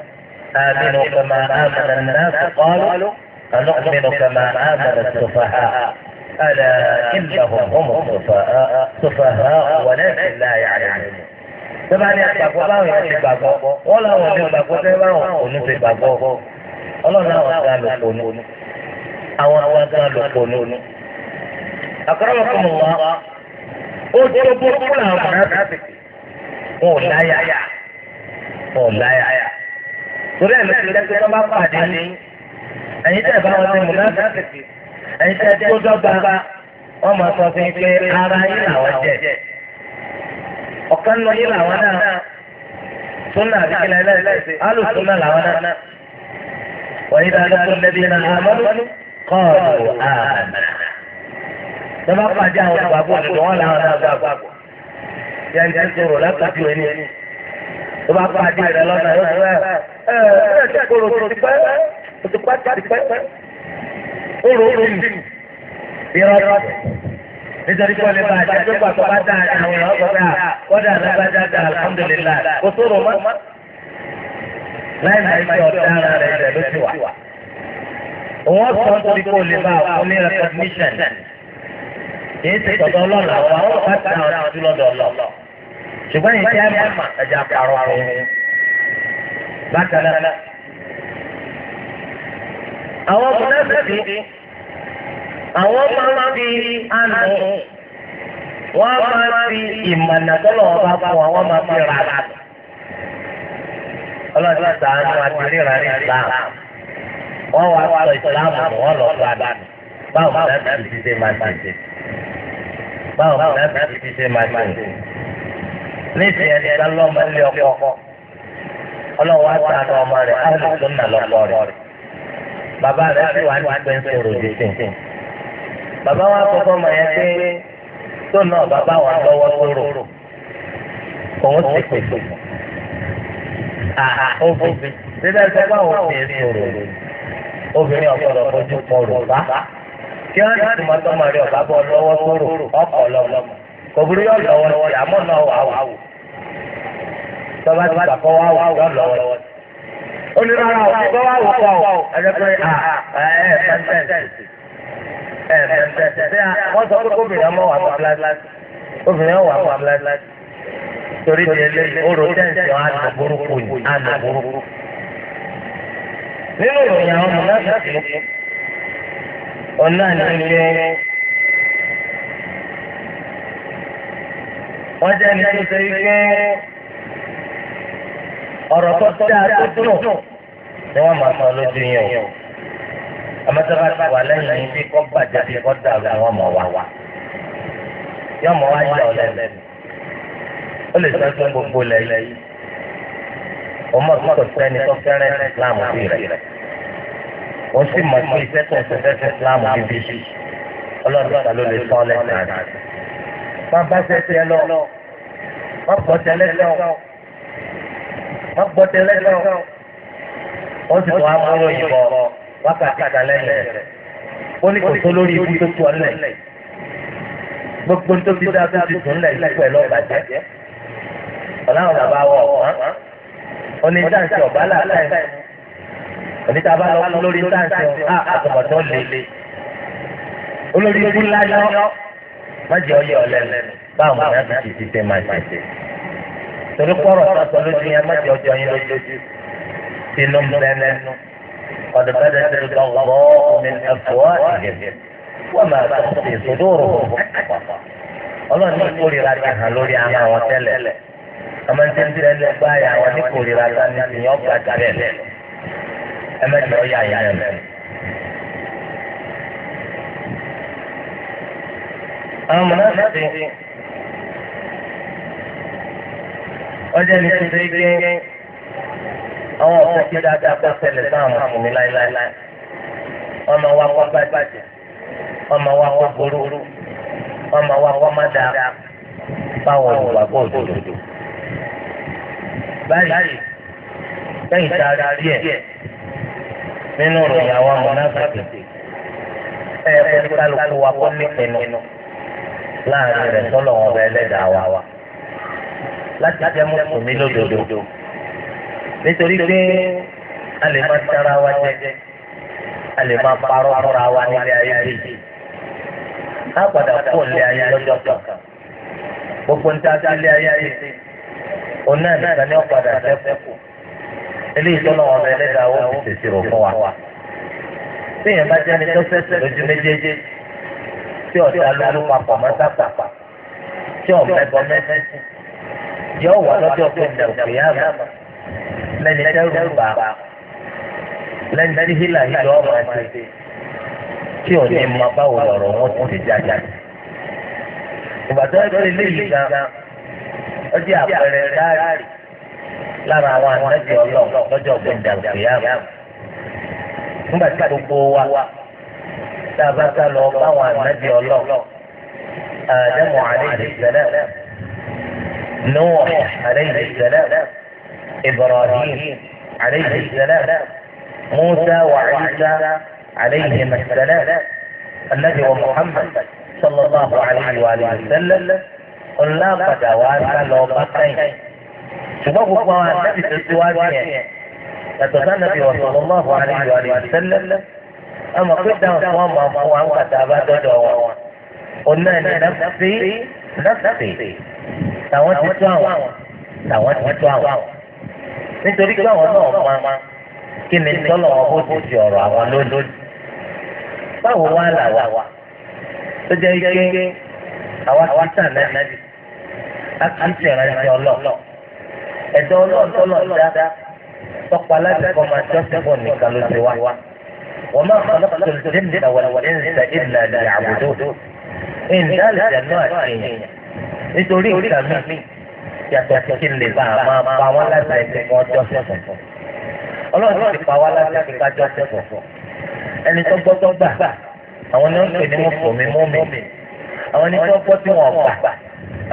آمنوا كما آمن الناس قالوا أنؤمن كما آمن السفهاء ألا إنهم هم السفهاء سفهاء ولكن لا يعلمون tẹ́lá ní àgbàgbọ́ báwọn yẹn ti gbàgbọ́ wọ́n láwọn ní gbàgbọ́ tẹ́lá báwọn kò ní ti gbàgbọ́ ọlọ́run àwọn gan ló kò ní àwọn àwọn gan ló ní. àkọ́rọ́ kò mọ̀ wá ó tí ó bó làwọn mọ̀nàfẹ́ wọn ò láyà wọn ò láyà. torí ẹ̀ ti dẹ́gbẹ́ tó bá pàdé ní ẹ̀yin tẹ̀ ẹ̀yin tẹ̀ tó dọ́gba máa sọ fún yín pé ara yín làwọn jẹ́ ọ̀kan lọ yín làwọn náà sunna àbíkílẹ̀ ẹlẹ́sẹ̀ alu sunna làwọn náà wọ́n yí dáadáa tó lẹ́bi náà amadu kọ́ọ̀lù àmà. Tọ́lá pàdé àwọn ìgbàgbọ́ àti wọn làwọn náà gbàgbọ́. Yẹ́n ti sọ̀rọ̀ látàbí ẹni. Tọ́lá pàdé lọ́nà yóò fẹ́ ti nítorí pé ọlẹ́bà àti ẹgbẹ́ pàtó bá dáa ní àwọn èèyàn ọgbọ́n dáa kọ́dà alágbájá dáa alhamdulillah kò sóró mọ́. láì máa ń ṣe ọ̀daràn rẹ̀ rẹ̀ ló ti wà. òun ọ̀sán nítorí pé ọlẹ́bà fún ní recognition kìí ṣe tọ̀dọ̀ ọlọ́ọ̀lá wa ó bá ta àwọn ọdún lọ́dọ̀ ṣùgbọ́n yìí jẹ́ àmà ẹ̀jẹ̀ àpàrọ̀ àwọn ohun. àwọn máa ń fi àná wọ́n máa fi ìmọ̀nà tọ́lọ̀ ọba fún wa wọ́n máa fi rà á. ọlọ́run ti sàánú àti ríra ní islam wọ́n wá sọ islam nù lọ bá dà báwo mùnàfíì ti ṣe máa ṣe báwo ṣe máa ṣe níṣẹ́ ẹni ẹ̀dá lọ́mọ ilé ọkọ ọmọ bàbá wa kọ́kọ́ mọ̀ yẹn pé tó náà bàbá wa lọ́wọ́ sóró òun sì pèsè àhà obìnrin níbẹ̀ sọ pé àwọn obìnrin sòrò obìnrin ọ̀gbọ́dọ̀ fojú kọrò bá kí wọ́n ti tún mọ́tọ́ ọ̀bá lọ́wọ́ ọkọ̀ kò burú lọ́wọ́ sí àmọ́ náà wà wà wò tọ́ba ti wọ́n sọ pé obìnrin ọmọ wà fún obìnrin ọmọ wà fún torí di oró àná burúkú àná burúkú. nínú ìròyìn àwọn pé wọ́n jẹ́ ní ẹni tó pé ọ̀rọ̀ tó ni wọ́n máa sọ lójú o. àmọ́tọ́ba ti wà lẹ́yìn ní bí kọ́ bàjẹ́ bí kọ́ dàrú àwọn ọmọ wa wa yóò mọ wá ń yà ọ lẹ́nu ó lè sọ fún gbogbo lẹ́yìn ọmọ kò sẹ́ni tó fẹ́rẹ́ Islam bí rẹ̀ ó sì mọ̀ sí iṣẹ́ tó ń fẹ́ fẹ́ Islam bíbí ọlọ́dún kan ló lè sọ lẹ́sàn án wọ́n bá ṣe tiẹ̀ lọ wọ́n gbọ́ tẹ́lẹ̀ lọ wọ́n gbọ́ tẹ́lẹ̀ lọ ó sì tún amúrò yìí bọ̀ wákàtí àtàlẹ́yìn rẹ̀ ó ní kò tó lórí ibi tó pọ̀ nílẹ̀ gbogbo tó ti dá tó ti dùn nílẹ̀ ìpẹ́ lọ́ọ̀bàjẹ́ ọ̀làwọn bàbá wọ̀ ọ̀hán oníṣàǹṣì ọ̀bá làtàì onítàbá lọ kú lórí ṣàǹṣì ọ̀hán àtọ̀mọ̀tọ̀ lè olórí ikú ńlá yọ májè ọyẹ ọ̀lẹ́ báwọn mọ̀ náà ti ti ṣe máa ṣe torí kọ́rọ̀ sọ́sọ́ lójú yẹn májè ọjọ́ yẹn lójú sínú mẹ́lẹ́nu. قد بدت البغضاء من أفواههم وما تخفي صدورهم الله ní ìkórìíra ti hàn lórí àwọn àwọn tẹ́lẹ̀ ọmọ tí ń tẹ́lẹ̀ ló gbá ya àwọn níkórìíra ta ní ìyàn ọgbà tẹ́lẹ̀ ẹ mẹ́jọ ọ̀yà ìyá rẹ̀. Àwọn ọmọ ti ọjọ́ ní ti ṣe é gbé àwọn ọ̀sẹ̀ kí dáadáa kọ́ ṣẹlẹ̀ sáwọn mùsùlùmí láéláé ọmọ wa kọ́ bàjẹ́ ọmọ wa kọ́ burú ọmọ wa kọ́ má dáa báwọn olùwàgbọ́ òdodo. báyìí lẹ́yìn tá a rí ẹ̀ nínú ìròyìn àwọn mọ̀nàfẹ́sì ẹ̀ ẹ̀ kó kálukú wa kọ́ nípinnu láàrin rẹ̀ sọ́lọ̀ wọn bẹ́ẹ̀ lẹ́dàá wa láti jẹ́ mùsùlùmí lódodo. nítorí pé a lè máa tara wa jẹ a lè máa parọ́ fúnra wa nílé ayé yìí á padà kó nílé ayé lọ́jọ́ kan gbogbo ń tàbí nílé ayé yìí òun náà nìkan ní ọ̀padà lẹ́kù eléyìí tó náà ọ̀rẹ́ lẹ́dàá ó ti tètè rò fún wa. téèyàn bá jẹ́ni tó fẹ́sẹ̀ lójú méjèèjì tí ọ̀tá lóru papọ̀ mọ́ sápà tí ọ̀mẹ́bọ mẹ́fẹ́ sí yọ wà lọ́jọ́ pé ìdàgbé yá lẹ́ni tẹ́rù bá lẹ́ni tí hílà yìí lọ́ọ́ máa tí ò ní báwo lọ̀rọ̀ wọn ti jáde. ìgbà tó ń léyìí gan ó jẹ́ àpẹẹrẹ dáàrí lára àwọn àtẹ́jọ́ ọlọ́ọ̀ lọ́jọ́ gbẹ̀dà òkèèyàn. nígbà tí gbogbo wa tá a bá sá lọ báwọn àtẹ́jọ́ ọlọ́ọ̀ Ádámù alayhi salam Nuh alayhi salam. إبراهيم عليه السلام موسى وعيسى عليهما السلام النبي ومحمد صلى الله عليه وآله وسلم قلنا قد واسع لوقتين شباب قوى النبي تتواجه يتسنى النبي صلى الله عليه وآله وسلم أما قد وصوام وأموام قد أبدا دعوة قلنا نفسي نفسي توجه توجه توجه nítorí pé àwọn náà máa kí ni tọ́lọ̀ wọn bó ti fi ọ̀rọ̀ àwọn lónìí. báwo wá là wá tó jẹ́ ike àwa ti tà náà a kì í ti ìrántí ọlọ́ ẹ̀dọ́ ọlọ́ọ̀tọ́lọ́ dá tọ́pa láti kọ́ máa jọ́sìn fún nìkan ló ti wá. wọ́n máa kọ́ lọ́kọ́ tó ti dé àwọn ẹ̀ńsà ìlà ìyàwó tó. ìdálẹ̀ náà àti èèyàn nítorí ìkàmì yàtọ̀ sí kí n lè bá a máa pa wọ́n láti ẹ̀sìn kan ọjọ́ sẹ́fọ̀. ọlọ́run ti pa wá láti ẹ̀sìn kan ọjọ́ sẹ́fọ̀. ẹni tó gbọ́dọ̀ gbà àwọn ni wọ́n ń pè ní mùsùlùmí mọ́mì àwọn ni wọ́n gbọ́ tí wọ́n gbà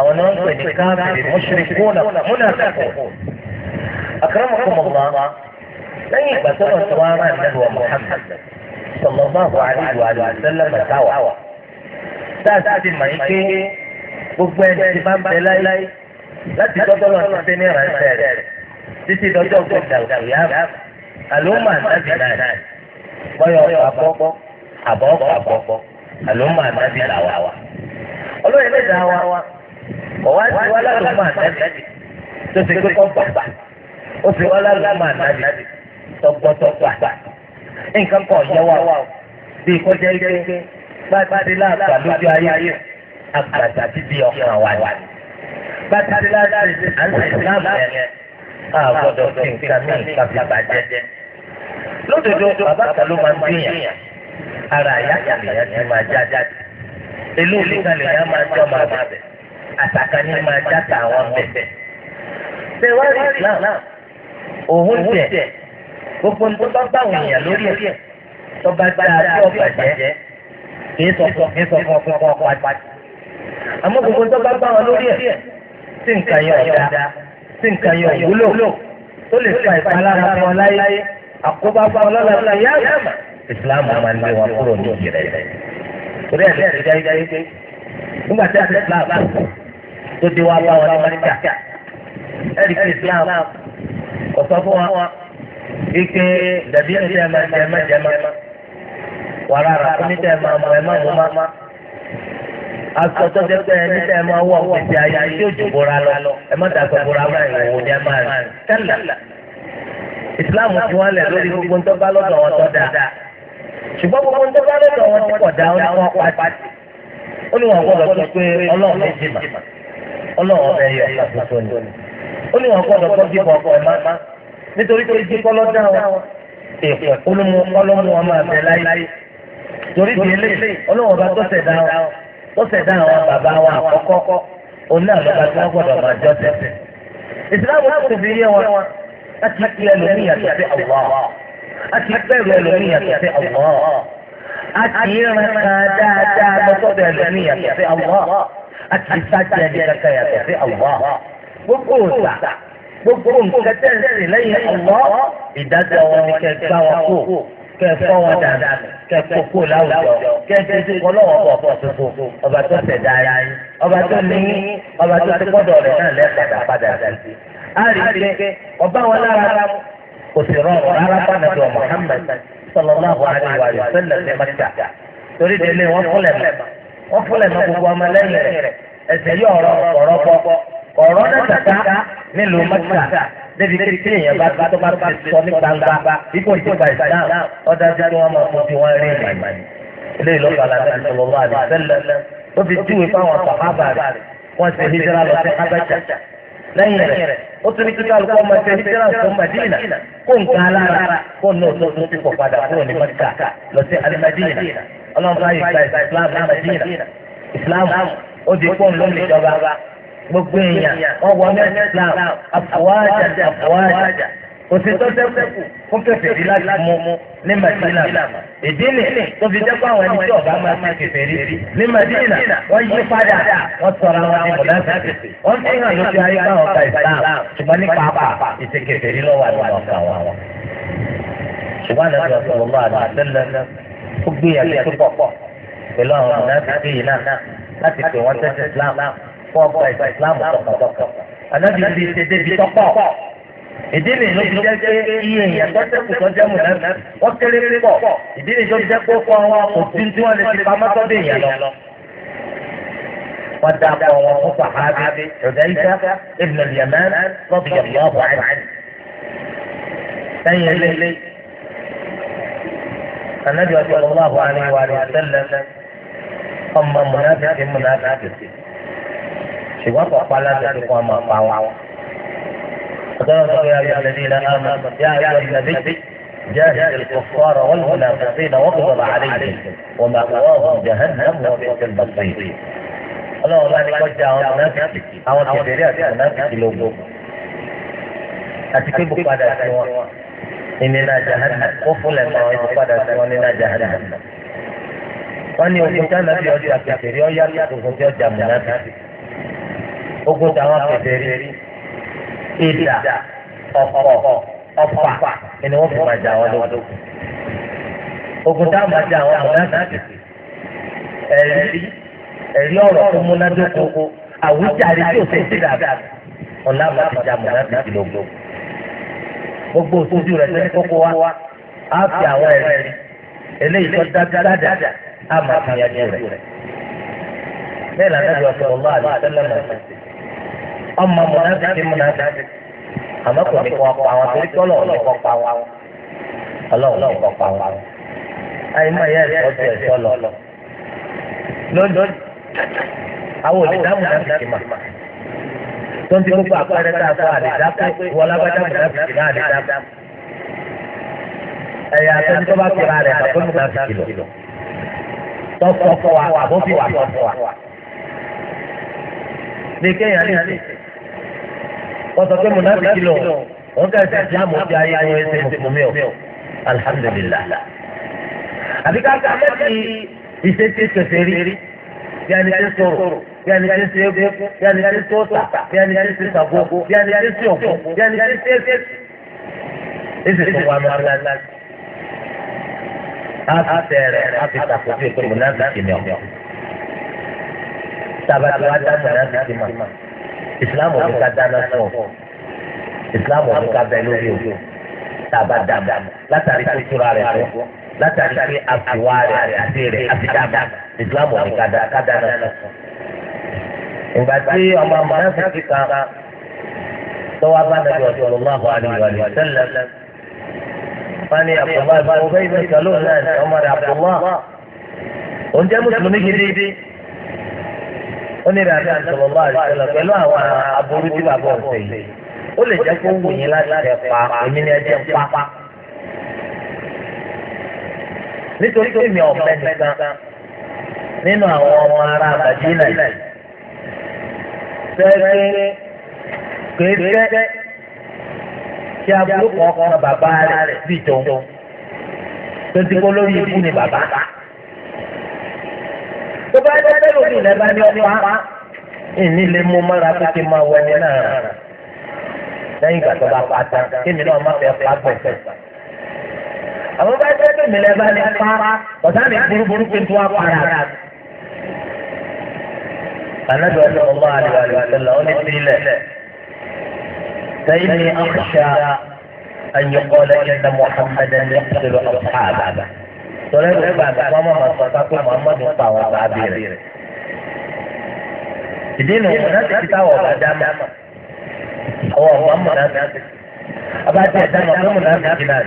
àwọn ni wọ́n ń pè ní káàbìrì mùṣírikúnà múnàfíkù. akramakumullah lẹ́yìn ìgbà tó lọ́n ti wá rán ìlú Muhammad sallallahu alaihi wa sallam táwa táà sì máa ń ké gbogbo ẹni tí bá ń bẹ láíláí láti dọ́jọ́ lọ sí sí ní ìránṣẹ́ rẹ̀ títí dọ́jọ́ gbọ̀dà òkúyà àlùmọ̀ ànábì náà bọ́yọ̀ àbọ̀kọ́ àbọ̀kọ́ àbọ̀kọ́ àlùmọ̀ ànábì làwà wa. olóyè lè dá wa ọ̀wá ti wá lálùmọ̀ ànábì tó ti pé gbàgbà ó fi wá lálùmọ̀ ànábì nǹkan kan yẹ wa bí ike gbàgbà bá ti láti àǹtí ìsìláàmù a nǹkan ní nǹkan bàjẹ́. lódodo bàbá kan ló máa ń gbìyàn ara àyà kan lèyàn ti máa jáde ìlú ìlú kan lèyàn máa jọ máa bẹ àtàkàn máa jáde àwọn bẹ̀bẹ̀. sèwárì islam òun jẹ gbogbo ní bá lórí ẹ tó bá gbogbo ní bá sí nǹkan yẹn ọ̀dà sí nǹkan yẹn lè fa ìpalára fún ọ láyé àkóbá fún ọ lọ́la islam máa ń lé wọn kúrò ní òkè rẹ̀ torí ẹ̀ lẹ́yìn ìjà nígbà tí a ti islam tó dé wá bá wọn ní mọ́níkà ẹ̀rí kí islam kò sọ fún wa ike dàbí ẹ̀ jẹ́ máa jẹ́ máa jẹ́ máa wàrà rà fún mi aṣọ tó jẹ́ pé ẹni tẹ́ ẹ máa wọ ọ̀pẹ̀tẹ̀ ayé yóò jù bóra lọ ẹ má dàgbà bóra báyìí òun ni ẹ máa rìn tẹ́lẹ̀. ìsìláàmù ti wọ́n lẹ̀ lórí gbogbo ń tọ́gbà lọ́dọ̀ wọn tó dáa ṣùgbọ́n gbogbo ń tọ́gbà lọ́dọ̀ wọn ti pọ̀ dáa ó ní wọ́n pàtì ó ní wọn gbọ́dọ̀ sọ pé ọlọ́run méjì mà yọ ṣàkóso ni ó ní wọn gbọ́dọ̀ gbọ́ jíbọn ọkọ̀ ẹ̀ má nítorí pé ó ṣẹ̀dá àwọn bàbá wa àkọ́kọ́ òun náà lọ́ba tí wọ́n gbọ́dọ̀ máa jọ́ tẹ̀sẹ̀. ìsìláàmù ti tóbi yé wọn a kì í pẹ́ lómi yàtọ̀ sí Allah a kì í pẹ́ lómi yàtọ̀ sí Allah a kì kan dáadáa lọ́sọ̀dọ̀ lómi yàtọ̀ sí Allah a sájà ní kankan yàtọ̀ sí Allah gbogbo òòsà gbogbo nǹkan tẹ̀sí lẹ́yìn Allah ìdájọ́ wọn ni kẹ́ kẹ sọ wọn dànù kẹ kókó láwùjọ kẹ tètè kọ bọ bọ tuntun ọba tó tẹ dára yín ọba tó léyìn ọba tó ti rẹ náà padà sí. a rí i pé ọba wọn lára kò rọrùn rárá sallallahu wa sallam ní torí délé wọn ọ̀rọ̀ dàgbàgbà nílùú maka débi pé tí bá tó bá tó sọ ní gbangba ipò ìjọba ìsìláàmù ọ̀dà tí wọ́n máa rí sẹ́lẹ̀ ó fi júwe fáwọn rẹ̀ wọ́n hijira lọ sí abẹ́jà lẹ́yìn rẹ̀ ó tún ní kíkọ́ àlùkò ọmọ hijira madina kó nǹkan alára kó gbogbo èèyàn wọ́n wọ ní islam àfọwájà àfọwájà kò sí tó dẹ́kù kó kèfèrí láti mú ní madina ìdí nì tó fi dẹ́kù àwọn ẹni tí ọba máa ti kèfèrí sí ní madina wọ́n yí padà wọ́n sọ̀rọ̀ ní wọ́n fi hàn ayé báwọn ka islam ṣùgbọ́n ní pàápàá ìṣe lọ́wọ́ àti wọn ṣùgbọ́n àná lọ́wọ́ àná àtẹ́lẹ́ ó gbé ẹ̀ tó pọ̀ pẹ̀lú àwọn fún ọgbà ìsìlámù tọkàntọkàn anábì ti ṣe débi tọpọ ìdí nìyí ló fi jẹ́ pé iye èèyàn tó ṣẹ́kù tó jẹ́ mùnà wọ́n kéré púpọ̀ ìdí nìyí ló fi jẹ́ pé ó kọ́ wọn kò sí tí wọ́n lè fi pamọ́ sọ́dọ̀ èèyàn lọ. wọ́n dá pọ̀ wọn fún sàhábì Hudayfa ibn al-Yaman radiyallahu anhu. sẹ́yìn ilé anábì sallallahu alaihi wa sallam ọmọ mùnà fi mùnà fi ṣùgbọ́n kò pa láti fi kún ọmọ pa wọn. ọ̀dọ́rọ̀ sọ pé ayọ̀ lẹ́dí ilẹ̀ àmọ́ yá ayọ̀ lẹ́dí جاهد الكفار والمنافقين واغضب عليهم ومأواهم جهنم وبئس المصير ọlọ́run bá ní kọjá àwọn mọ̀nàfíkì àwọn kẹ̀dẹ̀rẹ́ àti mọ̀nàfíkì lógo àti pé kò padà sí wọn ìnira jahana kó fúnlẹ̀ mọ́ ẹ̀ kó padà sí wọn nínú jahana. wọ́n ní ogun jáná bí ọjà ogun táwọn kẹfẹ rí ìdá ọ̀pọ̀ ọ̀pá ni wọ́n fi máa jà wọ́n lógun. ogun táwọn máa jà wọ́n múná ẹ̀rí ẹ̀rí ọ̀rọ̀ tó àwùjáde tí ọ̀nà ti jà múná gbogbo rẹ̀ sẹ́ni kókó á fi àwọn ẹ̀rí eléyìí tó ọmọ mùnàfíìsì mùnàfíìsì àmọ́ kò ní kọ́ pa wọn torí kọ́ lọ́wọ́ ní pa wọn ọlọ́wọ́ ní pa wọn. ayé máa yẹ lọ. àwọn mà tó ń ti gbogbo àpẹẹrẹ tá a fọ àdìdá pé wọlé abájá náà àdìdá. tó bá fọ wa àbófin wa. kéèyàn wọ́n sọ pé mùnàfíkì lọ wọ́n kà sí ìsìlámù ọ̀bí ayé wọn ẹsẹ̀ mùsùlùmí ọ̀ alihamudulilayi. àbí ká ká mẹ́tì ìṣesí kẹsẹ̀ rí bí ẹni tí sọ̀rọ̀ bí ẹni tí ṣe égún bí ẹni tí ṣe ọ̀tà bí ẹni tí ṣe ṣàgó bí ẹni tí ṣe ọ̀gbọ̀n bí ẹni tí ṣe ṣe. èsì tó wà máa ńlá ńlá. a fi tẹ̀rẹ̀ a fi tàkùn fún ìpínlẹ̀ mùnàfíkì ni ọ̀ islam ò ní ká dáná fún ọ islam ò ní ká bẹ lórí o tá a bá dàgbà látàrí tó túra rẹ fún látàrí pé àfiwá rẹ àti rẹ àti dàgbà islam ò ní ká dáná fún ọ. ìgbà tí ọmọ mọ̀nàfíkì kan tọ́wọ́ bá nàbí ọ̀dọ́ ọlọ́mọ àlùyọ̀ àlùsẹ́lẹ̀ wọ́n ní abdullahi bá wọ́n bẹ́ẹ̀ bẹ́ẹ̀ sọ́lọ́ náà ọmọ rẹ̀ abdullahi. òun jẹ́ mùsùlùmí gidi ó ní ìrìn àjò sallallahu alaihi wasallam pẹ̀lú àwọn aburú tí bàbá ọ̀sẹ̀ yìí ó lè jẹ́ kó wù yín láti ẹ̀ pa èmi ni ẹ jẹ́ pa. nítorí pé mi ọ̀bẹ nìkan nínú àwọn ọmọ ará àbàdínà yìí sẹ́gbẹ́ kéèké kí aburú kan bàbá rẹ̀ bìtò tó ti kó lórí ikú ni bàbá tó bá yẹ kẹ́lò mi lẹ́ba ní ọ̀pá ìní lè mú mọ́ra tó ti máa wọ ẹni náà rà lẹ́yìn ìgbà tó bá pa tán kémi náà má fẹ́ pa gbọ̀nsẹ̀. àwọn bá yẹ kẹ́lò mi lẹ́ba ní pa ọ̀sán mi burúburú pé tó wà para rà. النبي صلى الله عليه وسلم قال له فإني أخشى أن يقال إن محمدا يقتل أصحابه tọ́lẹ́ ló gbà mí wọ́n mọ̀ sọ pé muhammadu pa àwọn sàábì rẹ̀. ìdí nu láti fi táwọn ọ̀gá dáná àwọn ọ̀gá mọ̀nàmí abájá ìdáná pé mọ̀nàmí ti náà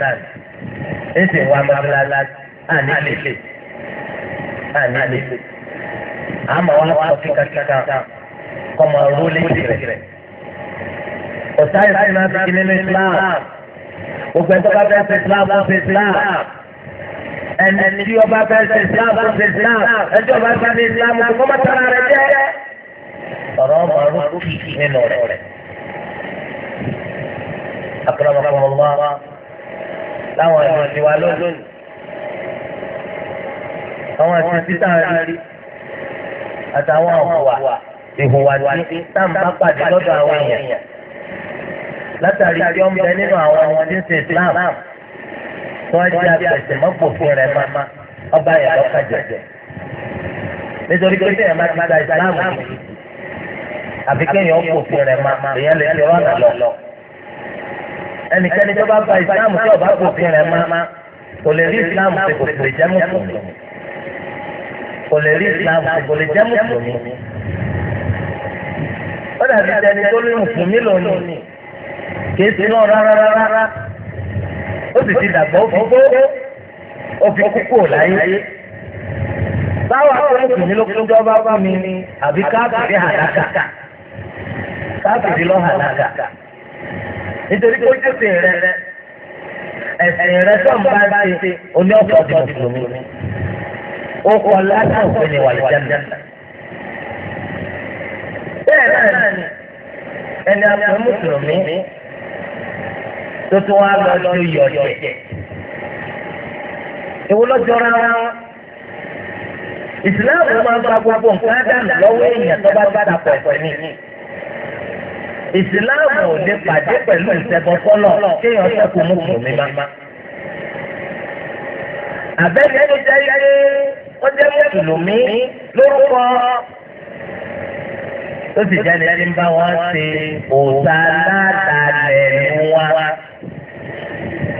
ń sì wá mọ́lá àní lè àní lè àmọ́ wọn wá fi kàkàkà kọ́ mọ́ rólé ìsìn náà ti nínú islam gbogbo bá fẹ́ islam islam. ẹni tí ọba fẹ́ ṣe islam kó ṣe islam ẹni tí ọba fẹ́ ṣe islam kó má tara rẹ jẹ́. ọ̀rọ̀ ọmọ arúgbó kìkì nínú rẹ̀. akọ̀rọ̀mọ̀ kọ̀ mọ́ wá láwọn ẹ̀rọ ti wá lónìí. àwọn ẹ̀sìn títà rí àtàwọn àwùwà ìhùwà tí táǹbà pàdé lọ́dọ̀ àwọn èèyàn látàrí tí ó ń bẹ nínú àwọn ọmọdé ṣe islam. wọ́n jẹ́ àtẹ̀sẹ̀mọ́pòfin rẹ̀ máa ọba yẹn lọ́kàn jẹ́. nítorí pé sẹ́yìn máa ti gba ìsìláàmù àfi kéèyàn òpòfin rẹ̀ máa èèyàn lè fi rọ́nà lọ. ẹnikẹ́ni tó bá gba ìsìláàmù tí ọba òpòfin rẹ̀ máa kò lè rí ìsìláàmù tí kò lè jẹ́ mùsùlùmí. kò lè rí ìsìláàmù tí kò lè jẹ́ mùsùlùmí. ó dàbí ẹni tó lé mùsùlùmí lónìí kì í sinú rárá rárá. ó sì ti dàgbà ó fi gbó ó fi kúkú láyé. báwo àwọn ẹ̀sùn mi ló kún jọba bá mi ni àbí káàkiri hàdákà káàkiri lọ hàdákà nítorí pé ó ti rẹ ẹ̀sìn rẹ sọ̀nba ṣe oní ọ̀pọ̀ ọ̀dọ̀ mùsùlùmí ó bẹ́ẹ̀ náà ni ẹni àpò mùsùlùmí. tó tún wá lọ sí oyè ọ̀tẹ̀. èwo lọ́jọ́ rẹ̀ wọ́n. ìsìláàmù máa ń gba gbogbo nǹkan dànù lọ́wọ́ èèyàn tó bá gbàdà pọ̀ pẹ̀lú mi. ìsìláàmù ò lè pàdé pẹ̀lú ìṣẹ́gun fọ́lọ̀ kéèyàn sẹ́kù mú kù mí má. àbẹ́ni ẹni jẹ́ yẹ́ ó jẹ́ mùsùlùmí lórúkọ ó sì jẹ́ ní ẹni bá wọn ṣe òòtà látàlẹ̀ wọn.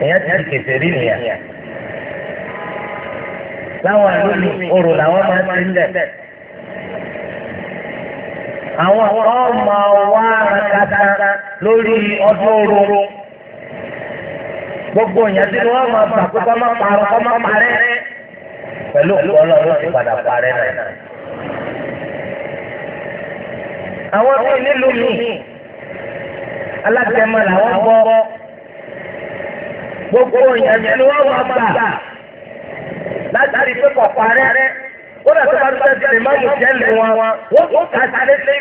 èèyàn ti di kèfèrí nìyẹn láwọn àlùmí orò làwọn máa ti ń lẹ̀ àwọn ọmọ wa rakata lórí ọdún oró gbogbo ìyàtí ni wọn máa bà pé kọ́ máa parọ́ kọ́ máa parẹ́ pẹ̀lú ọ̀pọ̀lọ́ ló ti padà parẹ́ náà. àwọn tó nílùú mi alágbèémọ̀ làwọn gbọ́. gbogbo ìyẹn ni wọ́n wá gbà látàrí pé kò parẹ́ ó lọ sí má mú jẹ́ lé wọn ká sáré sí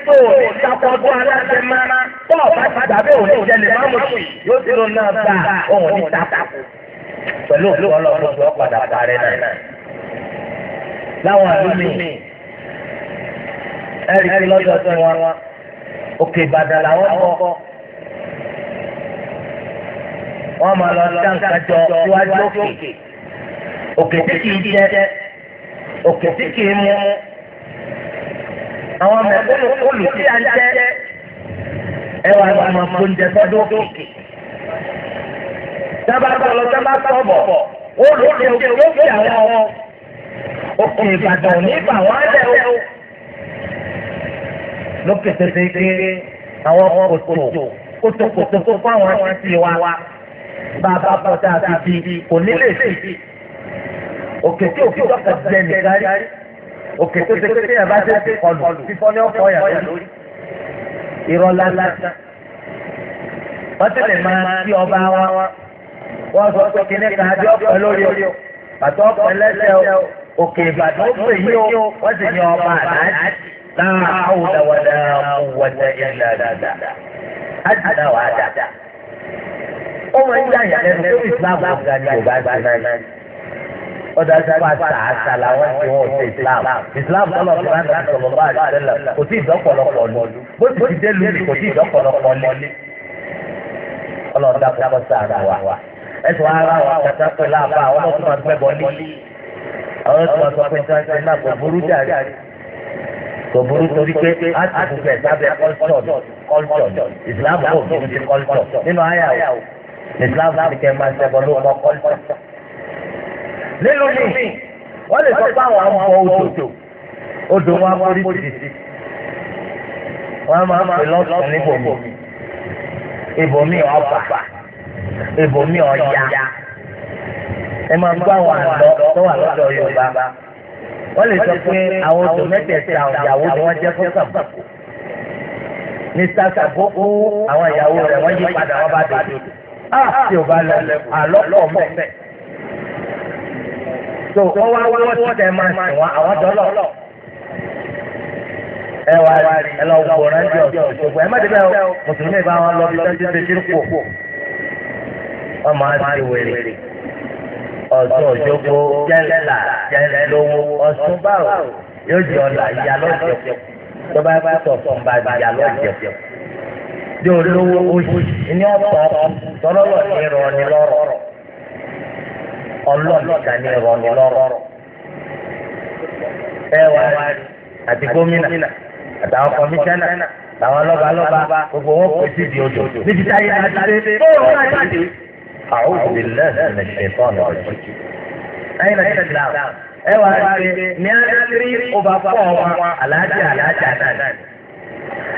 aláṣẹ wọ́n máa lọ dá nǹkan jọ síwájú òkè òkè tí kì jẹ òkè tí kì í àwọn kúlù tí a ń jẹ ẹ wà òkè sábà sábà òkè òkè àwọn òkè Ìbàdàn wọn o lókè tètè àwọn kòtò fún àwọn àti tiwa. bàbá bọ́tà àti ibi kò ní lè fi òkè tí òfin dọ́kà jẹ nìkan rí òkè tó ṣe pé tí yàrá tó ti kọlù fífọ́ ní ọ̀fọ̀ yà lórí irọ́ lásán. wọ́n ti lè máa kí ọba wa wọ́n sọ pé kíní kan adé ọ̀pẹ lórí o pàtó ọ̀pẹ lẹ́sẹ̀ o òkè ìbàdàn ó pè yí o wọ́n sì ní ọba àdáyé náà àwòdàwọ̀dà wọ̀dà ìlà dáadáa. àdìdá wà dáadáa ó máa ń yà yà lẹ́nu pé islam ọ̀gá ni yorùbá ti náà ọ̀dà tí wọ́n ta àṣà làwọn tí wọ́n ṣe islam islam tọ́lọ̀ tó rán náà sọ̀rọ̀ bá àṣẹlẹ̀ kò tí ìdọ́pọ̀lọpọ̀ lù bó ti ti dé lùmí kò tí ìdọ́pọ̀lọpọ̀ lé ọlọ́dà kọ́kọ́ sára wa ẹ̀sùn ara wa kọ́tà pẹ̀lú àbá àwọn ọmọ tó máa gbẹ́bọ̀ ní àwọn tó máa sọ pé tí wọ́n ṣe náà kò burú jàre kò burú torí pé a ti fún bẹ̀ sábẹ́ culture culture islam kò burú sí culture nínú ayáwó. Islam ti kẹ́ máa ṣẹ̀bọ̀ ló mọ kọ́lítọ̀. nínú mi wọ́n lè sọ pé àwọn àwọn ọmọ odò odò wọn mórí títí wọ́n máa ń pè lọ́sùn níbòmí ibòmí ọ̀pá ibòmí ọ̀yá ẹ máa gbọ́ àwọn àlọ́ tó wà lọ́dọ̀ Yorùbá wọ́n lè sọ pé àwọn odò mẹ́tẹ̀ẹ̀ta ìyàwó ni wọ́n jẹ́ fún sàbàkù ní sàbàkù àwọn ìyàwó rẹ̀ wọ́n yí padà wọ́n bá dòdò á ti ò bá lọ àlọ́pọ̀ mọ́. tó ó wá wá wọ́n tẹ máa sìn wá àwọn dọ́lọ̀. ẹ wá rí ẹ lọ wọ ránjọ ṣùgbọ́n ẹ má débẹ̀ o mùsùlùmí bá wọn lọ bí dájú ṣe kiri kù. wọ́n máa ti wèrè ọ̀sùn òjòkó jẹ́ńlá jẹ́ńlówó ọ̀sùn báwo yóò jọ ọ̀la ìyá lọ́jọ́ tó bá yẹ kó sọ̀ fún ba ìyá lọ́jọ́ jẹ́ olówó oṣù ní ọ̀pọ̀ tọ́lọ́wọ̀ ní ìrọ̀ni lọ́rọ̀ ọlọ́ọ̀nìkan ní ìrọ̀ni lọ́rọ̀ ẹ wá àti gómìnà àtàwọn kọmíṣánná làwọn lọ́balọ́ba gbogbo wọn kò sí di odò níbi táyé láti dé bóòlù náà dé. àwọn òbí lẹ́sìn ní ṣẹ̀fọ́n ọ̀rọ̀ jù. ayé náà ṣe dáa ẹ wá rí i pé ní á rí ọba pọ̀ wọn aláàjà aláàjà náà.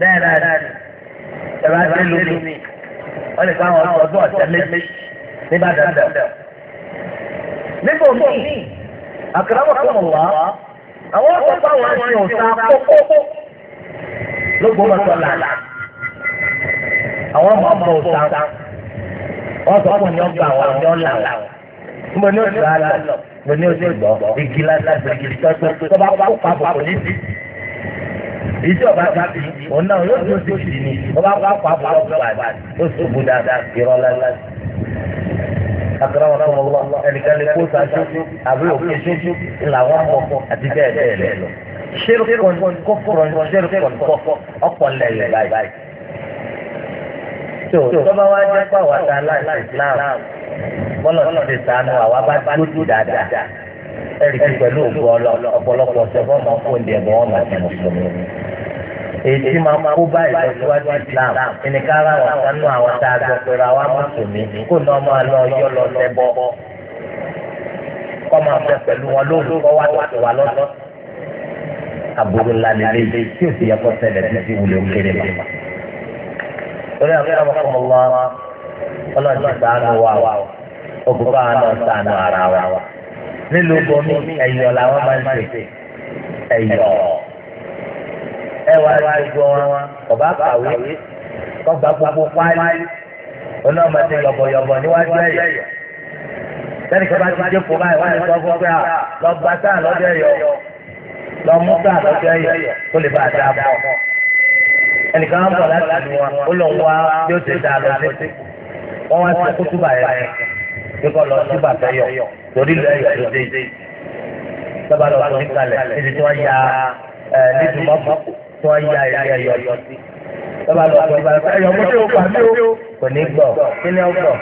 bẹ́ẹ̀ náà rẹ̀ ẹ̀rọ ajé lómi wọ́n lè fáwọn ọdún ọ̀sẹ̀ méjì nígbà dandan. nígbà míì àkàràwọ̀ tó mọ̀ wá àwọn ọ̀sẹ̀ fáwọn ẹ̀sìn ọ̀sà kókó lógbó mọ̀tọ́ là àwọn ọmọ ọmọ ọ̀sà wọ́n sọ fún yọ̀ gbà wọ́n yọ̀ là mo ní oṣù àlọ́ mo ní oṣù gbọ́ igi lásán gbẹ̀gìrì tọ́jú tó bá kópa bọ̀ kò ní sí. ìdí ọba ti òun náà yóò tó ti sì ní ọba kó àpò àpò àpò àpò ó sì bú dáadáa irọ́ ẹnìkan lè kó sàṣọ àbí òkè ṣoṣo làwọn mọ àti lọ. ọ̀pọ̀ lẹ́yìn báyìí. tó tọ́ba wá jẹ́ pàwọ́ bọ́lọ̀ ti sànù àwa bá dúdú dáadáa. ẹ̀rìkì pẹ̀lú ògbó ọlọ ọ̀pọ̀lọpọ̀ ṣẹ̀fọ́ máa kó ndẹ̀ bọ́ wọn máa ti mùsùlùmí. èyí máa kó báyìí lọ síwájú Islam ẹnìkan ara wọn sánú àwọn tá a gbọ́ pẹ̀lú àwa mùsùlùmí kó náà máa lọ yọ lọ sẹ́bọ̀ kọ́ máa fẹ́ pẹ̀lú wọn lóru kọ́ wá tó wà lọ́sọ́. àbúrò ńlá nílé tí ò sì yẹ kó ṣẹlẹ̀ títí wulẹ̀ òkèrè lọ. torí àgbẹ̀rẹ̀ wọn kọ́ ọlọ́run àwọn náà wa nílùú bomi ẹ̀yọ̀ làwọn máa ń ṣe ẹ̀yọ̀ ẹ wá gbogbo wọn ọba kàwé kọgbà gbogbo pálí onáwọmọdé yọbọyọbọ níwájú ẹ̀yọ̀ sẹ́ni kí wọ́n bá ti dé kó báyìí wọ́n lè sọ fún pé à lọ gba sáà lọ́jọ́ ẹ̀yọ̀ lọ mú sáà lọ́jọ́ ẹ̀yọ̀ tó lè bá a dáa bọ̀ ẹnìkan ń bọ̀ láti lu wọn ó lọ wá bí ó ti dáa lọ sí wọ́n wá sí kótó báyìí kíkọ́ lọ sí bàtà yọ torí lẹ́yọ̀ tó dé sábà lọ sí kalẹ̀ níbi tí wọ́n ya nídùúmọ́ fọ́kù tí wọ́n ya ẹ̀yà yọ yọ sí sábà lọ sí bàtà yọ mo tí o gbà mí o kò ní gbọ́ kí ni ó gbọ́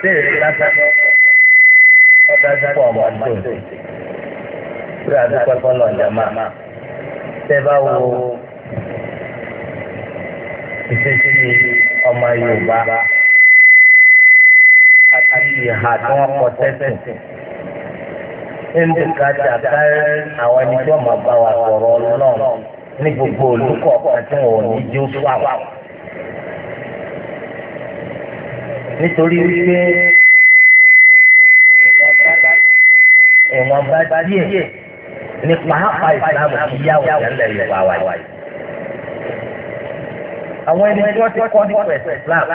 sí èrè lásán ọ̀dà ìdúpọ̀ ọmọ tó rí àdúgbò ẹ̀kọ́ lọ́jà máa tẹ́ bá wo ìṣesí ọmọ Yorùbá ìhà tí wọ́n kọ tẹ́sìn nbùkátà kárí àwọn ẹni tí wọ́n máa bá wa sọ̀rọ̀ ọlọ́run ní gbogbo olùkọ́ kan tí wọ́n ò ní jó fáwà. nítorí wípé ìwọ̀nba díẹ̀ ní pàápàá ìsìlámù kí yáwó jẹ́lẹ̀ Yorùbá wa yìí. àwọn ẹni tí wọ́n ti kọ́ nípa ẹ̀sìn Islam.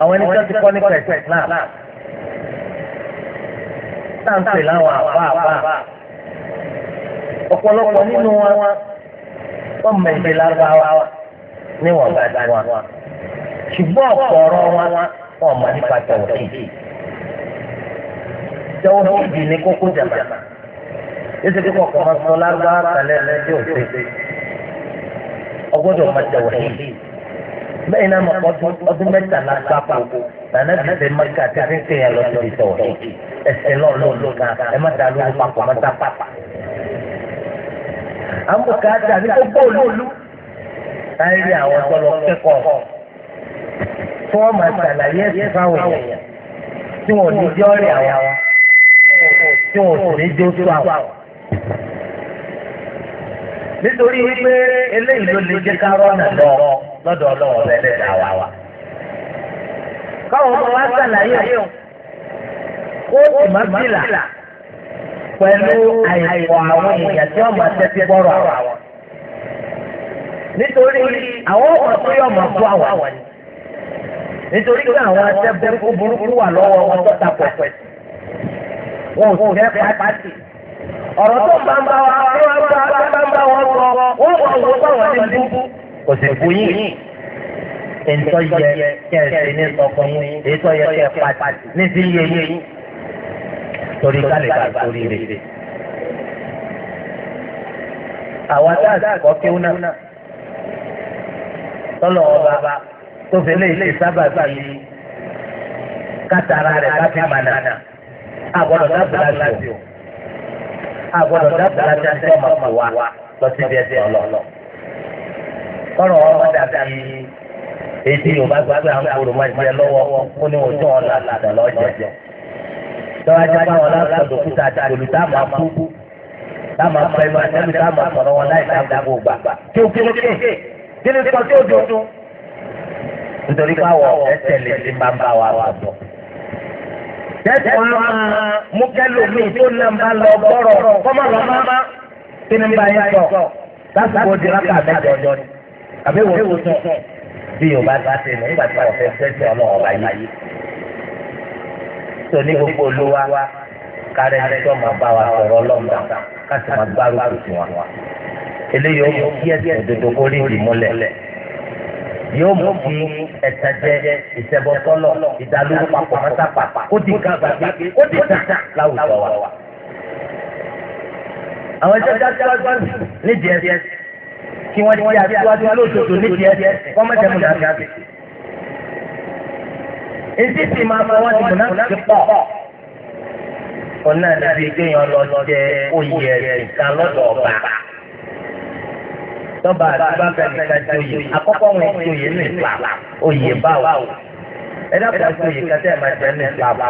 àwọn ẹni tó ti kọ́ nípa ẹ̀sìn Islam náà ń pè láwọn àbá àbá ọ̀pọ̀lọpọ̀ nínú wa wọ́n mọ ìdè lárúbáwá níwọ̀n bá dá wa ṣùgbọ́n ọ̀pọ̀ ọ̀rọ̀ wa wọ́n mọ nípa tẹ̀wọ̀kì tẹ̀wọ̀kì ni kókó ọgbọ́dọ̀ máa tẹ̀wọ̀ sí i bẹ́ẹ̀ náà mọ̀ ọdún mẹ́tàlá sápò nànà bí ṣe máa kà tẹ́sí ṣe yẹn lọ síbi tẹ̀wọ̀ sí i ẹsẹ̀ lọ́ọ̀lọ́ọ̀lọ́ kan ẹ má dàlú papọ̀ má dà papà. à ń bò ká dà ní gbogbo olóòlù láìrí àwọn ọpọlọ kẹ́kọ̀ọ́ tí wọ́n máa ṣàlàyé ẹ̀sìn fáwọn èèyàn tí wọ́n ò ní jọ́ọ̀rì àwọn tí wọ́n ò sì ní jó tó àwọn. nítorí wípé eléyìí ló lè jẹ́ ká rọ́nà lọ lọ́dọ̀ ọlọ́wọ́ rẹ̀ wá wa. káwọn ọmọ wa sàlàyé ó sì má bìlà pẹ̀lú àìkọ̀ àwọn èèyàn tí wọ́n máa tẹ́tí gbọ́rọ̀ àwọn. nítorí àwọn ọmọ tó yọ̀ máa fún àwọn ni nítorí pé àwọn burúkú wà lọ́wọ́ wọn tó ta ọ̀rọ̀ tó bá ń bá wa tó wá bá tó bá ń bá wọn sọ ó wà wọ́n bá wọn ní bú. kò sì bú yín ètò yẹ kí ẹ ṣe ní sọkọ yín ètò yẹ kí ẹ pàtì ní sí yẹ yín torí kálíkà torí rè. àwa tá a kọ́ kí ó náà tọ́lọ̀ ọba tó fi lè lè sábà bí kátàrà rẹ̀ káfí mànà àgbọ̀dọ̀ dábìlà sí o. agbọdọ dábàá láti àti ọmọ pè wá lọ síbi ẹsẹ̀ ọlọ. kọ́rọ̀ wọn wọ́n dàbí etí yorùbá gbàgbé àwọn kòrò máa jẹ lọ́wọ́ ó ní ojú ọ̀la tọ́wá jẹ́ báwọn a máa kú tá a máa tá a máa wọn láì gbà. kí nítorí ẹsẹ̀ lè dẹ́kun lọ mú kẹlòmíì tó nàmbá lọ bọ́rọ̀ kọ́mọ lọ mọ́ kí ni bá yẹn sọ lásìkò di rákà mẹ́jọ ni àbí wò ó sọ bí yorùbá bá ti nù nígbà tí wọn fẹ́ sọ ní gbogbo kárẹ́ ní sọ bá wa sọ̀rọ̀ ká sì gbárùkù eléyìí ó mú kí ẹ̀sìn òdodo múlẹ̀. yóò mú kí ẹ̀tẹ̀jẹ ìṣẹ̀bọ̀sọ́lọ̀ ìdálóró papọ̀ mọ́sápà ó di nǹkan gbàgbé ó di tàtà láwùjọ wa. àwọn ẹgbẹ́ dájúdájú nídìí ẹ̀sẹ̀ kí wọ́n ti yá síwájú lóṣooṣù nídìí ẹ̀sẹ̀ wọ́n mọ̀jẹ̀ múnà àgbẹ̀. èsì sì máa fọwọ́ ti múnà ti pọ̀ ọ̀nà àti ìgbéyàn lọ jẹ oyè ẹ̀sìn kan lọ́dọ̀ ọba tọ́ba àti bàbá nìkan ti oyè àkọ́kọ́ wọn ti oyè ní ìpàlà oyè báwo ẹ dábàá ti oyè kẹtẹ́ ẹ̀ máa jẹ ní ìpàlà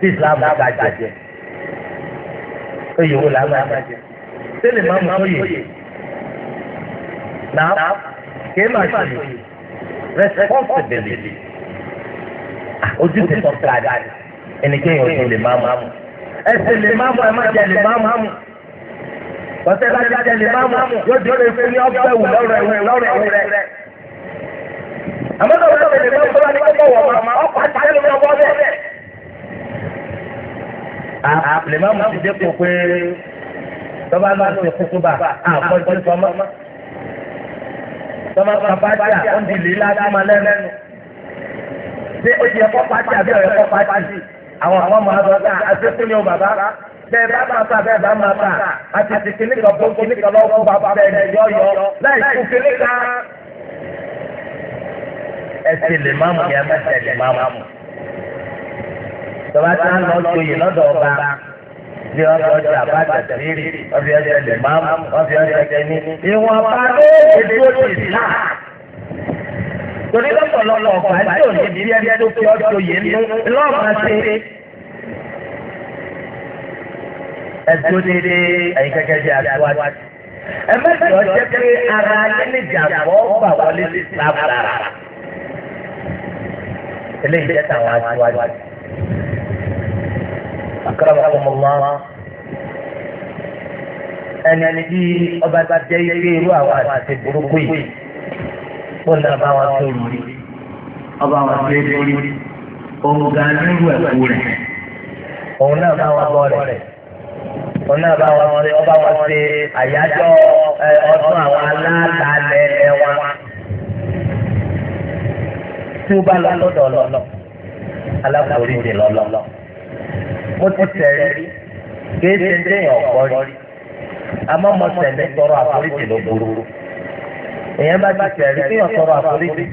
tí Islam bá jẹ oyè wo làá máa jẹ tẹ́lẹ̀ máa mú oyè náà kéé máa ṣe oyè responsibility ojú ti sọ pé àdáni ẹnikẹ́ni ojú lè máa mú ẹsẹ̀ lè máa mú ẹ má jẹ lè máa mú ọ̀sẹ̀ láti tẹ̀lé máàmù yóò di orí fún ní ọ̀pẹ̀ wù lọ́rọ̀ ẹ̀wù lọ́rọ̀ ẹ̀wù rẹ̀. àmọ́ tó wọ́n tẹ̀lé máàmù tó wà ní kọ́kọ́ ọkọ̀ àtàlẹ́ mi ọwọ́ bẹ́ẹ̀. àpèlè máàmù ti dẹ́kun pé tọ́ba náà ti kúkú bá àpọ̀jù sọmọ́. tọ́ba kàbájà ó ń di lílá sí ma lẹ́nu. ṣé ó yẹ kọ́ pàtì àbí ọ̀yẹ́ kọ́ pàtì? àwọn àwọn ọmọ bẹ́ẹ̀ bá máa bá bẹ́ẹ̀ bá máa bá àti ti kìnnì kan bó kìnnì kan lọ́wọ́ fún bàbá bẹ́ẹ̀ ní yọ̀yọ̀ láì fún kìnnì kan. ẹ ti lè má mú yẹn mẹ́tẹ̀ lè má mú. tọ́ba tí wọ́n lọ joyè lọ́dọ̀ ọba ní ọjọ́ ọjọ́ àbájá tẹ̀lé ọfi ọjọ́ lè má mú ọfi ọjọ́ tẹ̀lé. ìwọ̀n bá ló ètò òsì náà. torí lọ́pọ̀lọpọ̀ ọ̀gbà tí ò ẹ̀dúró dédé ẹ̀yin kẹ́kẹ́ bí aṣáájú. ẹ mẹ́jọ jẹ́ pé ara níjàmbọ́ gbà wọlé sí sábàrà. eléyìí jẹ́ tàwọn aṣáájú. àkàrà wà fún ọmọ wa. ẹni tí ọba bá jẹ́ ilé irú àwọn àti burúkú yìí. ó nà bá wọn tó lórí. ọba wọn tó lórí. òun gan-an nínú ẹ̀kú rẹ̀. òun náà bá wọn bọ́ rẹ̀. òun bá wọn ọba wọn ṣe àyájọ́ ọdún àwọn aláàlálẹ̀ ẹ̀ tí ó bá lọ lọ́dọ̀ lọ ti lọ lọ. mo ti tẹ̀lé kìí ṣe déyàn ọ̀pọ̀ rí àmọ́ mo tẹ̀lé tọrọ àforíjì ló burú. èèyàn ti tẹ̀lé kéèyàn tọrọ àforíjì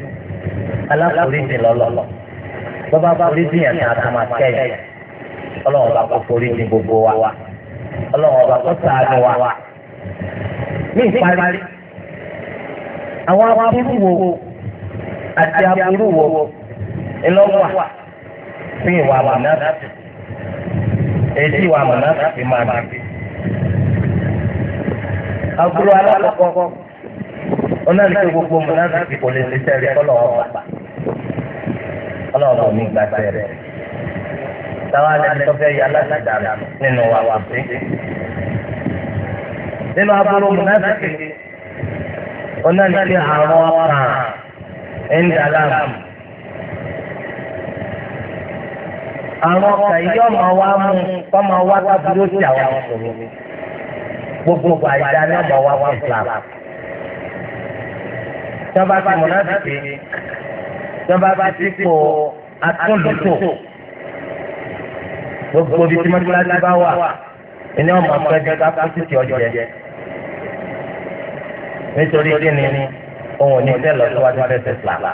ti lọ lọ. bọ́bá máa kẹ́yìn ọlọ́run bá gbogbo wa. ọlọ́run ọba kọ́ sàánú wa. ní ìparí àwọn aburú wo àti aburú wo ìlọ́wà sí ìwà èyí ìwà máa bí. aburú alákọ̀ọ́kọ́ táwa lẹni tó fẹ́ yà láti dànù nínú wa wà sí. nínú abúlé múnáfíkì onáníkì àwọn ọkàn ẹnìdàlámù. àwọn ọkàn yìí ọmọ wa mú kọ́mọ wa kábúrò sí àwọn mùsùlùmí gbogbo àìdá ní ọmọ wa wà fúlà. tọ́ba ti múnáfíkì tọ́ba ti sípò atúndùtò gbogbo ibi tí mọ́tíláṣí bá wà ẹni ọmọ akẹ́kẹ́ ká pósìtì ọ̀jẹ̀ nítorí kíni òun ní tẹ́lọ̀ tó wá tẹ́lẹ̀ tẹ́lẹ̀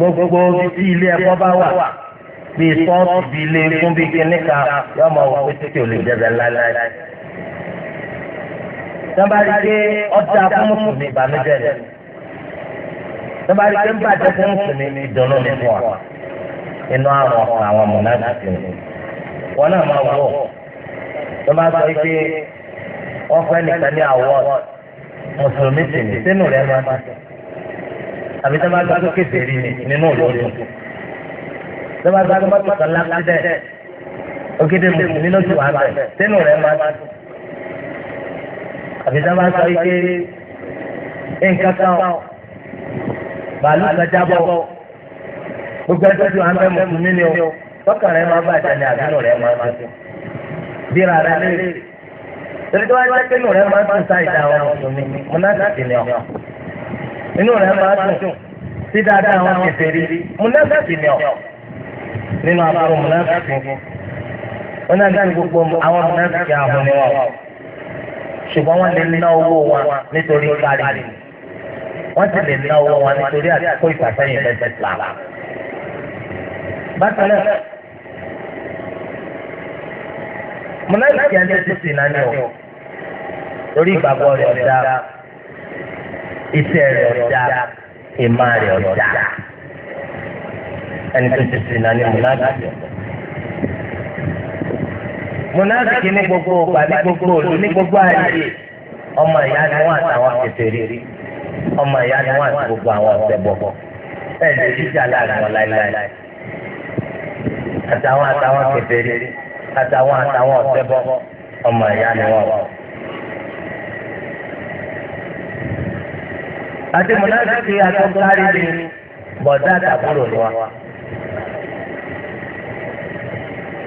gbogbo ibi tí ilé ẹ̀kọ́ bá wà bíi sọ́ọ̀tù bíi ilé fún bíi kíní kan yóò máa wọ pósìtì olè jẹ́bẹ̀ láéláé tọ́bárí pé ọjà fún mùsùlùmí ìbànújẹ́ ni tọ́bárí pé ń bàjẹ́ fún mùsùlùmí ìdùnnú ni fún wa nínú àrùn ọkàn àwọn mọ̀nàdìkì wọn náà máa wọ̀ tó bá sọ pé wọ́n fẹ́ nìkan ní àwọ̀ mùsùlùmí sì ní sínú rẹ̀ máa bá àbí tó bá sọ pé kéṣe rí ni nínú òlòdù tó bá sọ pé mọ́tò kan lákàdẹ́ ògidì mùsùlùmí ló ti wà bẹ̀ sínú rẹ̀ máa bá àbí tó bá sọ pé nǹkan kan bàálù kan jábọ̀ gbogbo ẹjọ́ tí wọ́n á fẹ́ mùsùlùmí ni o tọkàn rẹ máa bá àtàlẹ àbínú rẹ máa bá bí rárá léèrè torí tó wáyé pẹ́ẹ́nù rẹ máa tún sáì dá àwọn mùsùlùmí múnásìkì ni ọ inú rẹ máa tún sí dáadáa àwọn kẹfẹ́rí múnásìkì ni ọ nínú àbúrò múnásìkì wọn náà dáni gbogbo àwọn múnásìkì àwọn ni wọn ṣùgbọ́n wọ́n lè ná owó wọn nítorí kárí wọ́n sì lè ná owó wọn nítorí àtìkó ìfàsẹ́yìn lẹ́sẹ̀ tìlára. bákan náà mọ̀láìkì ẹ̀jẹ̀ tó sì náà ní ọ̀ lórí ìgbàgbọ́ rẹ̀ ọ̀dà iṣẹ́ rẹ̀ ọ̀dà ìmọ̀ rẹ̀ ọ̀dà ẹni tó ti sì náà ní mọ̀láìkì ọ̀dà mọ̀nàfíkì ní gbogbo ọgbà ní gbogbo ní gbogbo ọmọ ìyá ni wọn àtàwọn ọmọ ìyá ni wọn àti gbogbo àtàwọn àtàwọn kèfèrí àtàwọn àtàwọn ọ̀ṣẹbọ ọmọ ìyá ni wọn. àti mùnàfíkì àtọ́kárí ni bọ̀dá àtàkùrò ni wọn.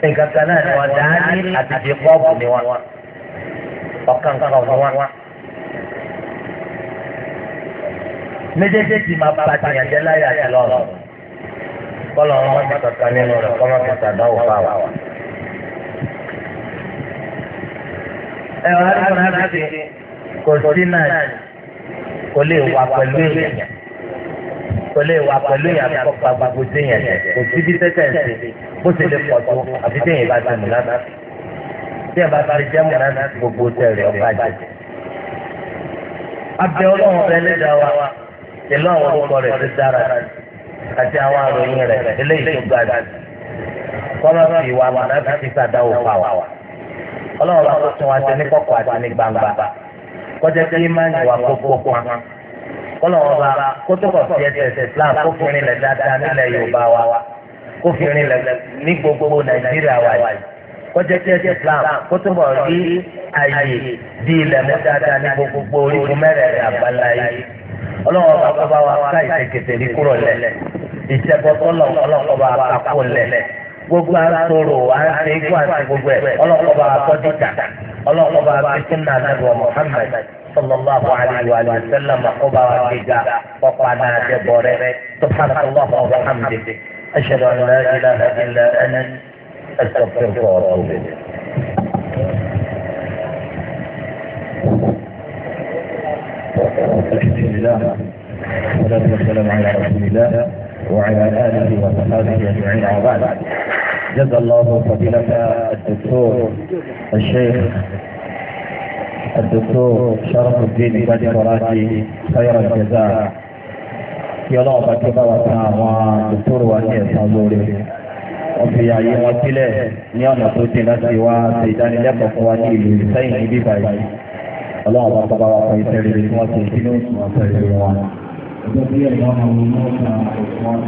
nǹkan kan náà ni wọn dání àti ti pọ́ọ̀bù ni wọn ọ̀kan kan ni wọn. méjèèjì ti máa bá àtìyànjẹ́ láyé àti lọ́rùn. kọ́lọ̀ wọn ti kankan nínú rẹ̀ kọ́ má ti sàdánwò fà wá. ẹ̀rọ aláàbí kò sí náà kò lè wà pẹ̀lú èèyàn kò lè wà pẹ̀lú èèyàn àkọ́kọ́ gbogbo téèyàn jẹ kò sí bí tẹ́tẹ̀ ń ṣe bó ṣe lè pọ̀ tó àfi téèyàn bá ti mú náà téèyàn bá ti jẹ́ mú náà gbogbo tẹ̀rẹ̀ ọba jẹ. abẹ́ ọlọ́run wa ìlú àwọn orúkọ rẹ̀ ti dára rẹ̀. àti àwọn àròyìn rẹ̀ eléyìí tó gbàdá kọ́lá fi ìwà mọ̀nàfíà ti sàdáwò fà wá. ọlọ́run bá tún wá sí ní kọ̀kọ̀ àti ní gbangba kọjá sí imáàni wà gbogbo ọrụ kọ́lọ́run bá ẹsẹ̀ dáadáa wa ní wa yìí kọjá ẹsẹ̀ rí ilẹ̀ mú dáadáa ní ọlọ́wọ́ bá kọ́ bá wa ká ìṣèkètè ní kúrò lẹ̀ ìṣẹ́bọ̀tọ́ lọ ọlọ́kọ́ bá wa kó lẹ̀ gbogbo asoro ase igbó ase gbogbo ẹ ọlọ́kọ́ bá wa kọ́ dìjà ọlọ́kọ́ bá wa fi sunna anabi wa Muhammad sallallahu alayhi wa sallam kó bá wa gbéga kọ́kọ́ anáde bọ̀rẹ́ subhanahu wa rahmatulahi ashadu an la ilaha illa ana astaghfiruka wa atubu ilayk. الحمد لله والصلاة والسلام على رسول الله وعلى آله وصحبه أجمعين وبعد جزا الله فضيلة الدكتور الشيخ الدكتور شرف الدين بن فراجي خير الجزاء kí ọlọ́ọ̀bá kí bá wa ta àwọn dòkítọ́rù wa ní ẹ̀sán lórí wọ́n fi ààyè wọn sílẹ̀ ní ọlọ́run bá tọ́ba wa fún ìtẹ́rẹ̀ tí wọ́n ti kí ní òṣùwọ̀n pẹ̀lú wọn.